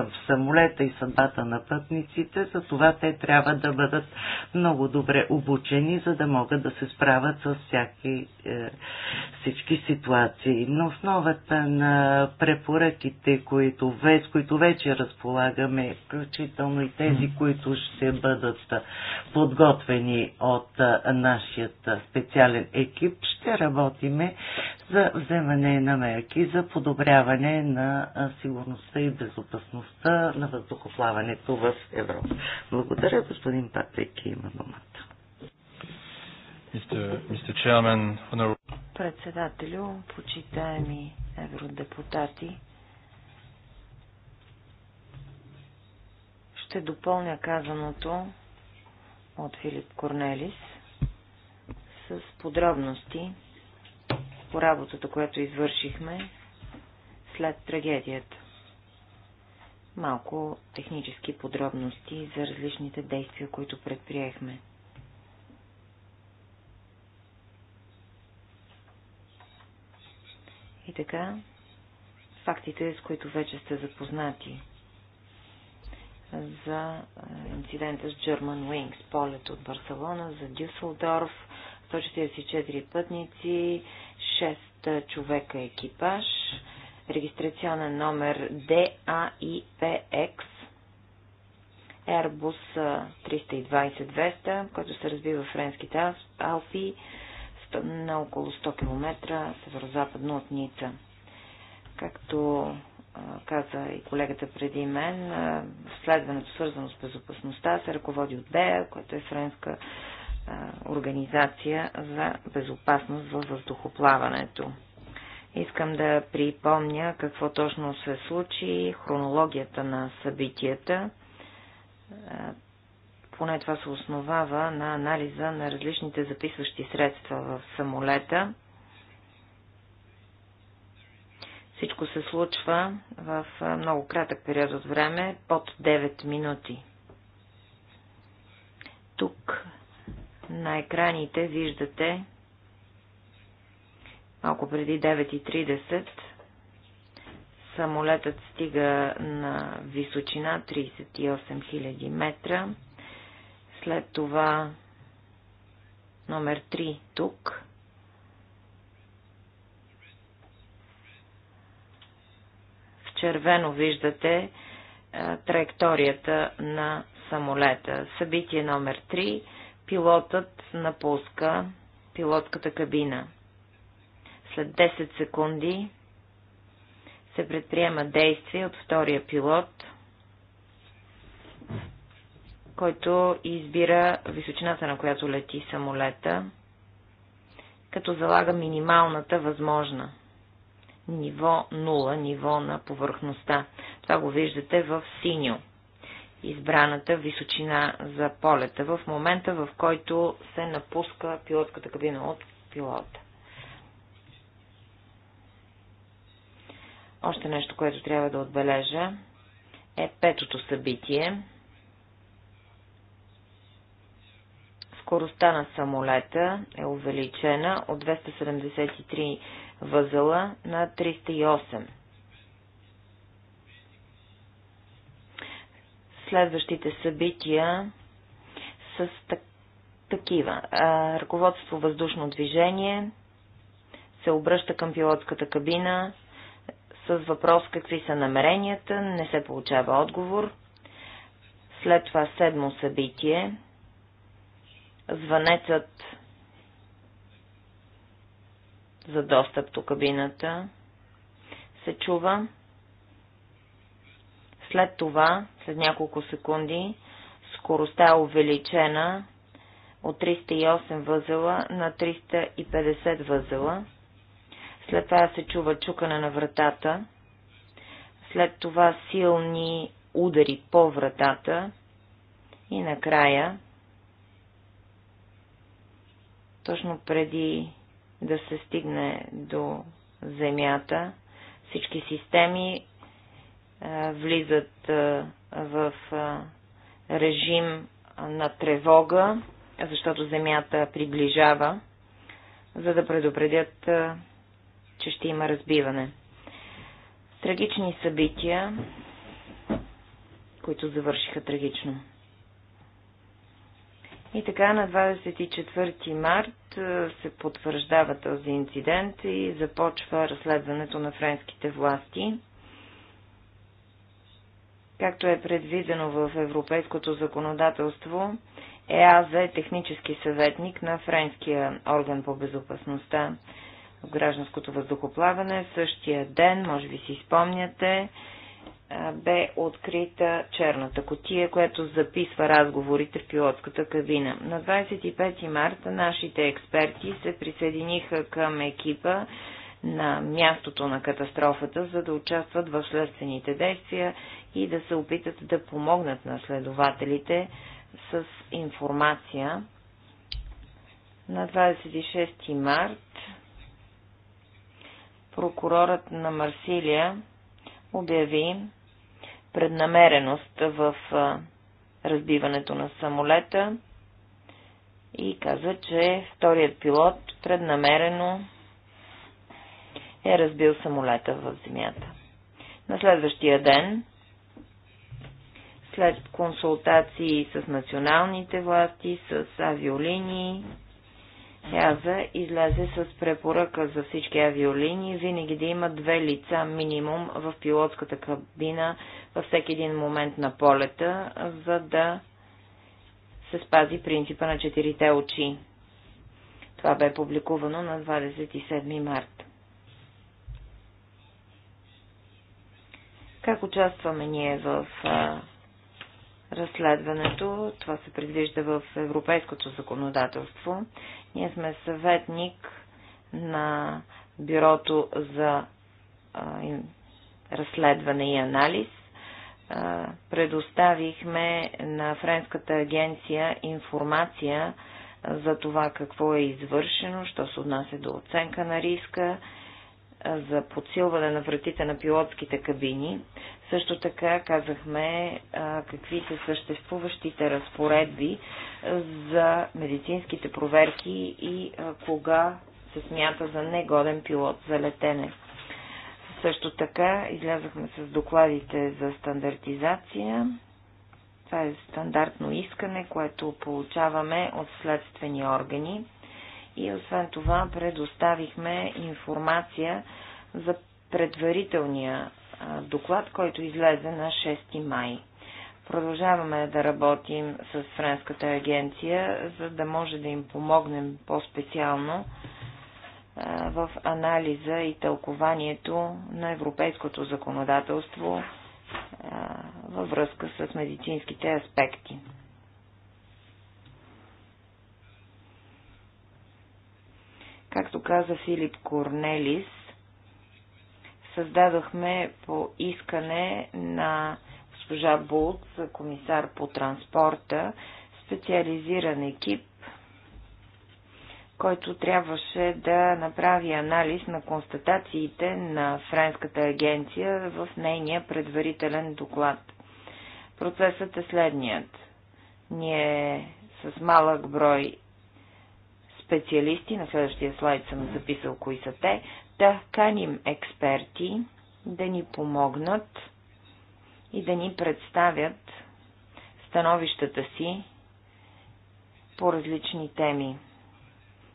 в самолета и съдбата на пътниците, за това те трябва да бъдат много добре обучени, за да могат да се справят с всяки, е, всички ситуации. На основата на препоръките, които, с които вече разполагаме, включително и тези, които ще бъдат подготвени от е, нашия специален екип, ще работиме за вземане на мерки за подобряване на сигурността и безопасността на въздухоплаването в Европа. Благодаря, господин Патрик, има думата. Председателю, почитаеми евродепутати, ще допълня казаното от Филип Корнелис с подробности по работата, която извършихме след трагедията. Малко технически подробности за различните действия, които предприехме. И така, фактите, с които вече сте запознати за е, инцидента с German Wings, полет от Барселона за Дюсселдорф, 144 пътници, 6 човека екипаж, регистрационен номер DAIPX, Airbus 320-200, който се разбива в френските Алпи на около 100 км северо-западно от Ница. Както каза и колегата преди мен, следването, свързано с безопасността, се ръководи от БЕА, което е френска организация за безопасност във въздухоплаването. Искам да припомня какво точно се случи, хронологията на събитията. Поне това се основава на анализа на различните записващи средства в самолета. Всичко се случва в много кратък период от време, под 9 минути. Тук на екраните виждате малко преди 9.30 самолетът стига на височина 38 000 метра. След това номер 3 тук. В червено виждате траекторията на самолета. Събитие номер 3 пилотът напуска пилотката кабина. След 10 секунди се предприема действие от втория пилот, който избира височината, на която лети самолета, като залага минималната възможна. Ниво 0, ниво на повърхността. Това го виждате в синьо избраната височина за полета в момента, в който се напуска пилотската кабина от пилота. Още нещо, което трябва да отбележа е петото събитие. Скоростта на самолета е увеличена от 273 възела на 308. следващите събития с такива. Ръководство въздушно движение се обръща към пилотската кабина с въпрос какви са намеренията, не се получава отговор. След това седмо събитие. Звънецът за достъп до кабината се чува. След това, след няколко секунди, скоростта е увеличена от 308 възела на 350 възела. След това се чува чукане на вратата. След това силни удари по вратата. И накрая, точно преди да се стигне до земята, всички системи е, влизат е, в е, режим на тревога, защото земята приближава, за да предупредят, че ще има разбиване. Трагични събития, които завършиха трагично. И така на 24 март се потвърждава този инцидент и започва разследването на френските власти. Както е предвидено в европейското законодателство, ЕАЗ е технически съветник на френския орган по безопасността в гражданското въздухоплаване. Същия ден, може би си спомняте, бе открита черната котия, която записва разговорите в пилотската кабина. На 25 марта нашите експерти се присъединиха към екипа, на мястото на катастрофата, за да участват в следствените действия и да се опитат да помогнат на следователите с информация. На 26 март прокурорът на Марсилия обяви преднамереност в разбиването на самолета и каза, че вторият пилот преднамерено е разбил самолета в земята. На следващия ден, след консултации с националните власти, с авиолинии, Яза излезе с препоръка за всички авиолинии винаги да има две лица минимум в пилотската кабина във всеки един момент на полета, за да се спази принципа на четирите очи. Това бе публикувано на 27 марта. Как участваме ние в а, разследването? Това се предвижда в европейското законодателство. Ние сме съветник на Бюрото за а, разследване и анализ. А, предоставихме на Френската агенция информация за това какво е извършено, що се отнася до оценка на риска за подсилване на вратите на пилотските кабини. Също така казахме какви са съществуващите разпоредби за медицинските проверки и кога се смята за негоден пилот за летене. Също така излязахме с докладите за стандартизация. Това е стандартно искане, което получаваме от следствени органи и освен това предоставихме информация за предварителния доклад, който излезе на 6 май. Продължаваме да работим с Френската агенция, за да може да им помогнем по-специално в анализа и тълкованието на европейското законодателство във връзка с медицинските аспекти. Както каза Филип Корнелис, създадохме по искане на госпожа Булт, комисар по транспорта, специализиран екип, който трябваше да направи анализ на констатациите на Френската агенция в нейния предварителен доклад. Процесът е следният. Ние с малък брой специалисти, на следващия слайд съм записал кои са те, да каним експерти да ни помогнат и да ни представят становищата си по различни теми.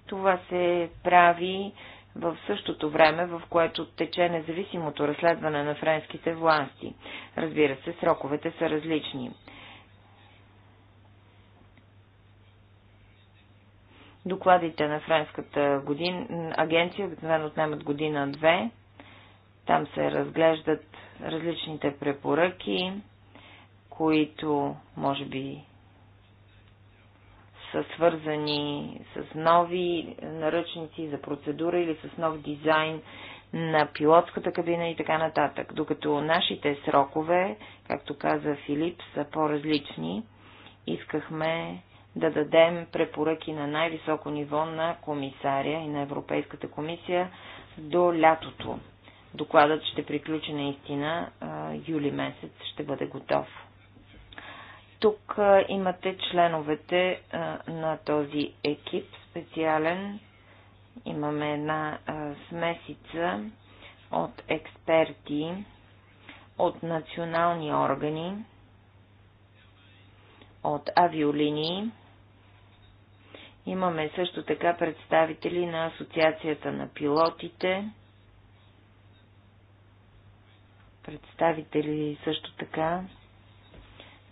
Това се прави в същото време, в което тече независимото разследване на френските власти. Разбира се, сроковете са различни. Докладите на френската годин, агенция обикновено отнемат година-две. Там се разглеждат различните препоръки, които може би са свързани с нови наръчници за процедура или с нов дизайн на пилотската кабина и така нататък. Докато нашите срокове, както каза Филип, са по-различни, искахме да дадем препоръки на най-високо ниво на комисаря и на Европейската комисия до лятото. Докладът ще приключи наистина юли месец, ще бъде готов. Тук имате членовете на този екип специален. Имаме една смесица от експерти, от национални органи, от авиолинии, Имаме също така представители на Асоциацията на пилотите, представители също така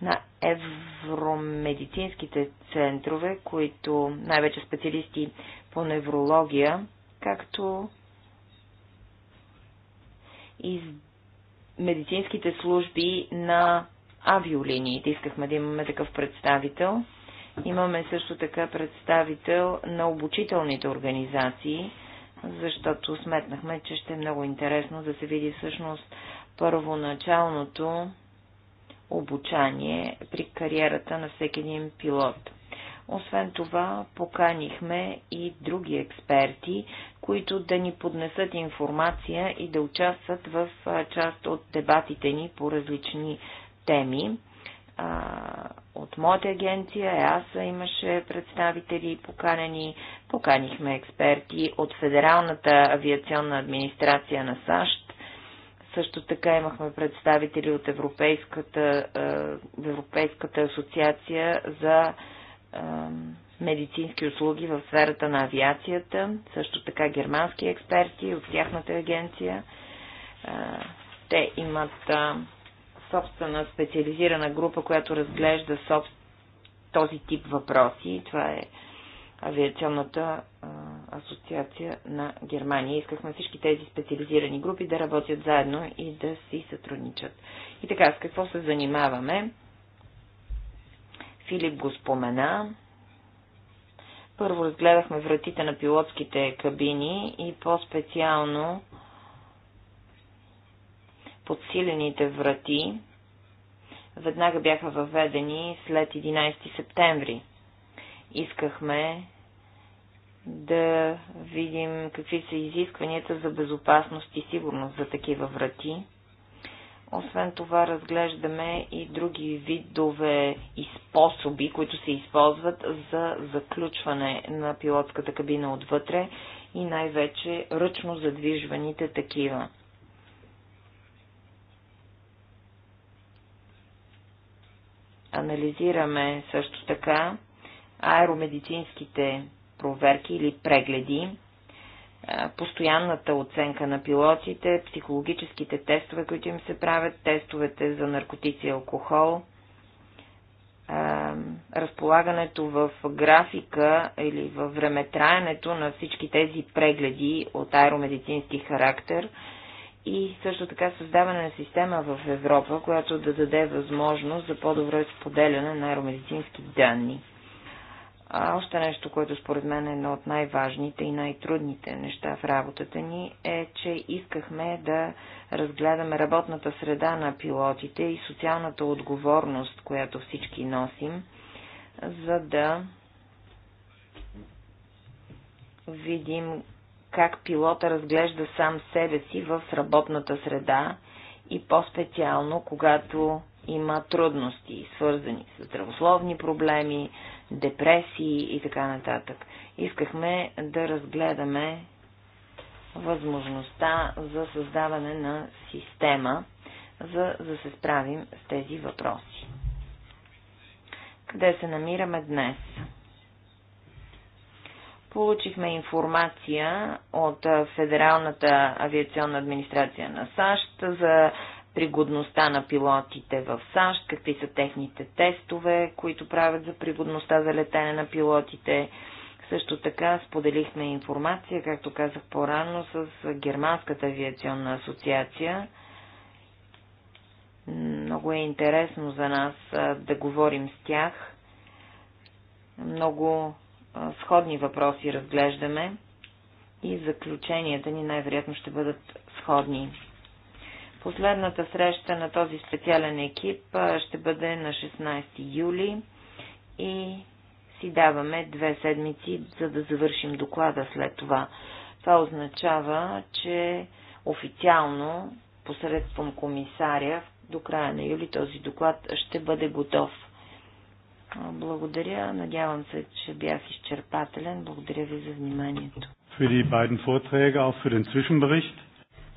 на евромедицинските центрове, които най-вече специалисти по неврология, както и медицинските служби на авиолиниите. Искахме да имаме такъв представител. Имаме също така представител на обучителните организации, защото сметнахме, че ще е много интересно да се види всъщност първоначалното обучание при кариерата на всеки един пилот. Освен това, поканихме и други експерти, които да ни поднесат информация и да участват в част от дебатите ни по различни теми от моята агенция, ЕАСА имаше представители поканени, поканихме експерти от Федералната авиационна администрация на САЩ, също така имахме представители от Европейската, е, Европейската асоциация за е, медицински услуги в сферата на авиацията, също така германски експерти от тяхната агенция. Е, те имат е, собствена специализирана група, която разглежда соб... този тип въпроси. Това е авиационната асоциация на Германия. Искахме всички тези специализирани групи да работят заедно и да си сътрудничат. И така, с какво се занимаваме? Филип го спомена. Първо разгледахме вратите на пилотските кабини и по-специално подсилените врати веднага бяха въведени след 11 септември. Искахме да видим какви са изискванията за безопасност и сигурност за такива врати. Освен това разглеждаме и други видове и способи, които се използват за заключване на пилотската кабина отвътре и най-вече ръчно задвижваните такива. Анализираме също така аеромедицинските проверки или прегледи, постоянната оценка на пилотите, психологическите тестове, които им се правят, тестовете за наркотици и алкохол, разполагането в графика или в времетраенето на всички тези прегледи от аеромедицински характер – и също така създаване на система в Европа, която да даде възможност за по-добро изподеляне на аеромедицински данни. А още нещо, което според мен е едно от най-важните и най-трудните неща в работата ни, е, че искахме да разгледаме работната среда на пилотите и социалната отговорност, която всички носим, за да видим как пилота разглежда сам себе си в работната среда и по-специално, когато има трудности, свързани с здравословни проблеми, депресии и така нататък. Искахме да разгледаме възможността за създаване на система, за да се справим с тези въпроси. Къде се намираме днес? Получихме информация от Федералната авиационна администрация на САЩ за пригодността на пилотите в САЩ, какви са техните тестове, които правят за пригодността за летене на пилотите. Също така споделихме информация, както казах по-рано, с Германската авиационна асоциация. Много е интересно за нас да говорим с тях. Много сходни въпроси разглеждаме и заключенията ни най-вероятно ще бъдат сходни. Последната среща на този специален екип ще бъде на 16 юли и си даваме две седмици, за да завършим доклада след това. Това означава, че официално посредством комисаря до края на юли този доклад ще бъде готов. Благодаря. Надявам се, че бях изчерпателен. Благодаря ви за вниманието.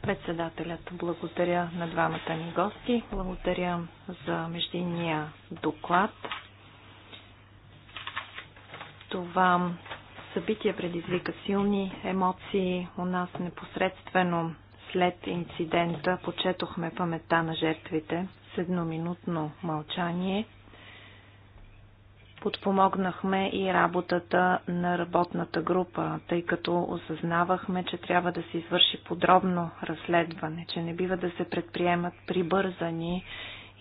Председателят, благодаря на двамата ни гости. Благодаря за междинния доклад. Това събитие предизвика силни емоции у нас непосредствено след инцидента почетохме паметта на жертвите с едноминутно мълчание – подпомогнахме и работата на работната група, тъй като осъзнавахме, че трябва да се извърши подробно разследване, че не бива да се предприемат прибързани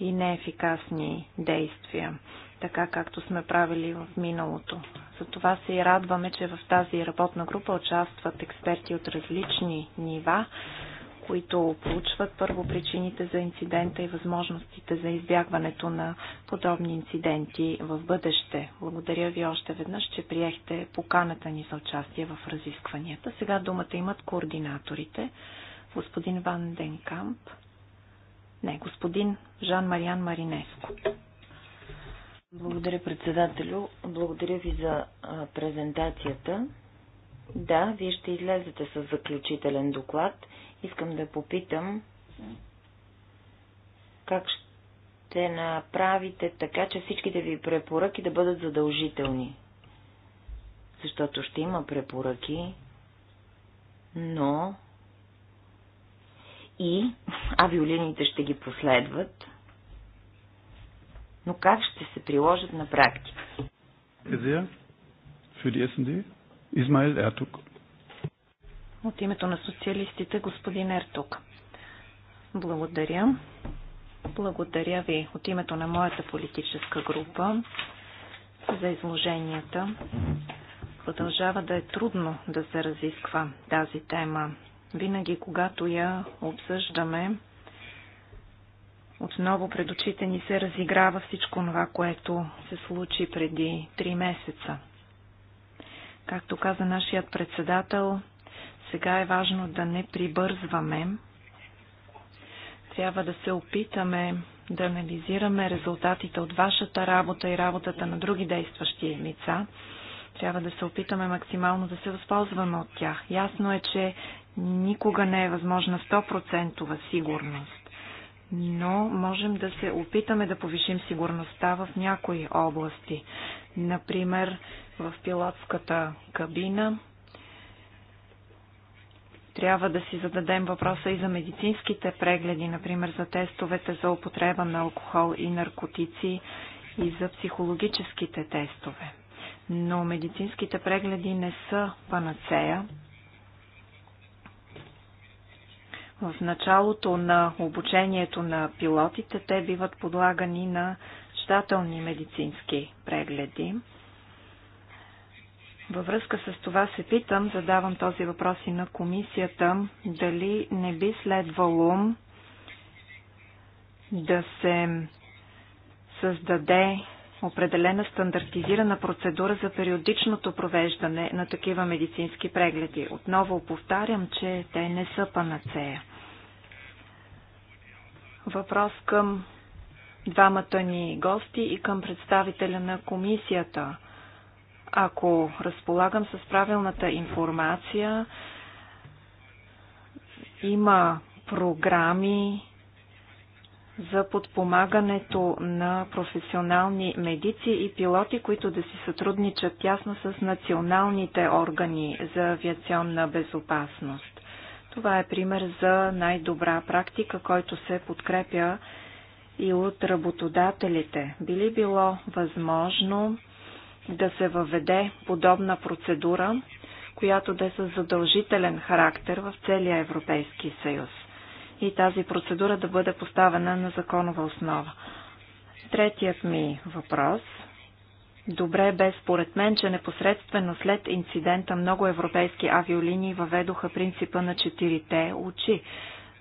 и неефикасни действия, така както сме правили в миналото. Затова се и радваме, че в тази работна група участват експерти от различни нива, които получват първо причините за инцидента и възможностите за избягването на подобни инциденти в бъдеще. Благодаря ви още веднъж, че приехте поканата ни за участие в разискванията. Сега думата имат координаторите. Господин Ван Денкамп. Не, господин Жан-Мариан Маринеско. Благодаря, председателю. Благодаря ви за презентацията. Да, вие ще излезете с заключителен доклад Искам да попитам как ще направите така, че всичките ви препоръки да бъдат задължителни. Защото ще има препоръки, но и авиолините ще ги последват, но как ще се приложат на практика? Измайл Ертук. От името на социалистите господин Ертук. Благодаря. Благодаря ви от името на моята политическа група за изложенията. Продължава да е трудно да се разисква тази тема. Винаги, когато я обсъждаме, отново пред очите ни се разиграва всичко това, което се случи преди три месеца. Както каза нашият председател, сега е важно да не прибързваме. Трябва да се опитаме да анализираме резултатите от вашата работа и работата на други действащи лица. Трябва да се опитаме максимално да се възползваме от тях. Ясно е, че никога не е възможна 100% сигурност, но можем да се опитаме да повишим сигурността в някои области. Например, в пилотската кабина трябва да си зададем въпроса и за медицинските прегледи, например за тестовете за употреба на алкохол и наркотици и за психологическите тестове. Но медицинските прегледи не са панацея. В началото на обучението на пилотите те биват подлагани на щателни медицински прегледи. Във връзка с това се питам, задавам този въпрос и на комисията, дали не би следвало да се създаде определена стандартизирана процедура за периодичното провеждане на такива медицински прегледи. Отново повтарям, че те не са панацея. Въпрос към двамата ни гости и към представителя на комисията – ако разполагам с правилната информация, има програми за подпомагането на професионални медици и пилоти, които да си сътрудничат тясно с националните органи за авиационна безопасност. Това е пример за най-добра практика, който се подкрепя и от работодателите. Били било възможно да се въведе подобна процедура, която да е с задължителен характер в целия Европейски съюз и тази процедура да бъде поставена на законова основа. Третият ми въпрос. Добре бе според мен, че непосредствено след инцидента много европейски авиолинии въведоха принципа на четирите очи.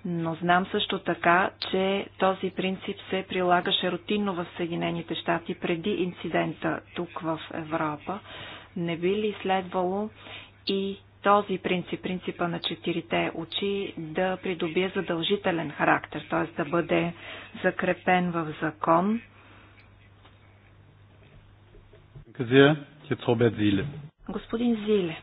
Но знам също така, че този принцип се прилагаше рутинно в Съединените щати преди инцидента тук в Европа. Не би ли следвало и този принцип, принципа на четирите очи, да придобие задължителен характер, т.е. да бъде закрепен в закон? Господин Зиле.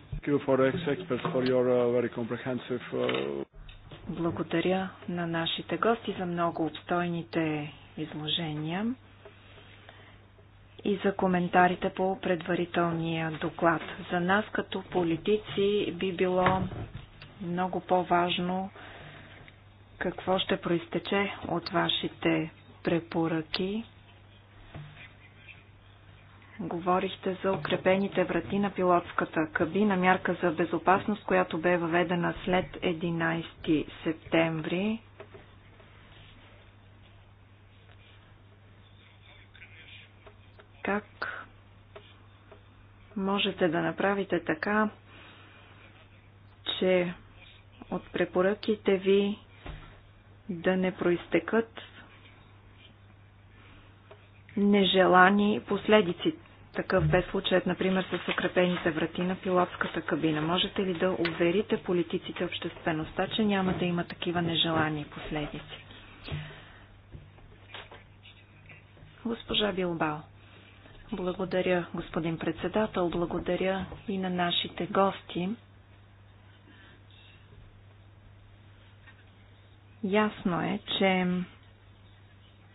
Благодаря на нашите гости за много обстойните изложения и за коментарите по предварителния доклад. За нас като политици би било много по-важно какво ще проистече от вашите препоръки Говорихте за укрепените врати на пилотската кабина, мярка за безопасност, която бе въведена след 11 септември. Как можете да направите така, че от препоръките ви да не проистекат нежелани последици такъв бе случаят, например, с укрепените врати на пилотската кабина. Можете ли да уверите политиците обществеността, че няма да има такива нежелани последици? Госпожа Билбао. Благодаря, господин председател. Благодаря и на нашите гости. Ясно е, че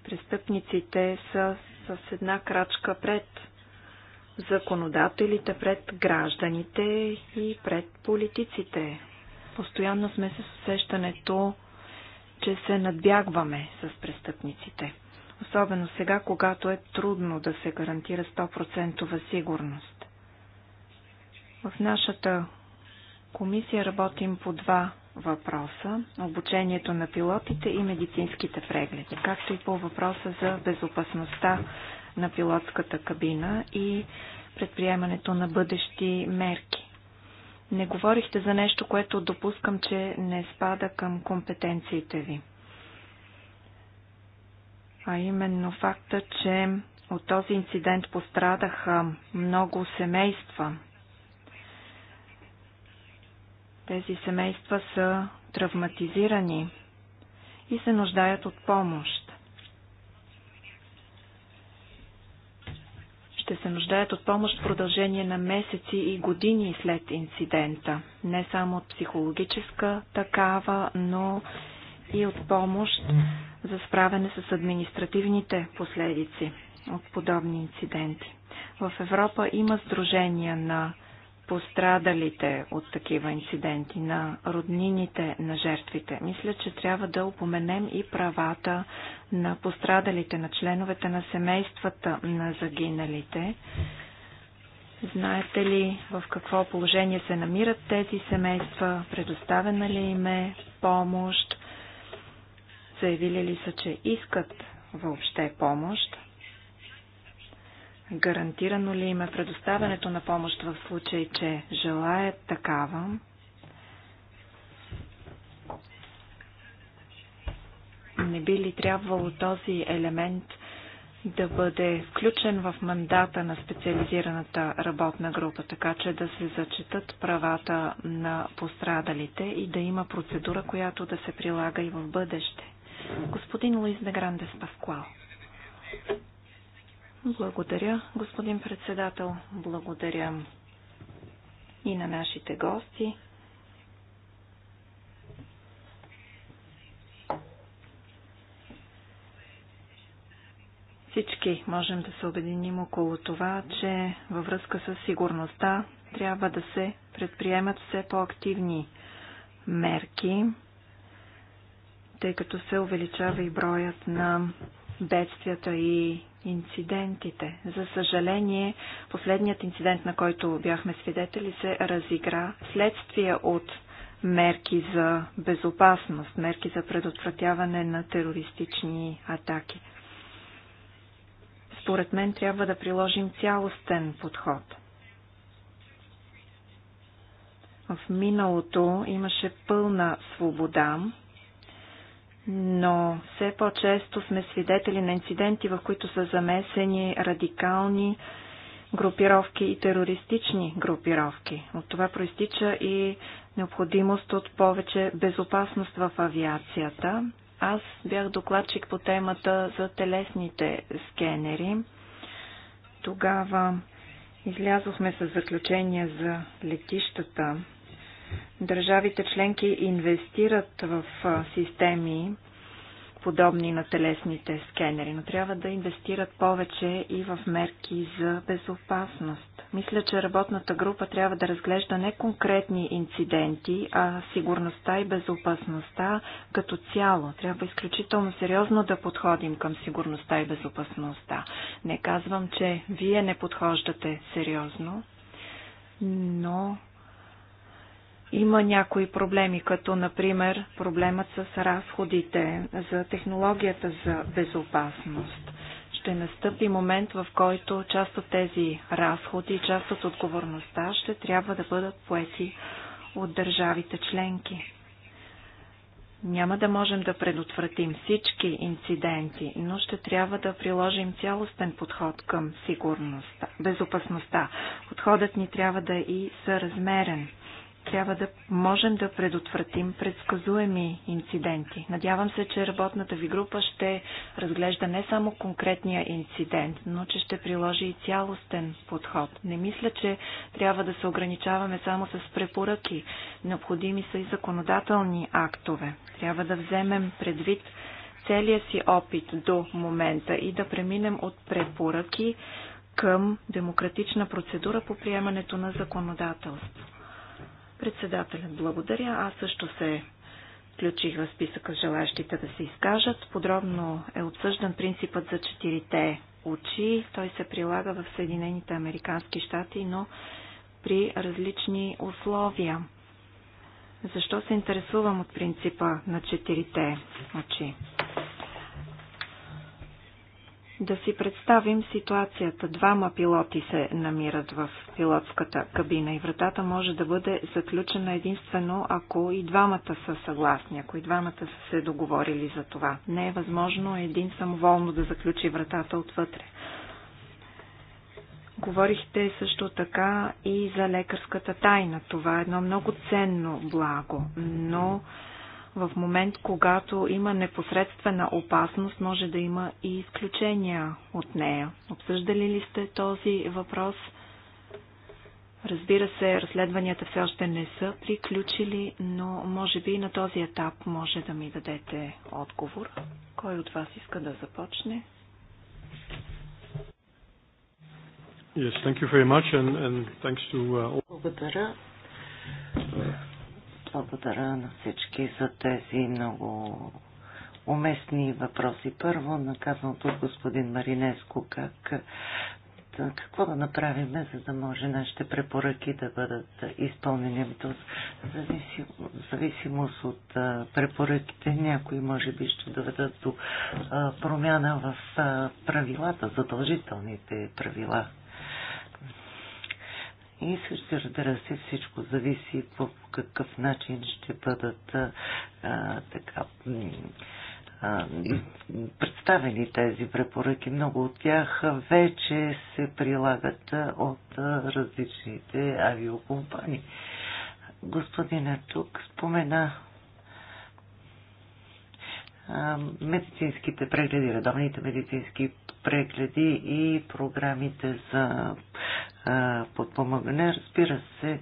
престъпниците са с една крачка пред законодателите, пред гражданите и пред политиците. Постоянно сме с усещането, че се надбягваме с престъпниците. Особено сега, когато е трудно да се гарантира 100% сигурност. В нашата комисия работим по два въпроса – обучението на пилотите и медицинските прегледи, както и по въпроса за безопасността на пилотската кабина и предприемането на бъдещи мерки. Не говорихте за нещо, което допускам, че не спада към компетенциите ви. А именно факта, че от този инцидент пострадаха много семейства. Тези семейства са травматизирани и се нуждаят от помощ. ще се нуждаят от помощ в продължение на месеци и години след инцидента. Не само от психологическа такава, но и от помощ за справяне с административните последици от подобни инциденти. В Европа има сдружения на пострадалите от такива инциденти, на роднините на жертвите. Мисля, че трябва да упоменем и правата на пострадалите, на членовете на семействата на загиналите. Знаете ли в какво положение се намират тези семейства? Предоставена ли им е помощ? Заявили ли са, че искат въобще помощ? Гарантирано ли им е предоставянето на помощ в случай, че желаят такава? Не би ли трябвало този елемент да бъде включен в мандата на специализираната работна група, така че да се зачитат правата на пострадалите и да има процедура, която да се прилага и в бъдеще? Господин Луис Деграндес Паскуал. Благодаря, господин председател. Благодаря и на нашите гости. Всички можем да се обединим около това, че във връзка с сигурността трябва да се предприемат все по-активни мерки, тъй като се увеличава и броят на бедствията и инцидентите. За съжаление, последният инцидент, на който бяхме свидетели, се разигра следствие от мерки за безопасност, мерки за предотвратяване на терористични атаки. Според мен трябва да приложим цялостен подход. В миналото имаше пълна свобода но все по-често сме свидетели на инциденти, в които са замесени радикални групировки и терористични групировки. От това проистича и необходимост от повече безопасност в авиацията. Аз бях докладчик по темата за телесните скенери. Тогава излязохме с заключение за летищата държавите членки инвестират в системи, подобни на телесните скенери, но трябва да инвестират повече и в мерки за безопасност. Мисля, че работната група трябва да разглежда не конкретни инциденти, а сигурността и безопасността като цяло. Трябва изключително сериозно да подходим към сигурността и безопасността. Не казвам, че вие не подхождате сериозно, но има някои проблеми, като например проблемът с разходите за технологията за безопасност. Ще настъпи момент, в който част от тези разходи част от отговорността ще трябва да бъдат поети от държавите членки. Няма да можем да предотвратим всички инциденти, но ще трябва да приложим цялостен подход към сигурността, безопасността. Подходът ни трябва да е и съразмерен трябва да можем да предотвратим предсказуеми инциденти. Надявам се, че работната ви група ще разглежда не само конкретния инцидент, но че ще приложи и цялостен подход. Не мисля, че трябва да се ограничаваме само с препоръки. Необходими са и законодателни актове. Трябва да вземем предвид целия си опит до момента и да преминем от препоръки към демократична процедура по приемането на законодателство. Председателят благодаря. Аз също се включих в списъка с желащите да се изкажат. Подробно е обсъждан принципът за четирите очи. Той се прилага в Съединените Американски щати, но при различни условия. Защо се интересувам от принципа на четирите очи? Да си представим ситуацията. Двама пилоти се намират в пилотската кабина и вратата може да бъде заключена единствено, ако и двамата са съгласни, ако и двамата са се договорили за това. Не е възможно един самоволно да заключи вратата отвътре. Говорихте също така и за лекарската тайна. Това е едно много ценно благо, но в момент, когато има непосредствена опасност, може да има и изключения от нея. Обсъждали ли сте този въпрос? Разбира се, разследванията все още не са приключили, но може би и на този етап може да ми дадете отговор. Кой от вас иска да започне? Yes, thank you very much and, and thanks to, uh... Благодаря благодаря на всички за тези много уместни въпроси. Първо, наказаното от господин Маринеско, как, какво да направим, за да може нашите препоръки да бъдат изпълнени. Тоест, зависим, зависимост от препоръките, някои може би ще доведат до промяна в правилата, задължителните правила и също разбира се, всичко зависи по какъв начин ще бъдат а, така а, представени тези препоръки. Много от тях вече се прилагат от различните авиокомпании. Господина тук спомена медицинските прегледи, редовните медицински прегледи и програмите за Подпомагане. Разбира се,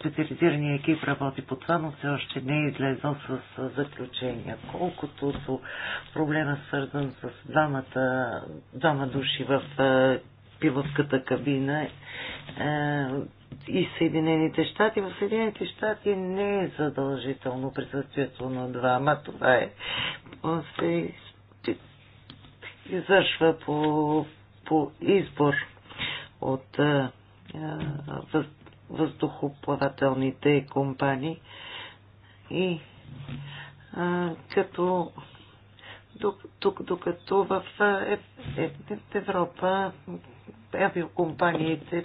специализирания екип работи по това, но все още не е излезъл с заключения. Колкото до проблема свързан с двамата, двама души в пилотската кабина, е, и Съединените щати. В Съединените щати не е задължително присъствието на двама. Това е, се извършва по, по избор от въздухоплавателните компании и а, като тук, докато е, е, в Европа авиокомпаниите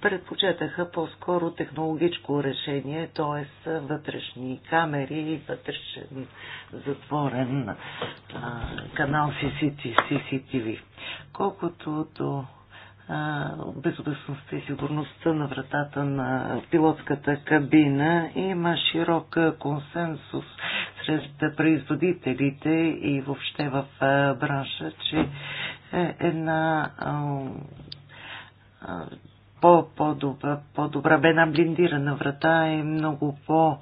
предпочетаха по-скоро технологическо решение, т.е. вътрешни камери вътрешен затворен а, канал CCTV. Колкото до безопасността и сигурността на вратата на пилотската кабина. Има широк консенсус сред производителите и въобще в бранша, че е една по-добра, -по по-добра, бе една блиндирана врата е много по-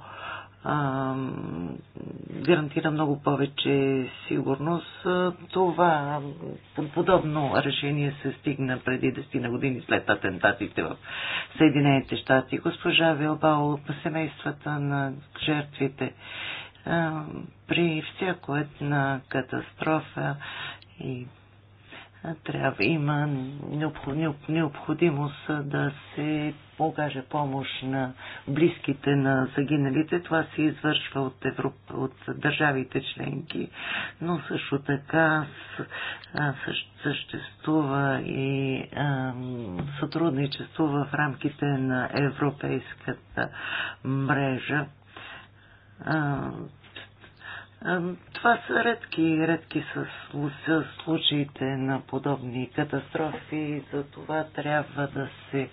гарантира много повече сигурност. Това подобно решение се стигна преди 10 на години след атентатите в Съединените щати. Госпожа Вилбао, семействата на жертвите при всяко една катастрофа и трябва, има необходимост да се окаже помощ на близките на загиналите. Това се извършва от, Европ... от държавите членки, но също така съществува и сътрудничество в рамките на европейската мрежа е, това са редки, редки са, случаите на подобни катастрофи и за това трябва да се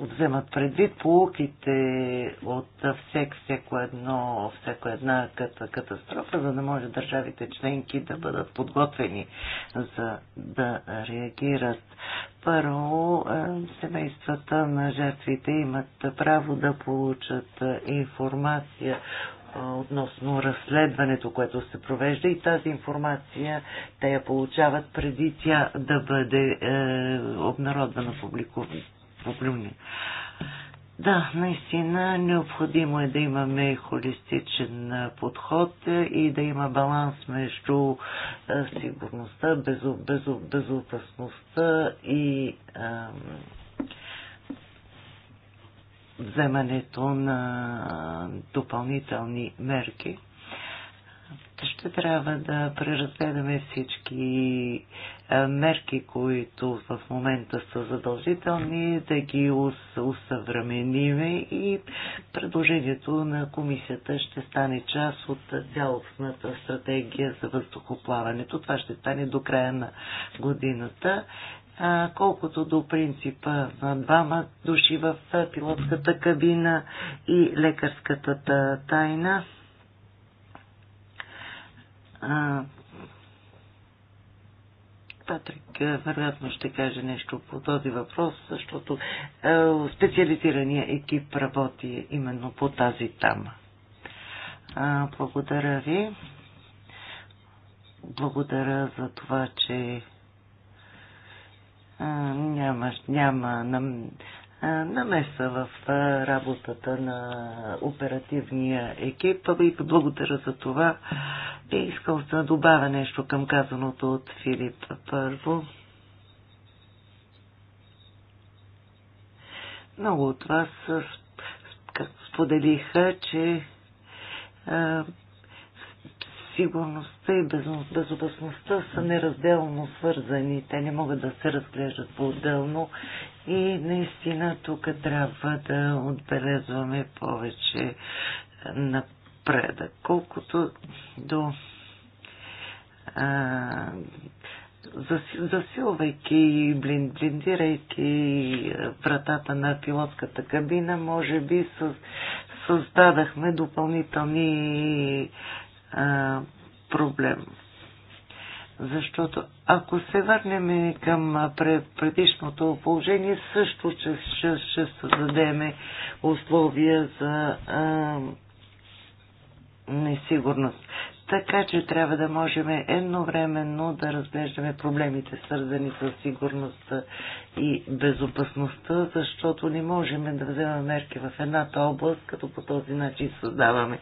вземат предвид полуките от всек, всеко едно, всеко една катастрофа, за да може държавите членки да бъдат подготвени за да реагират. Първо, е, семействата на жертвите имат право да получат е, информация относно разследването, което се провежда и тази информация те я получават преди тя да бъде е, обнародвана, публикувана проблемни. Да, наистина необходимо е да имаме холистичен подход и да има баланс между сигурността, безопасността и вземането на допълнителни мерки ще трябва да преразгледаме всички мерки, които в момента са задължителни, да ги усъвремениме и предложението на комисията ще стане част от цялостната стратегия за въздухоплаването. Това ще стане до края на годината. колкото до принципа на двама души в пилотската кабина и лекарската тайна, Патрик вероятно ще каже нещо по този въпрос, защото специализирания екип работи именно по тази тема. благодаря ви. Благодаря за това, че а, няма, няма нам, намеса в работата на оперативния екип и ами, благодаря за това. И искал да добавя нещо към казаното от Филип първо. Много от вас споделиха, че сигурността и безопасността са неразделно свързани. Те не могат да се разглеждат по-отделно и наистина тук трябва да отбелезваме повече напредък. Колкото до а, засилвайки и блиндирайки вратата на пилотската кабина, може би създадахме допълнителни а, проблеми защото ако се върнем към предишното положение, също ще, ще, ще създадем условия за а, несигурност. Така че трябва да можем едновременно да разглеждаме проблемите, свързани с сигурността и безопасността, защото не можем да вземем мерки в едната област, като по този начин създаваме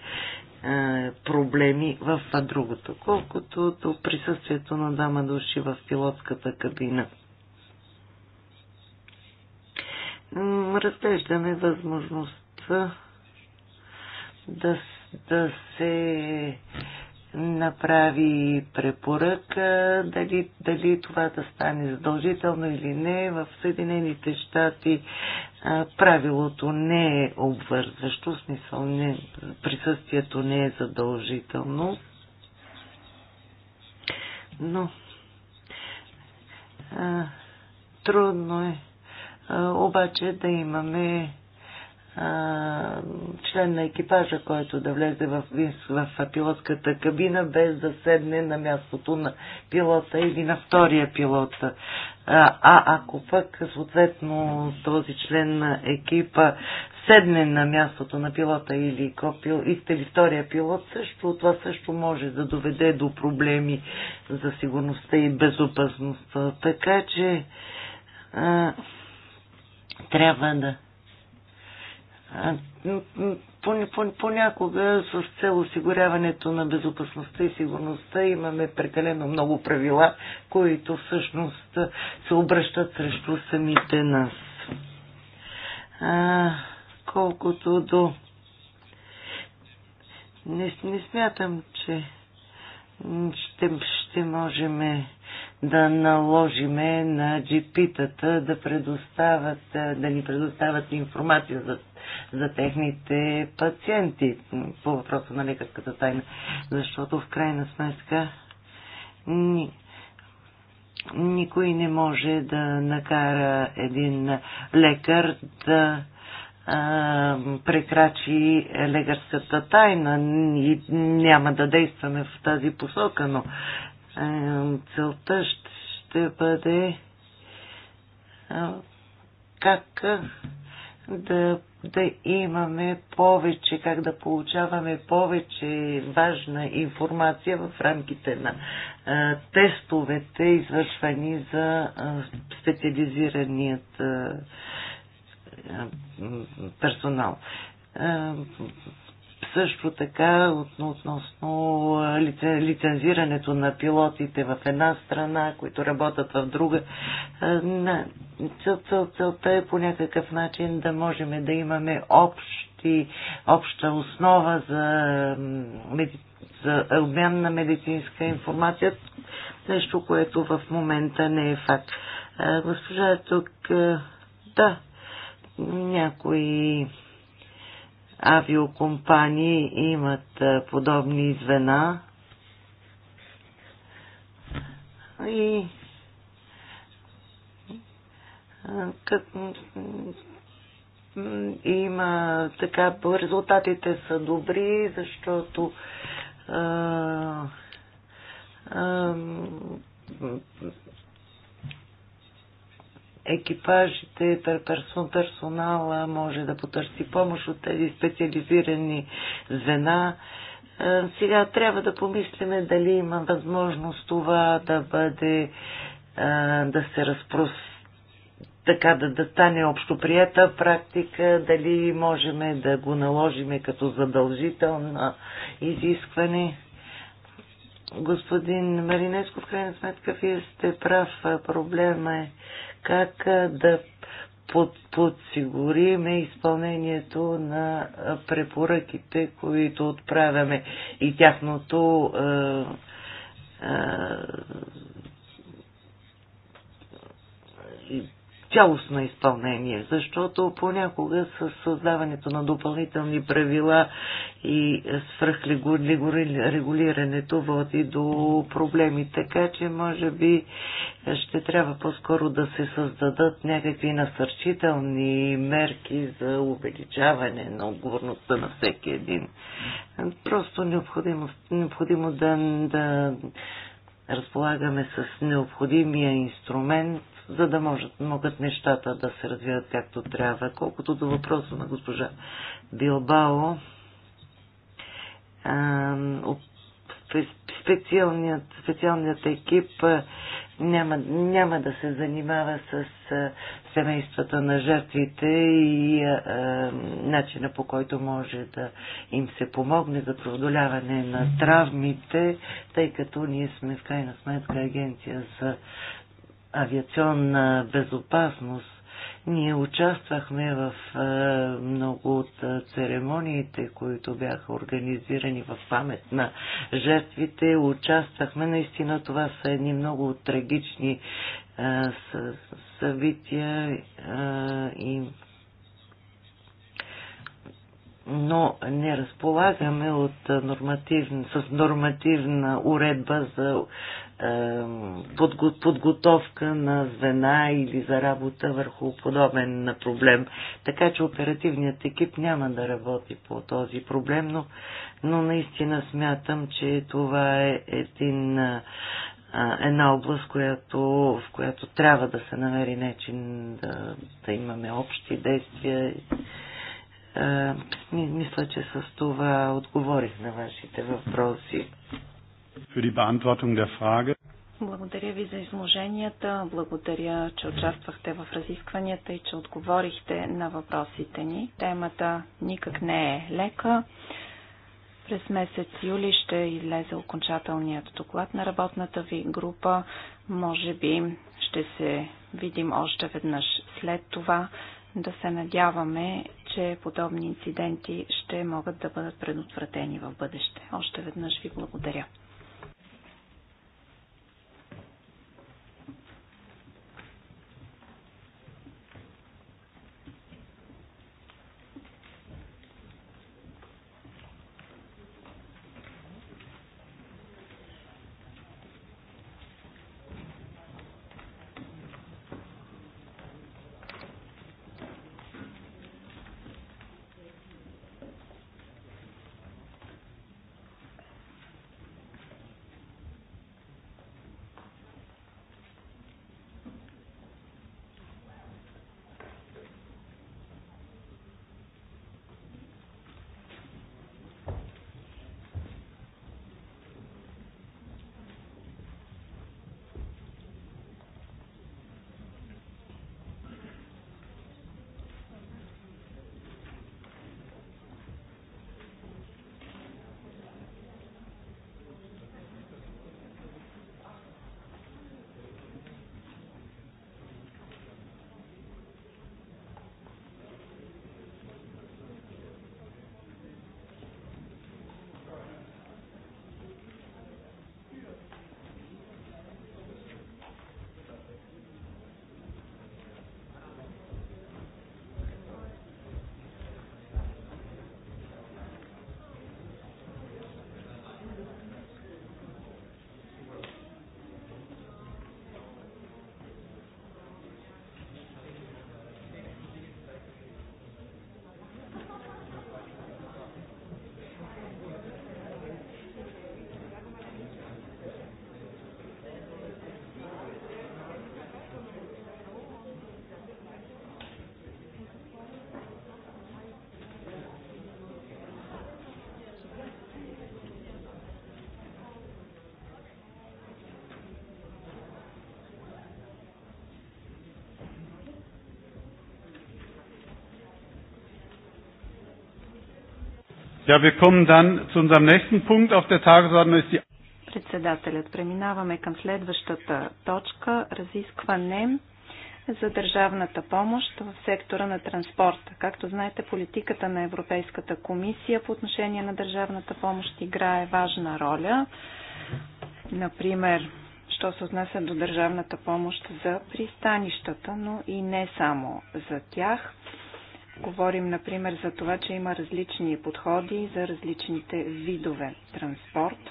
е, проблеми в другото, колкото до присъствието на дама души в пилотската кабина. Разглеждаме възможността да, да се направи препоръка дали, дали това да стане задължително или не. В Съединените щати правилото не е обвързващо, в смисъл не, присъствието не е задължително. Но а, трудно е а, обаче да имаме член на екипажа, който да влезе в, в, в пилотската кабина, без да седне на мястото на пилота или на втория пилот. А, а ако пък съответно този член на екипа седне на мястото на пилота или, копил, ли втория пилот, също, това също може да доведе до проблеми за сигурността и безопасността. Така че а, трябва да понякога с цел осигуряването на безопасността и сигурността имаме прекалено много правила, които всъщност се обръщат срещу самите нас. А, колкото до... Не, не смятам, че ще, ще можем да наложиме на джипитата да предоставят, е, да ни предоставят информация за, за техните пациенти по въпроса на лекарската тайна. Защото в крайна сметка ни, никой не може да накара един лекар да прекрачи лекарската тайна и няма да действаме в тази посока, но целта ще, ще бъде как да, да имаме повече, как да получаваме повече важна информация в рамките на а, тестовете, извършвани за а, специализираният а, персонал. А, също така относно лицензирането на пилотите в една страна, които работят в друга. Цел, цел, целта е по някакъв начин да можем да имаме общи, обща основа за, за обмен на медицинска информация, нещо, което в момента не е факт. Госпожа тук, да, някои авиокомпании имат подобни звена и как, има така, резултатите са добри, защото а, а, екипажите, персонала може да потърси помощ от тези специализирани звена. Сега трябва да помислиме дали има възможност това да бъде, да се разпрос, така да, да стане общоприета практика, дали можем да го наложиме като задължително изискване господин Маринеско, в крайна сметка вие сте прав. Проблема е как да под, подсигуриме изпълнението на препоръките, които отправяме и тяхното е, е, цялостно изпълнение, защото понякога с създаването на допълнителни правила и свръхрегулирането води до проблеми. Така че, може би, ще трябва по-скоро да се създадат някакви насърчителни мерки за увеличаване на отговорността на всеки един. Просто необходимо, необходимо да, да разполагаме с необходимия инструмент за да могат, могат нещата да се развиват както трябва. Колкото до въпроса на госпожа Билбао, специалният, специалният екип няма, няма да се занимава с семействата на жертвите и начина по който може да им се помогне за преодоляване на травмите, тъй като ние сме в крайна сметка агенция за авиационна безопасност. Ние участвахме в много от церемониите, които бяха организирани в памет на жертвите. Участвахме. Наистина това са едни много трагични събития и но не разполагаме от нормативна, с нормативна уредба за подготовка на звена или за работа върху подобен проблем. Така че оперативният екип няма да работи по този проблем, но, но наистина смятам, че това е един, една област, която, в която трябва да се намери начин да, да имаме общи действия. Мисля, че с това отговорих на вашите въпроси. Für die Beantwortung der Frage благодаря ви за изложенията. Благодаря, че участвахте в разискванията и че отговорихте на въпросите ни. Темата никак не е лека. През месец юли ще излезе окончателният доклад на работната ви група. Може би ще се видим още веднъж след това. Да се надяваме, че подобни инциденти ще могат да бъдат предотвратени в бъдеще. Още веднъж ви благодаря. Ja, wir kommen dann zu unserem nächsten Punkt auf der Tagesordnung ist die Председателят, преминаваме към следващата точка разискване за държавната помощ в сектора на транспорта. Както знаете, политиката на Европейската комисия по отношение на държавната помощ играе важна роля. Например, що се отнася до държавната помощ за пристанищата, но и не само за тях. Говорим, например, за това, че има различни подходи за различните видове транспорт.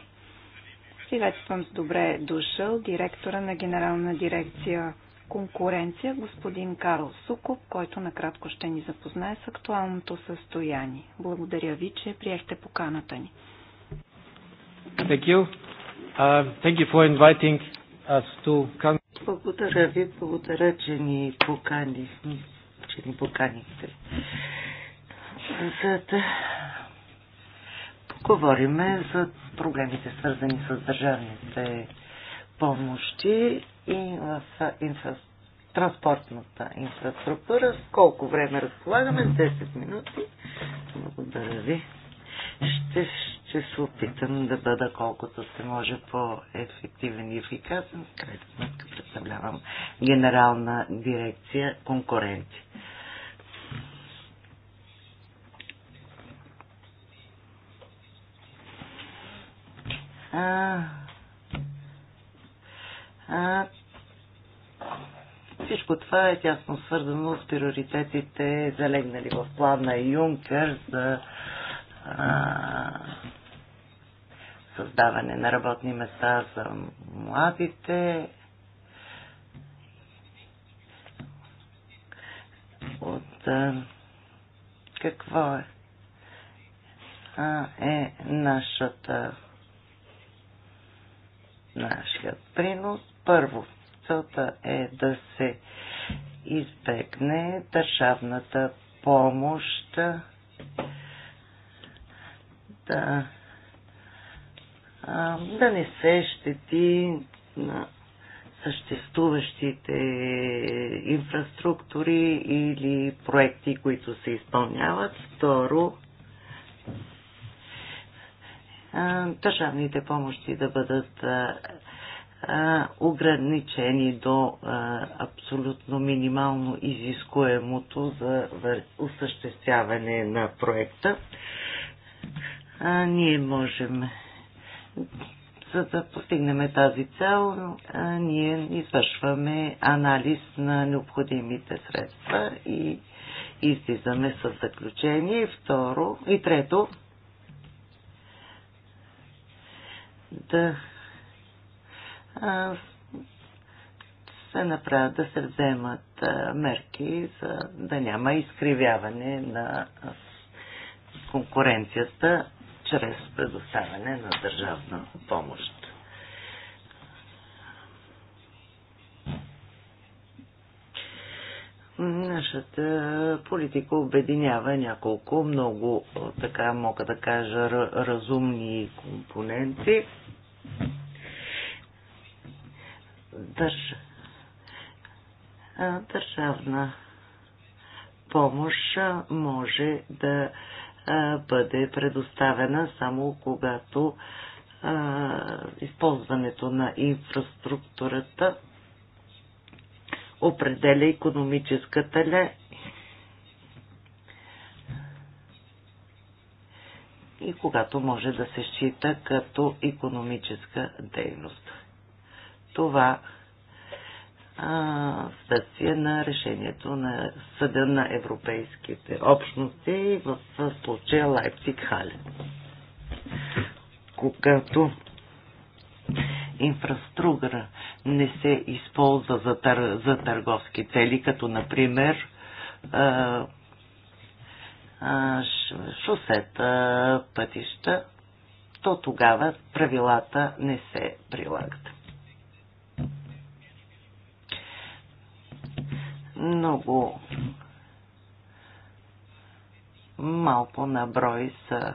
Приветствам с добре дошъл директора на Генерална дирекция конкуренция, господин Карл Суков, който накратко ще ни запознае с актуалното състояние. Благодаря ви, че приехте поканата ни. Thank you. Uh, thank you for inviting us to come. Благодаря ви, благодаря, че ни поканихте. Че ни поканихте за да е, за проблемите, свързани с държавните помощи и в инфра... транспортната инфраструктура. Колко време разполагаме? 10 минути. Благодаря ви. Ще, ще се опитам да бъда колкото се може по-ефективен и ефикасен. В крайна сметка представлявам генерална дирекция конкуренти. а, всичко това е тясно свързано с приоритетите, залегнали в плана Юнкер за а, създаване на работни места за младите. От а, какво е? А, е нашата нашия принос. Първо, целта е да се избегне държавната помощ да, да не се щети на съществуващите инфраструктури или проекти, които се изпълняват. Второ, държавните помощи да бъдат ограничени до абсолютно минимално изискуемото за осъществяване на проекта. Ние можем, за да постигнем тази цел, ние извършваме анализ на необходимите средства и излизаме с заключение. второ, и трето, да се направят, да се вземат мерки, за да няма изкривяване на конкуренцията чрез предоставяне на държавна помощ. Нашата политика обединява няколко много, така мога да кажа, разумни компоненти. Държ... Държавна помощ може да бъде предоставена само когато използването на инфраструктурата определя економическата ле и когато може да се счита като економическа дейност. Това вследствие на решението на Съда на европейските общности в случая Лайпциг Хален. Когато инфраструктура не се използва за, тър, за търговски цели, като например а, а, шосета, пътища, то тогава правилата не се прилагат. Много малко на брой са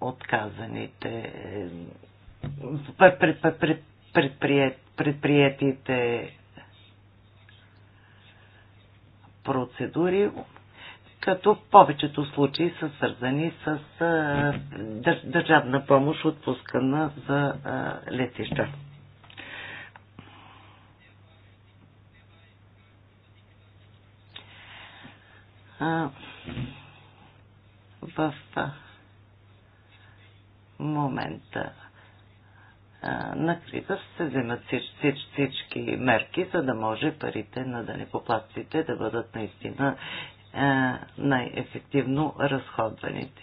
отказаните, предприятите процедури, като в повечето случаи са свързани с държавна помощ, отпускана за летища. А, в момента на криза се вземат всич, всич, всички мерки, за да може парите на данекоплатците да бъдат наистина най-ефективно разходваните.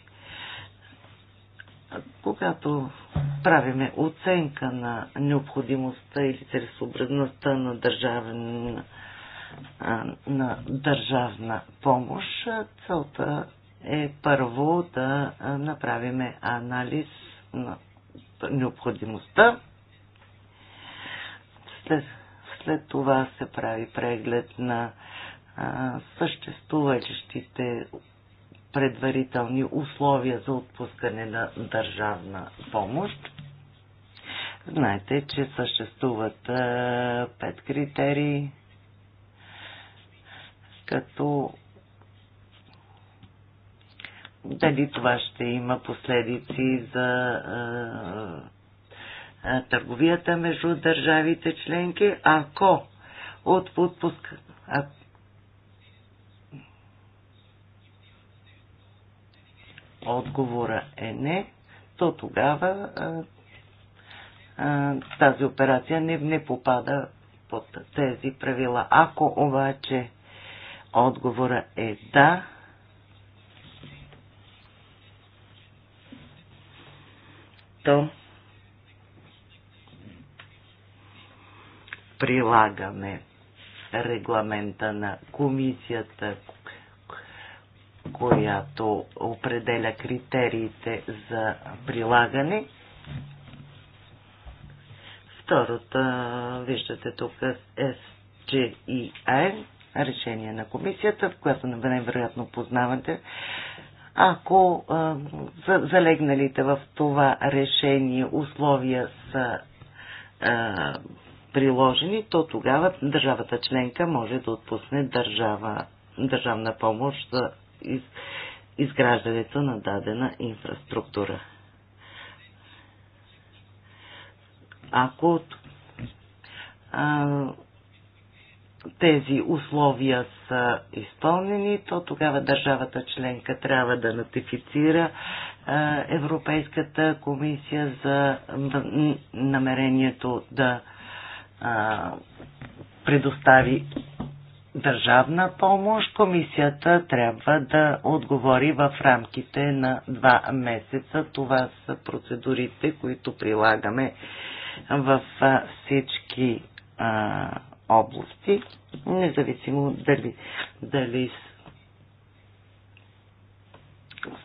Когато правиме оценка на необходимостта или целесообразността на държавен на държавна помощ. Целта е първо да направиме анализ на необходимостта. След, след това се прави преглед на а, съществуващите предварителни условия за отпускане на държавна помощ. Знаете, че съществуват а, пет критерии като дали това ще има последици за а, а, търговията между държавите членки, ако от подпуск. А... Отговора е не, то тогава а, а, тази операция не, не попада под тези правила. Ако обаче Отговора е да. То прилагаме регламента на комисията, която определя критериите за прилагане. Втората, виждате тук SGEN, решение на комисията, в която най-вероятно познавате. Ако а, за, залегналите в това решение условия са а, приложени, то тогава държавата членка може да отпусне държава, държавна помощ за из, изграждането на дадена инфраструктура. Ако а, тези условия са изпълнени, то тогава държавата членка трябва да нотифицира Европейската комисия за намерението да предостави държавна помощ, комисията трябва да отговори в рамките на два месеца. Това са процедурите, които прилагаме в всички области, независимо дали, дали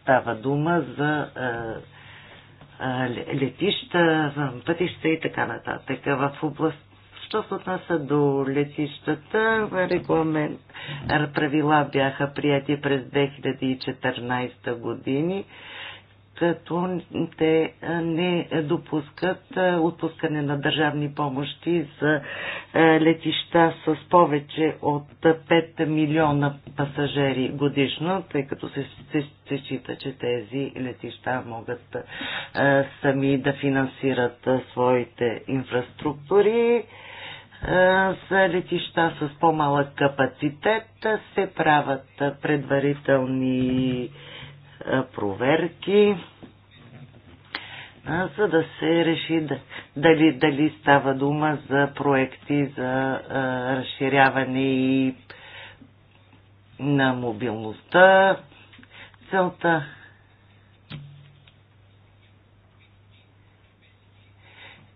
става дума за е, е, летища, пътища и така нататък. В област Що се отнася до летищата, регламент, правила бяха прияти през 2014 години като те не допускат отпускане на държавни помощи за летища с повече от 5 милиона пасажери годишно, тъй като се, се, се счита, че тези летища могат сами да финансират своите инфраструктури за летища с по-малък капацитет се правят предварителни проверки, за да се реши дали, дали става дума за проекти за разширяване и на мобилността. Целта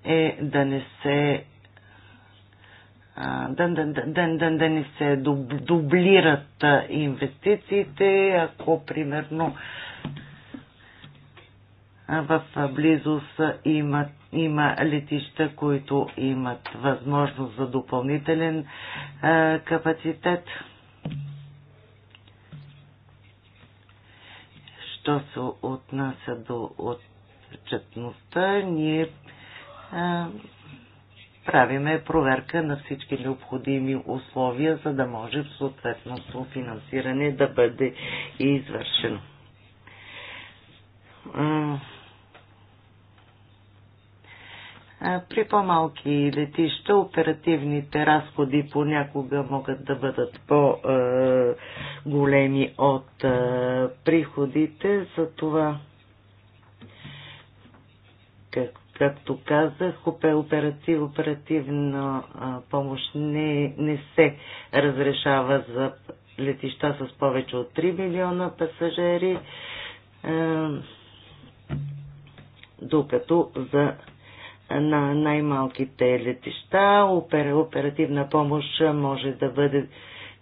е да не се да, да, да, да, да не се дублират инвестициите, ако примерно в близост има, има летища, които имат възможност за допълнителен а, капацитет. Що се отнася до отчетността, ние а, правиме проверка на всички необходими условия, за да може съответното финансиране да бъде извършено. При по-малки летища оперативните разходи понякога могат да бъдат по-големи от приходите, затова както Както казах, оператив, оперативна помощ не, не се разрешава за летища с повече от 3 милиона пасажери, докато за на най-малките летища опер, оперативна помощ може да бъде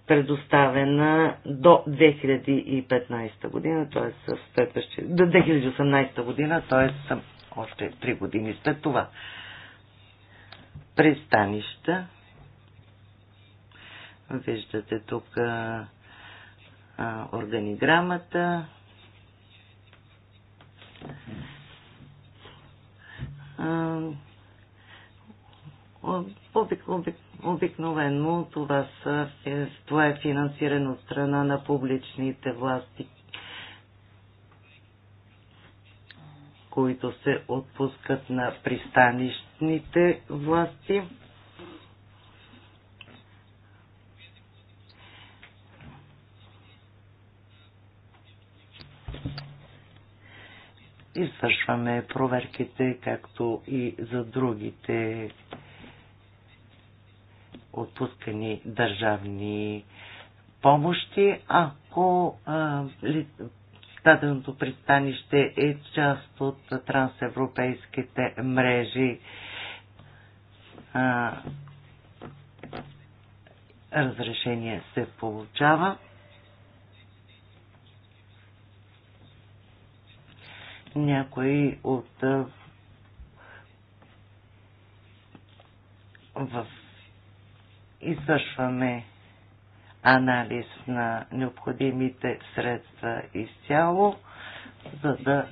предоставена до 2015 година, т.е. до 2018 година, т.е още три години след това. Пристанища. Виждате тук а, а, органиграмата. обик, обик, обикновено това, са, това е финансирано от страна на публичните власти. които се отпускат на пристанищните власти. Извършваме проверките, както и за другите отпускани държавни помощи, ако а, ли, даденото пристанище е част от трансевропейските мрежи разрешение се получава. Някои от в извършваме анализ на необходимите средства изцяло, за да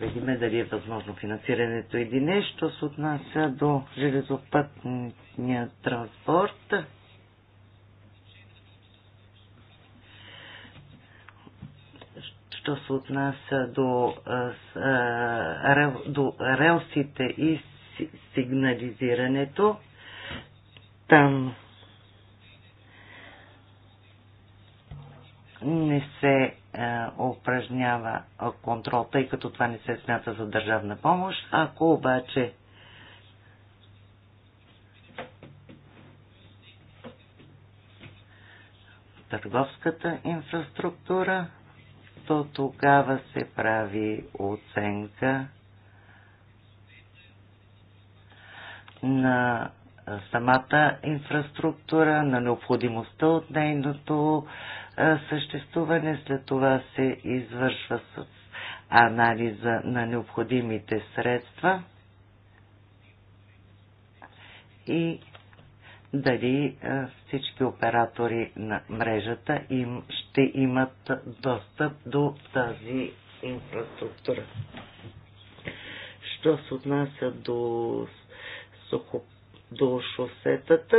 видим дали е възможно финансирането или нещо. Се отнася до железопътния транспорт. Що се отнася до, до релсите и сигнализирането, там не се е, упражнява контрол, тъй като това не се смята за държавна помощ. Ако обаче търговската инфраструктура, то тогава се прави оценка на самата инфраструктура, на необходимостта от нейното съществуване. След това се извършва с анализа на необходимите средства и дали всички оператори на мрежата им ще имат достъп до тази инфраструктура. Що се отнася до, сухо, до шосетата,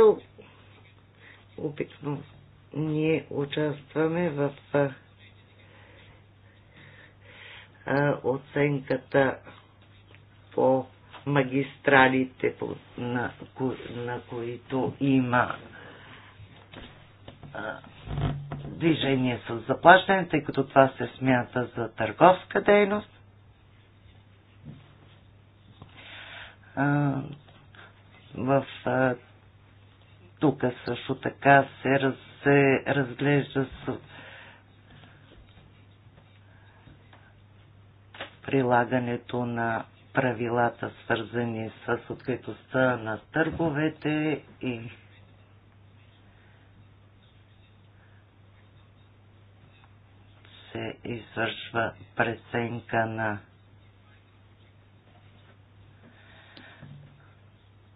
обикновено ние участваме в оценката по магистралите, на, на които има движение с заплащане, тъй като това се смята за търговска дейност. В тук също така се раз, се разглежда с прилагането на правилата, свързани с откритостта на търговете и се извършва преценка на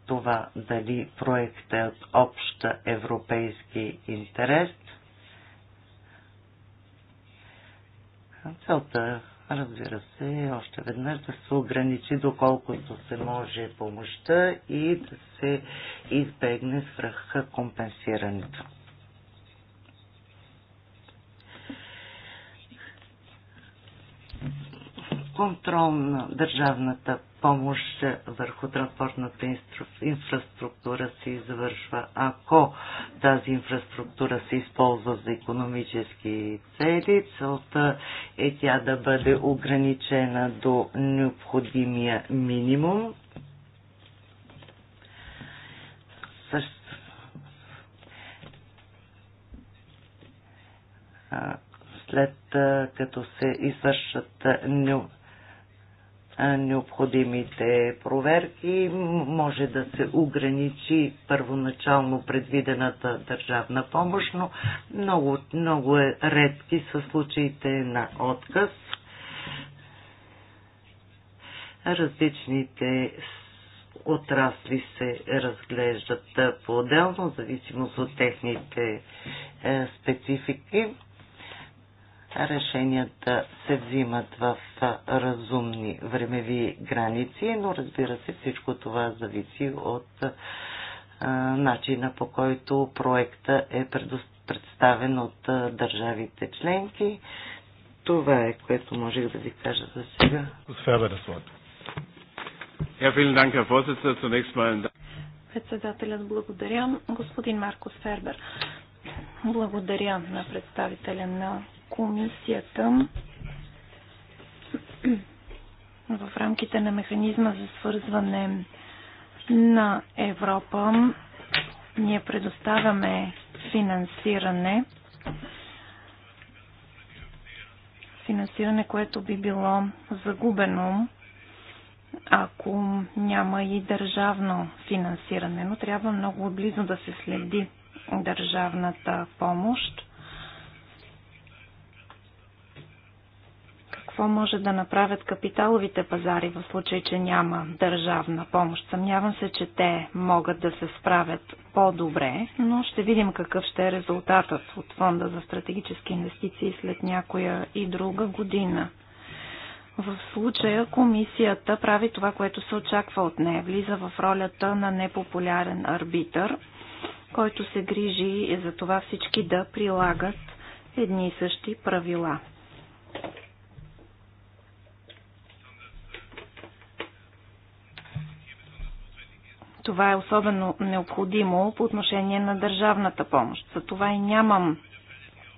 това дали проектът е от общ европейски интерес. Целта, разбира се, е още веднъж да се ограничи доколкото се може помощта и да се избегне свръх компенсирането. контрол на държавната помощ върху транспортната инфраструктура се извършва, ако тази инфраструктура се използва за економически цели. Целта е тя да бъде ограничена до необходимия минимум. Също след като се извършат необходимите проверки. Може да се ограничи първоначално предвидената държавна помощ, но много, много е редки са случаите на отказ. Различните отрасли се разглеждат по-отделно, зависимост от техните е, специфики решенията се взимат в разумни времеви граници, но разбира се всичко това зависи от начина по който проекта е представен от държавите членки. Това е, което можех да ви кажа за сега. Председателят благодаря. Господин Маркос Фербер, благодаря на представителя на комисията в рамките на механизма за свързване на Европа ние предоставяме финансиране. Финансиране, което би било загубено, ако няма и държавно финансиране. Но трябва много близо да се следи държавната помощ. какво може да направят капиталовите пазари в случай, че няма държавна помощ. Съмнявам се, че те могат да се справят по-добре, но ще видим какъв ще е резултатът от Фонда за стратегически инвестиции след някоя и друга година. В случая комисията прави това, което се очаква от нея. Влиза в ролята на непопулярен арбитър, който се грижи за това всички да прилагат едни и същи правила. Това е особено необходимо по отношение на държавната помощ. За това и нямам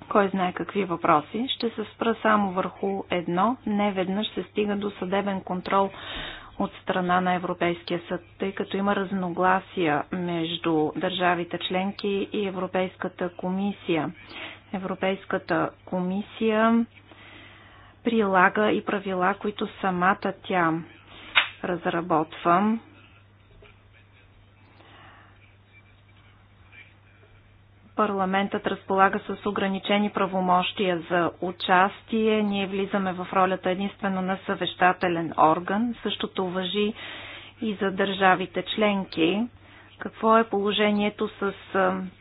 кой знае какви въпроси. Ще се спра само върху едно. Не веднъж се стига до съдебен контрол от страна на Европейския съд, тъй като има разногласия между държавите членки и Европейската комисия. Европейската комисия прилага и правила, които самата тя разработва. Парламентът разполага с ограничени правомощия за участие. Ние влизаме в ролята единствено на съвещателен орган. Същото въжи и за държавите членки. Какво е положението с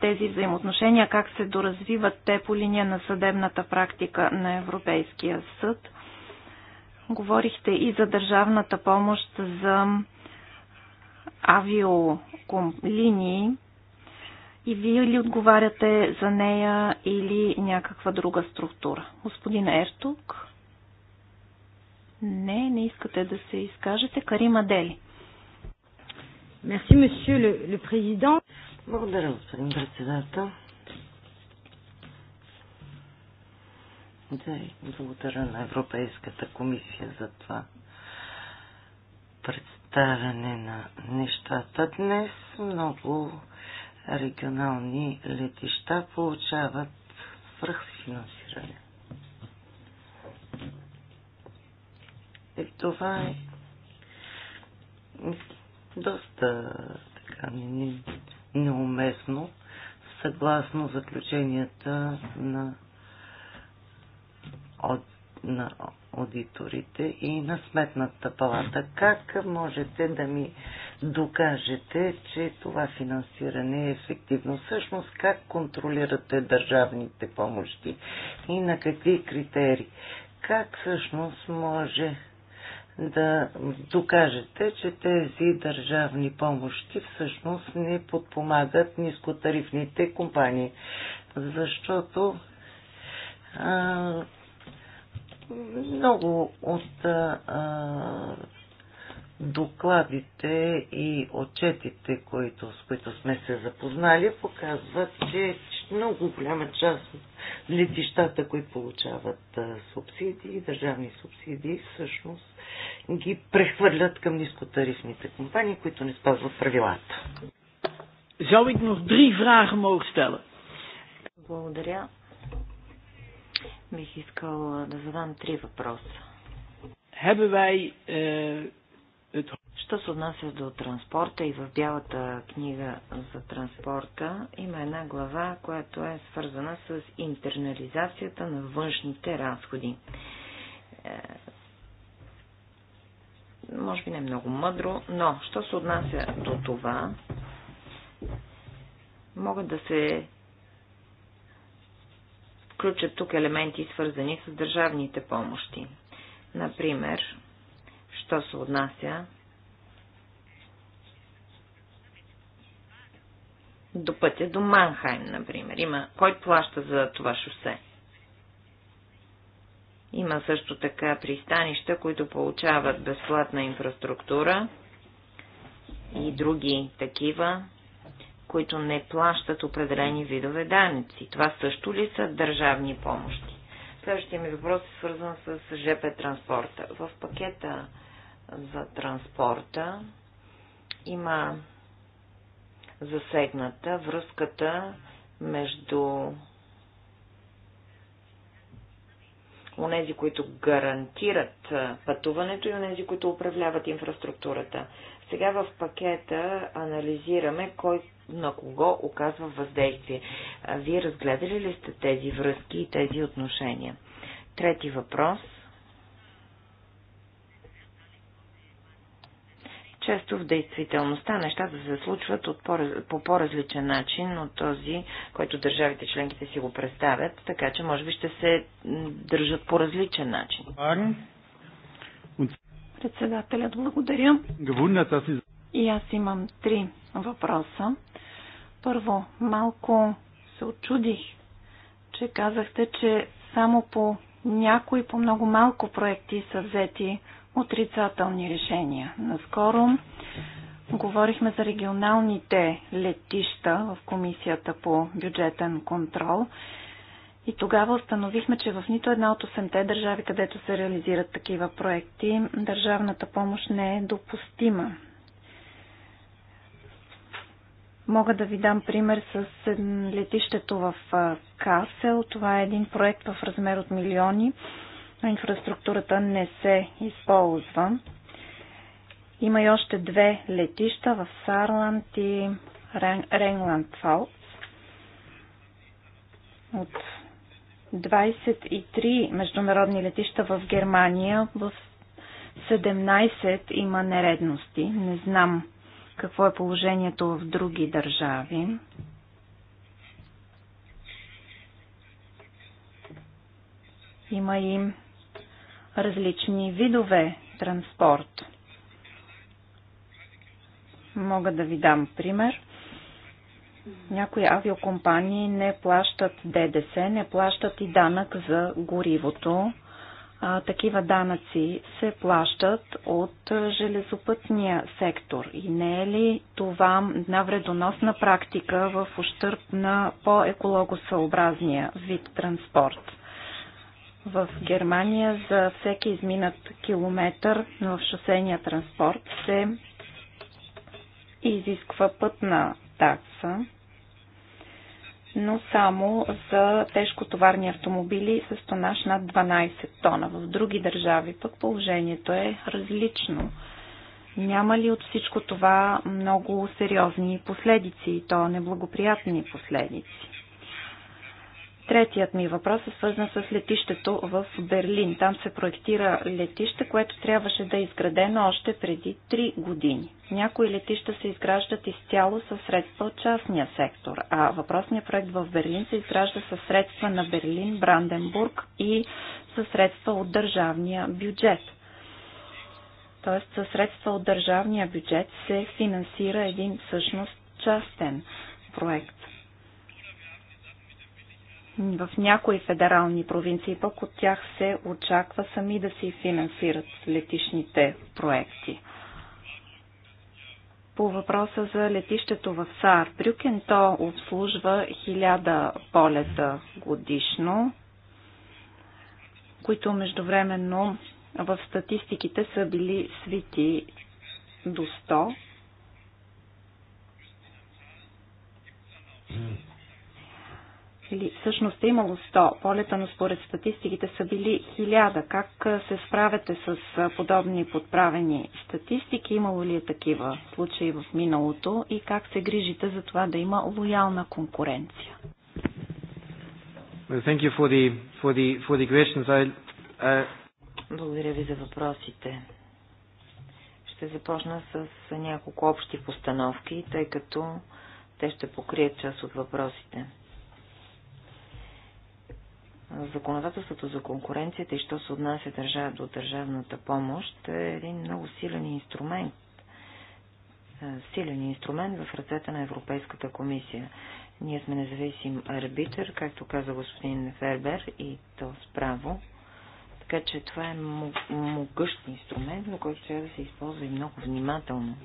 тези взаимоотношения, как се доразвиват те по линия на съдебната практика на Европейския съд? Говорихте и за държавната помощ за авиолинии и вие ли отговаряте за нея или някаква друга структура? Господин Ертук? Не, не искате да се изкажете. Карима Дели. Мерси, месье ле президент. Благодаря, господин председател. Да, и благодаря на Европейската комисия за това представяне на нещата днес. Много регионални летища получават свръхфинансиране. Е, това е доста така неуместно, съгласно заключенията на, от, на аудиторите и на сметната палата. Как можете да ми докажете, че това финансиране е ефективно? Всъщност, как контролирате държавните помощи и на какви критерии? Как всъщност може да докажете, че тези държавни помощи всъщност не подпомагат нискотарифните компании? Защото много от а, докладите и отчетите, които, с които сме се запознали, показват, че много голяма част от летищата, които получават субсидии, държавни субсидии, всъщност ги прехвърлят към нискотарифните компании, които не спазват правилата. Zou ik nog drie vragen mogen stellen? Благодаря бих искал да задам три въпроса. Е, що се отнася до транспорта и в бялата книга за транспорта има една глава, която е свързана с интернализацията на външните разходи. Е, може би не много мъдро, но що се отнася до това, могат да се включат тук елементи, свързани с държавните помощи. Например, що се отнася до пътя до Манхайм, например. Има, кой плаща за това шосе? Има също така пристанища, които получават безплатна инфраструктура и други такива, които не плащат определени видове данници. Това също ли са държавни помощи? Следващия ми въпрос е свързан с ЖП транспорта. В пакета за транспорта има засегната връзката между онези, които гарантират пътуването и онези, които управляват инфраструктурата. Сега в пакета анализираме кой на кого оказва въздействие. Вие разгледали ли сте тези връзки и тези отношения? Трети въпрос. Често в действителността нещата се случват от по, по по-различен начин от този, който държавите членките си го представят, така че може би ще се държат по различен начин. Председателят, благодаря. И аз имам три въпроса. Първо, малко се очудих, че казахте, че само по някои, по много малко проекти са взети отрицателни решения. Наскоро говорихме за регионалните летища в Комисията по бюджетен контрол. И тогава установихме, че в нито една от 8-те държави, където се реализират такива проекти, държавната помощ не е допустима. Мога да ви дам пример с летището в Касел. Това е един проект в размер от милиони. Инфраструктурата не се използва. Има и още две летища в Сарланд и Ренланд Фалц. От 23 международни летища в Германия в 17 има нередности. Не знам какво е положението в други държави? Има и различни видове транспорт. Мога да ви дам пример. Някои авиокомпании не плащат ДДС, не плащат и данък за горивото а, такива данъци се плащат от железопътния сектор. И не е ли това една вредоносна практика в ущърп на по-екологосъобразния вид транспорт? В Германия за всеки изминат километър в шосейния транспорт се изисква пътна такса но само за тежкотоварни автомобили с тонаж над 12 тона. В други държави пък положението е различно. Няма ли от всичко това много сериозни последици, и то неблагоприятни последици? Третият ми въпрос е свързан с летището в Берлин. Там се проектира летище, което трябваше да е изградено още преди 3 години. Някои летища се изграждат изцяло със средства от частния сектор, а въпросният проект в Берлин се изгражда със средства на Берлин, Бранденбург и със средства от държавния бюджет. Тоест със средства от държавния бюджет се финансира един всъщност частен проект. В някои федерални провинции пък от тях се очаква сами да си финансират летишните проекти. По въпроса за летището в Саар Брюкен, то обслужва 1000 полета годишно, които междувременно в статистиките са били свити до 100 или всъщност е имало 100 полета, но според статистиките са били 1000. Как се справяте с подобни подправени статистики? Имало ли е такива случаи в миналото и как се грижите за това да има лоялна конкуренция? Thank you for the, for the, for the questions. I, uh... Благодаря ви за въпросите. Ще започна с няколко общи постановки, тъй като те ще покрият част от въпросите законодателството за конкуренцията и що се отнася държава до държавната помощ е един много силен инструмент. Е, силен инструмент в ръцете на Европейската комисия. Ние сме независим арбитър, както каза господин Фербер, и то справо. Така че това е могъщ инструмент, но който трябва да се използва и много внимателно.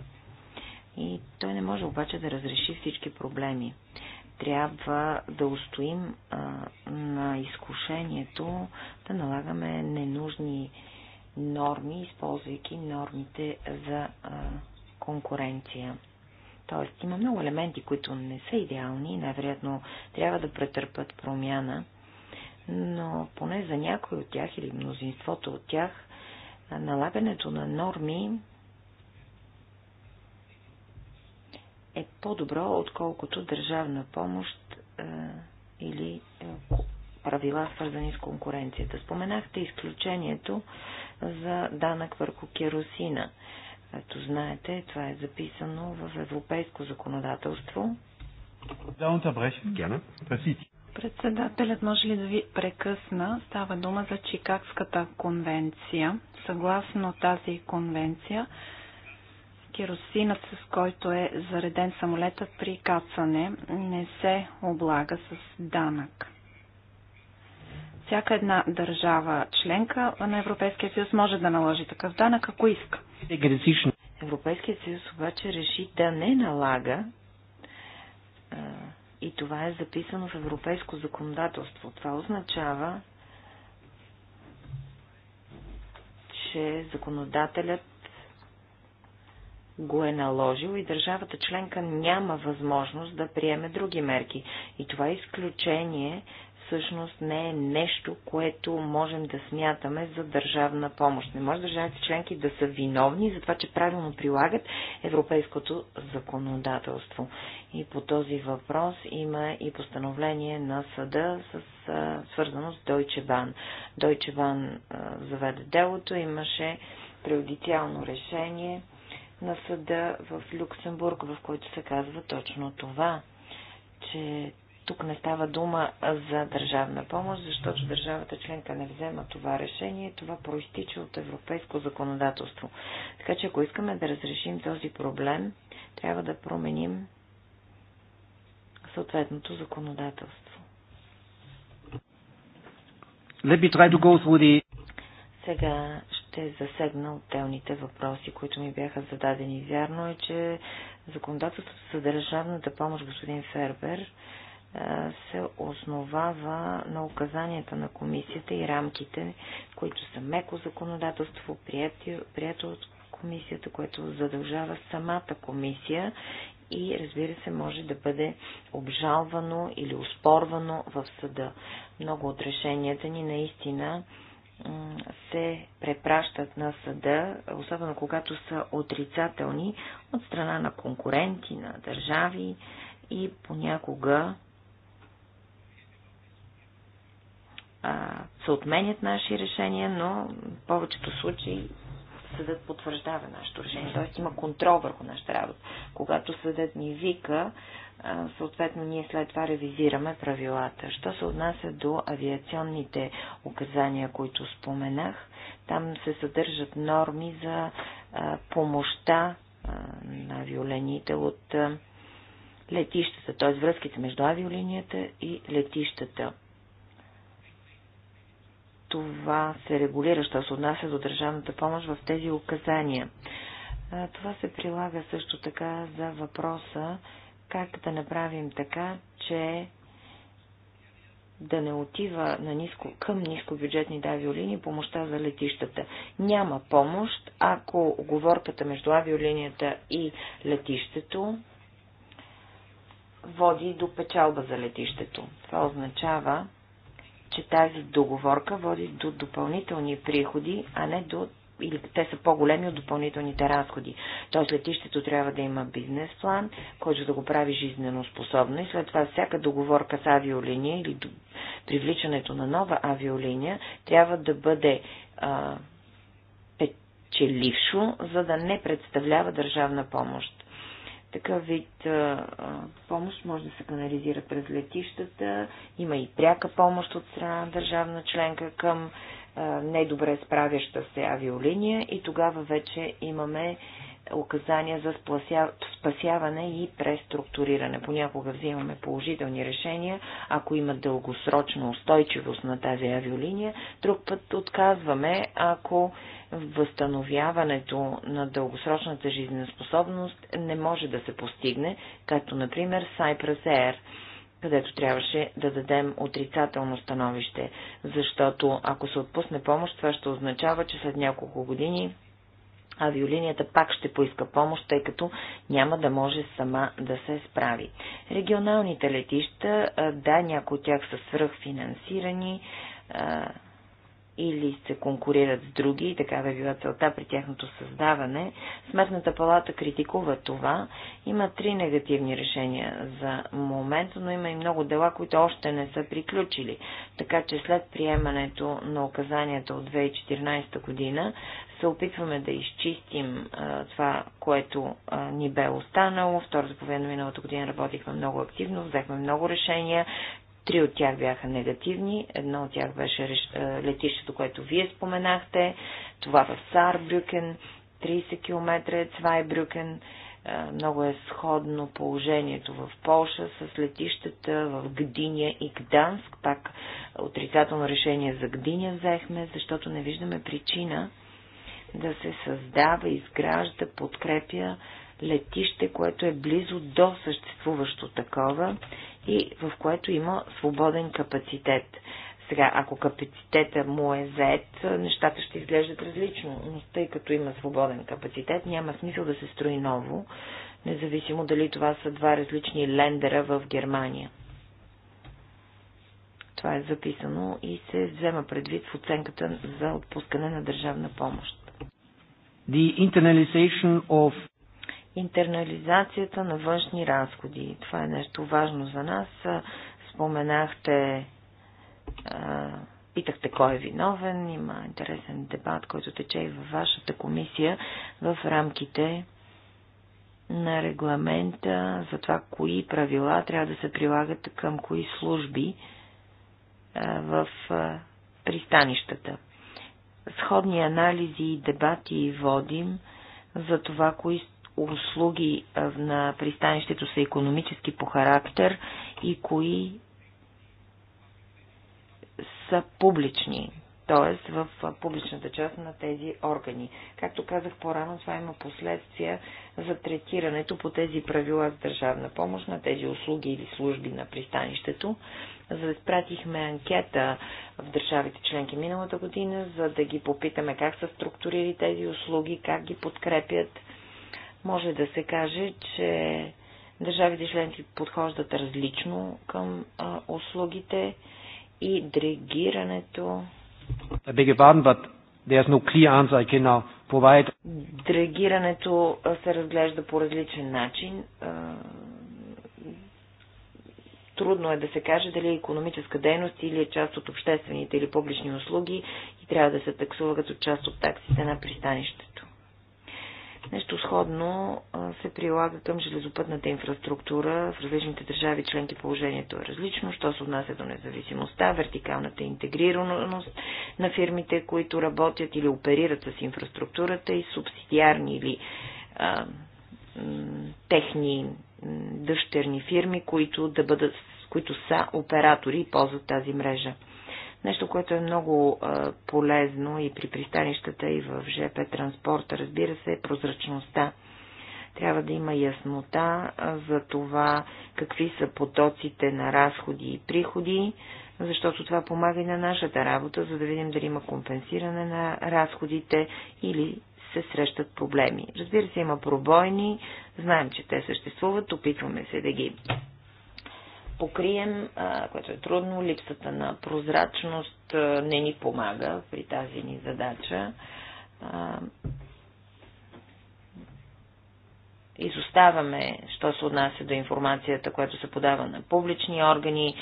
И той не може обаче да разреши всички проблеми трябва да устоим а, на изкушението да налагаме ненужни норми, използвайки нормите за а, конкуренция. Тоест има много елементи, които не са идеални и най-вероятно трябва да претърпят промяна, но поне за някой от тях или мнозинството от тях налагането на норми е по-добро, отколкото държавна помощ е, или е, правила, свързани с конкуренцията. Споменахте изключението за данък върху керосина. Ето знаете, това е записано в европейско законодателство. Председателят може ли да ви прекъсна? Става дума за Чикагската конвенция. Съгласно тази конвенция, Керосинът, с който е зареден самолетът при кацане, не се облага с данък. Всяка една държава членка на Европейския съюз може да наложи такъв данък, ако иска. Европейският съюз обаче реши да не налага и това е записано в европейско законодателство. Това означава, че законодателят го е наложил и държавата членка няма възможност да приеме други мерки. И това изключение всъщност не е нещо, което можем да смятаме за държавна помощ. Не може държавите членки да са виновни за това, че правилно прилагат европейското законодателство. И по този въпрос има и постановление на съда, с, а, свързано с Deutsche Bahn. Deutsche Bahn а, заведе делото, имаше преодициално решение на съда в Люксембург, в който се казва точно това, че тук не става дума за държавна помощ, защото държавата членка не взема това решение. Това проистича от европейско законодателство. Така че ако искаме да разрешим този проблем, трябва да променим съответното законодателство. Let me try to go through the... Сега ще засегна отделните въпроси, които ми бяха зададени. Вярно е, че законодателството за държавната помощ, господин Фербер, е, се основава на указанията на комисията и рамките, които са меко законодателство, прието от комисията, което задължава самата комисия и разбира се може да бъде обжалвано или успорвано в съда. Много от решенията ни наистина се препращат на съда, особено когато са отрицателни от страна на конкуренти, на държави и понякога се отменят наши решения, но в повечето случаи съдът потвърждава нашето решение, т.е. има контрол върху нашата работа. Когато съдът ни вика, съответно ние след това ревизираме правилата. Що се отнася до авиационните указания, които споменах, там се съдържат норми за помощта на авиолените от летищата, т.е. връзките между авиолинията и летищата това се регулира, що се отнася до държавната помощ в тези указания. Това се прилага също така за въпроса как да направим така, че да не отива на ниско, към нискобюджетни авиолинии помощта за летищата. Няма помощ, ако оговорката между авиолинията и летището води до печалба за летището. Това означава, че тази договорка води до допълнителни приходи, а не до или те са по-големи от допълнителните разходи. Тоест летището трябва да има бизнес план, който да го прави жизнено способно и след това всяка договорка с авиолиния или до... привличането на нова авиолиния трябва да бъде а, печелившо, за да не представлява държавна помощ. Такъв вид а, помощ може да се канализира през летищата. Има и пряка помощ от страна на държавна членка към а, недобре справяща се авиолиния и тогава вече имаме указания за спасяване и преструктуриране. Понякога взимаме положителни решения, ако има дългосрочна устойчивост на тази авиолиния. Друг път отказваме, ако възстановяването на дългосрочната жизнеспособност не може да се постигне, като например Cypress Air, където трябваше да дадем отрицателно становище, защото ако се отпусне помощ, това ще означава, че след няколко години авиолинията пак ще поиска помощ, тъй като няма да може сама да се справи. Регионалните летища, да, някои от тях са свръхфинансирани, или се конкурират с други, и такава е била целта при тяхното създаване. Сметната палата критикува това. Има три негативни решения за момента, но има и много дела, които още не са приключили. Така че след приемането на указанията от 2014 година се опитваме да изчистим а, това, което а, ни бе останало. Втората половина миналата година работихме много активно, взехме много решения, Три от тях бяха негативни. Едно от тях беше е, летището, което вие споменахте. Това в Сарбрюкен, 30 км е Цвайбрюкен. Е, много е сходно положението в Полша с летищата в Гдиня и Гданск. Пак отрицателно решение за Гдиня взехме, защото не виждаме причина да се създава, изгражда, подкрепя летище, което е близо до съществуващо такова и в което има свободен капацитет. Сега, ако капацитета му е заед, нещата ще изглеждат различно, но тъй като има свободен капацитет, няма смисъл да се строи ново, независимо дали това са два различни лендера в Германия. Това е записано и се взема предвид в оценката за отпускане на държавна помощ. The internalization of Интернализацията на външни разходи. Това е нещо важно за нас. Споменахте, питахте кой е виновен. Има интересен дебат, който тече и във вашата комисия в рамките на регламента за това, кои правила трябва да се прилагат към кои служби в пристанищата. Сходни анализи и дебати водим за това, кои услуги на пристанището са економически по характер и кои са публични, т.е. в публичната част на тези органи. Както казах по-рано, това има последствия за третирането по тези правила за държавна помощ на тези услуги или служби на пристанището. спратихме анкета в държавите членки миналата година, за да ги попитаме как са структурили тези услуги, как ги подкрепят може да се каже, че държавите членки подхождат различно към а, услугите и дрегирането. Er дрегирането се разглежда по различен начин. Трудно е да се каже дали е економическа дейност или е част от обществените или публични услуги и трябва да се таксува като част от таксите на пристанището. Нещо сходно се прилага към железопътната инфраструктура. В различните държави членки положението е различно, що се отнася до независимостта, вертикалната интегрираност на фирмите, които работят или оперират с инфраструктурата и субсидиарни или а, техни дъщерни фирми, които, да бъдат, които са оператори и ползват тази мрежа. Нещо, което е много полезно и при пристанищата, и в ЖП транспорта, разбира се, е прозрачността. Трябва да има яснота за това какви са потоците на разходи и приходи, защото това помага и на нашата работа, за да видим дали има компенсиране на разходите или се срещат проблеми. Разбира се, има пробойни, знаем, че те съществуват, опитваме се да ги покрием, което е трудно. Липсата на прозрачност не ни помага при тази ни задача. Изоставаме, що се отнася до информацията, която се подава на публични органи,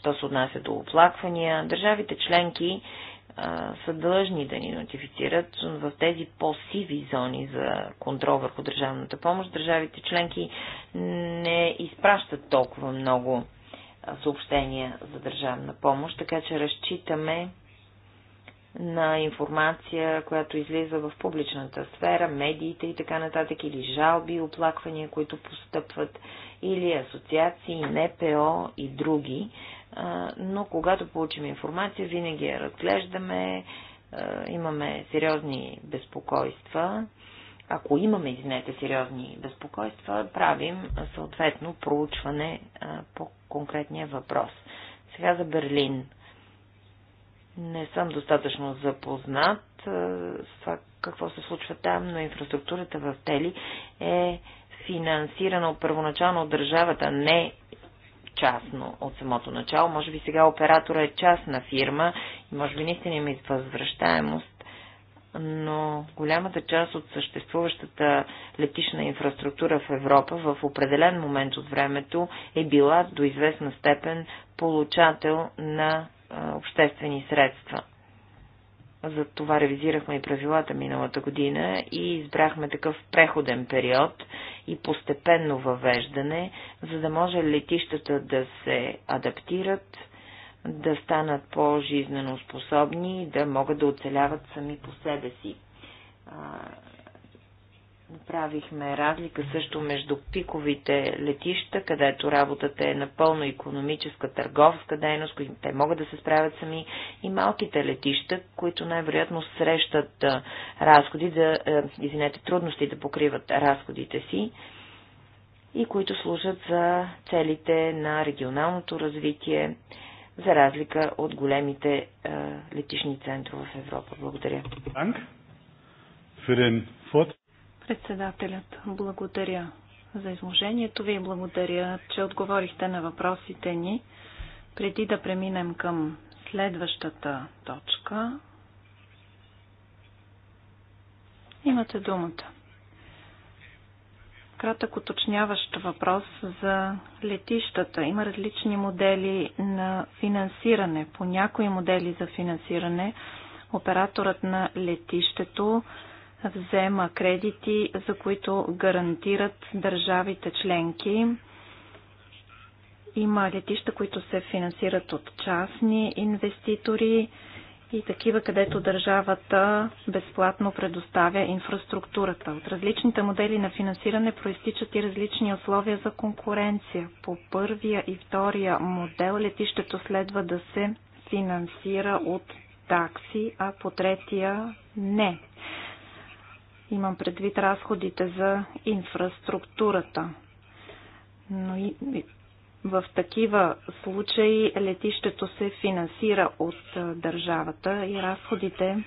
що се отнася до оплаквания. Държавите членки а, са длъжни да ни нотифицират в тези по-сиви зони за контрол върху държавната помощ. Държавите членки не изпращат толкова много съобщения за държавна помощ, така че разчитаме на информация, която излиза в публичната сфера, медиите и така нататък, или жалби, оплаквания, които постъпват, или асоциации, НПО и други, но когато получим информация, винаги я разглеждаме, имаме сериозни безпокойства. Ако имаме, извинете, сериозни безпокойства, правим съответно проучване по конкретния въпрос. Сега за Берлин. Не съм достатъчно запознат с това какво се случва там, но инфраструктурата в Тели е финансирана от първоначално от държавата, не частно от самото начало. Може би сега оператора е частна фирма и може би наистина има възвръщаемост, но голямата част от съществуващата летишна инфраструктура в Европа в определен момент от времето е била до известна степен получател на обществени средства. За това ревизирахме и правилата миналата година и избрахме такъв преходен период и постепенно въвеждане, за да може летищата да се адаптират, да станат по-жизненоспособни и да могат да оцеляват сами по себе си. Направихме разлика също между пиковите летища, където работата е напълно економическа, търговска дейност, които те могат да се справят сами, и малките летища, които най-вероятно срещат разходи, да, извинете, трудности да покриват разходите си и които служат за целите на регионалното развитие, за разлика от големите летишни центрове в Европа. Благодаря. Председателят, благодаря за изложението ви и благодаря, че отговорихте на въпросите ни. Преди да преминем към следващата точка, имате думата. Кратък уточняващ въпрос за летищата. Има различни модели на финансиране. По някои модели за финансиране операторът на летището взема кредити, за които гарантират държавите членки. Има летища, които се финансират от частни инвеститори и такива, където държавата безплатно предоставя инфраструктурата. От различните модели на финансиране проистичат и различни условия за конкуренция. По първия и втория модел летището следва да се финансира от такси, а по третия не. Имам предвид разходите за инфраструктурата. Но и в такива случаи летището се финансира от държавата и разходите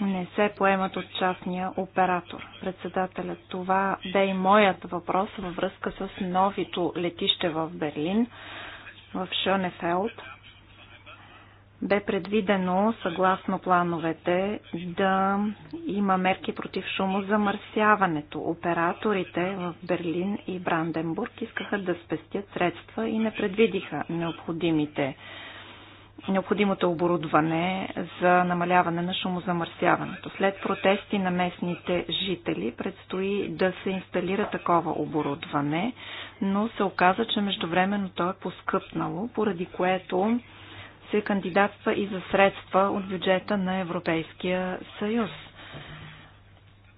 не се поемат от частния оператор. Председателят, това бе и моят въпрос във връзка с новито летище в Берлин, в Шонефелд бе предвидено, съгласно плановете, да има мерки против шумозамърсяването. Операторите в Берлин и Бранденбург искаха да спестят средства и не предвидиха необходимите необходимото оборудване за намаляване на шумозамърсяването. След протести на местните жители предстои да се инсталира такова оборудване, но се оказа, че междувременно то е поскъпнало, поради което се кандидатства и за средства от бюджета на Европейския съюз.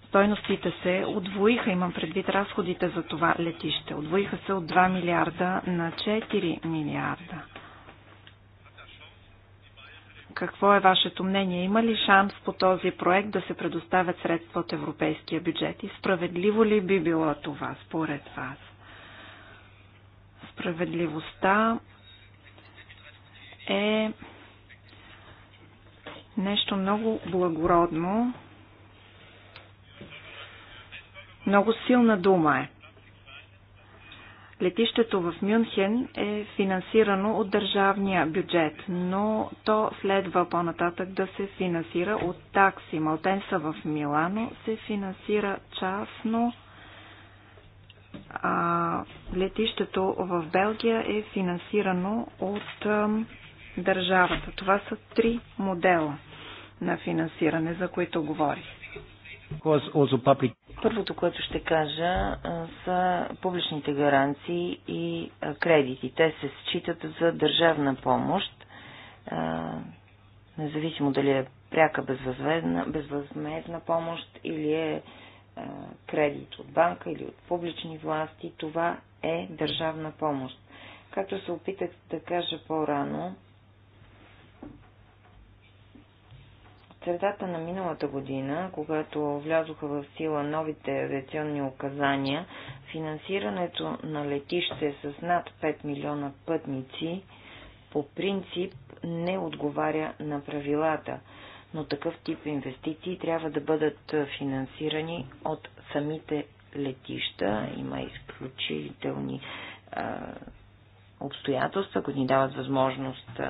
Стойностите се отвоиха, имам предвид разходите за това летище. Отвоиха се от 2 милиарда на 4 милиарда. Какво е вашето мнение? Има ли шанс по този проект да се предоставят средства от европейския бюджет? И справедливо ли би било това според вас? Справедливостта е нещо много благородно. Много силна дума е. Летището в Мюнхен е финансирано от държавния бюджет, но то следва по-нататък да се финансира от такси. Малтенса в Милано се финансира частно. А летището в Белгия е финансирано от държавата. Това са три модела на финансиране, за които говорих. Първото, което ще кажа, са публичните гаранции и кредити. Те се считат за държавна помощ, независимо дали е пряка безвъзмезна, безвъзмезна помощ или е кредит от банка или от публични власти. Това е държавна помощ. Както се опитах да кажа по-рано, средата на миналата година, когато влязоха в сила новите авиационни указания, финансирането на летище с над 5 милиона пътници по принцип не отговаря на правилата, но такъв тип инвестиции трябва да бъдат финансирани от самите летища. Има изключителни а, обстоятелства, които ни дават възможност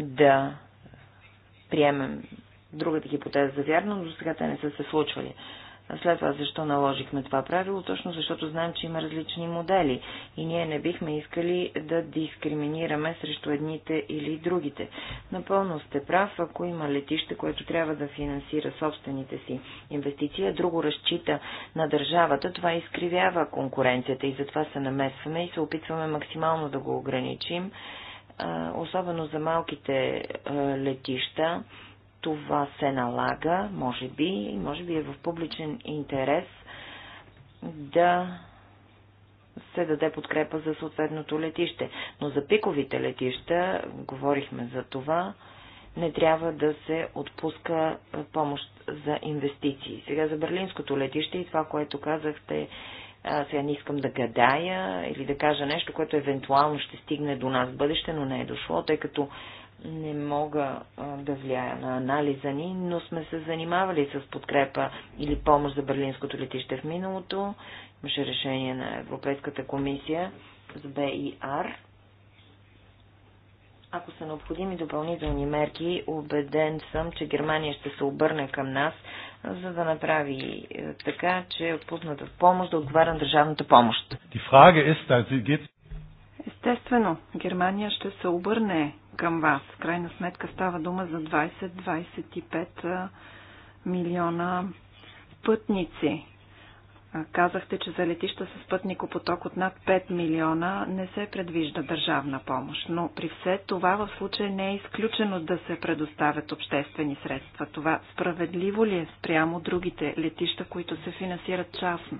да приемем другата хипотеза за вярна, но до сега те не са се случвали. след това защо наложихме това правило? Точно защото знаем, че има различни модели и ние не бихме искали да дискриминираме срещу едните или другите. Напълно сте прав, ако има летище, което трябва да финансира собствените си инвестиции, а друго разчита на държавата, това изкривява конкуренцията и затова се намесваме и се опитваме максимално да го ограничим особено за малките летища, това се налага, може би, и може би е в публичен интерес да се даде подкрепа за съответното летище. Но за пиковите летища, говорихме за това, не трябва да се отпуска помощ за инвестиции. Сега за Берлинското летище и това, което казахте а, сега не искам да гадая или да кажа нещо, което евентуално ще стигне до нас в бъдеще, но не е дошло, тъй като не мога а, да влияя на анализа ни, но сме се занимавали с подкрепа или помощ за Берлинското летище в миналото. Имаше решение на Европейската комисия с БИР ако са необходими допълнителни мерки, убеден съм, че Германия ще се обърне към нас, за да направи е, така, че отпусната помощ да отговаря на държавната помощ. Естествено, Германия ще се обърне към вас. В крайна сметка става дума за 20-25 милиона пътници. Казахте, че за летища с поток от над 5 милиона не се предвижда държавна помощ, но при все това в случай не е изключено да се предоставят обществени средства. Това справедливо ли е спрямо другите летища, които се финансират частно?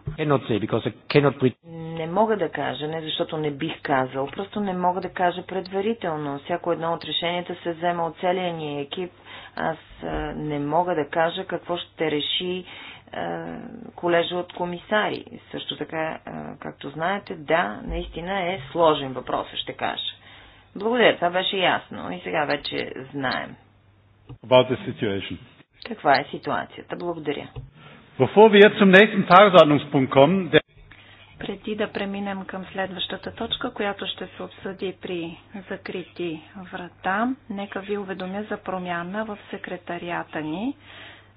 Не мога да кажа, не защото не бих казал, просто не мога да кажа предварително. Всяко едно от решенията се взема от целия ни екип. Аз не мога да кажа какво ще реши е, колежа от комисари. Също така, е, както знаете, да, наистина е сложен въпрос, ще кажа. Благодаря, това беше ясно и сега вече знаем. About the situation. Каква е ситуацията? Благодаря. Преди да преминем към следващата точка, която ще се обсъди при закрити врата, нека ви уведомя за промяна в секретарията ни.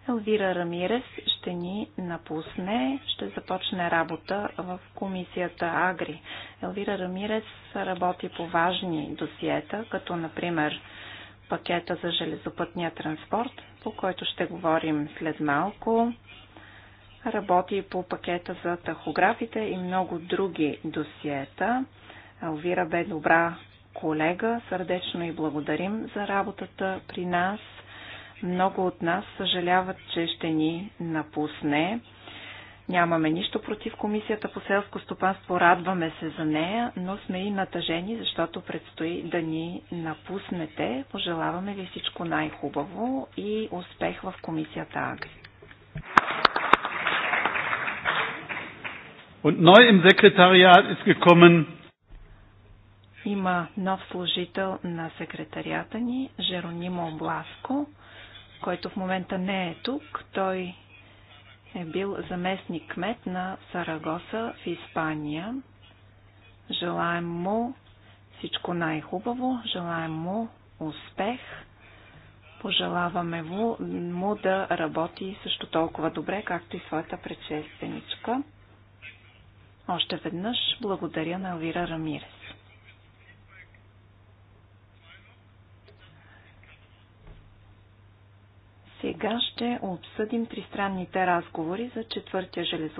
Елвира Рамирес ще ни напусне, ще започне работа в комисията Агри. Елвира Рамирес работи по важни досиета, като например пакета за железопътния транспорт, по който ще говорим след малко. Работи по пакета за тахографите и много други досиета. Елвира бе добра колега. Сърдечно и благодарим за работата при нас – много от нас съжаляват, че ще ни напусне. Нямаме нищо против Комисията по селско стопанство, радваме се за нея, но сме и натъжени, защото предстои да ни напуснете. Пожелаваме ви всичко най-хубаво и успех в Комисията Агри. има нов служител на секретарията ни, Жеронимо Бласко който в момента не е тук. Той е бил заместник кмет на Сарагоса в Испания. Желаем му всичко най-хубаво, желаем му успех. Пожелаваме му, му да работи също толкова добре, както и своята предшественичка. Още веднъж благодаря на Алвира Рамирес. Сега ще обсъдим тристранните разговори за четвъртия железопътен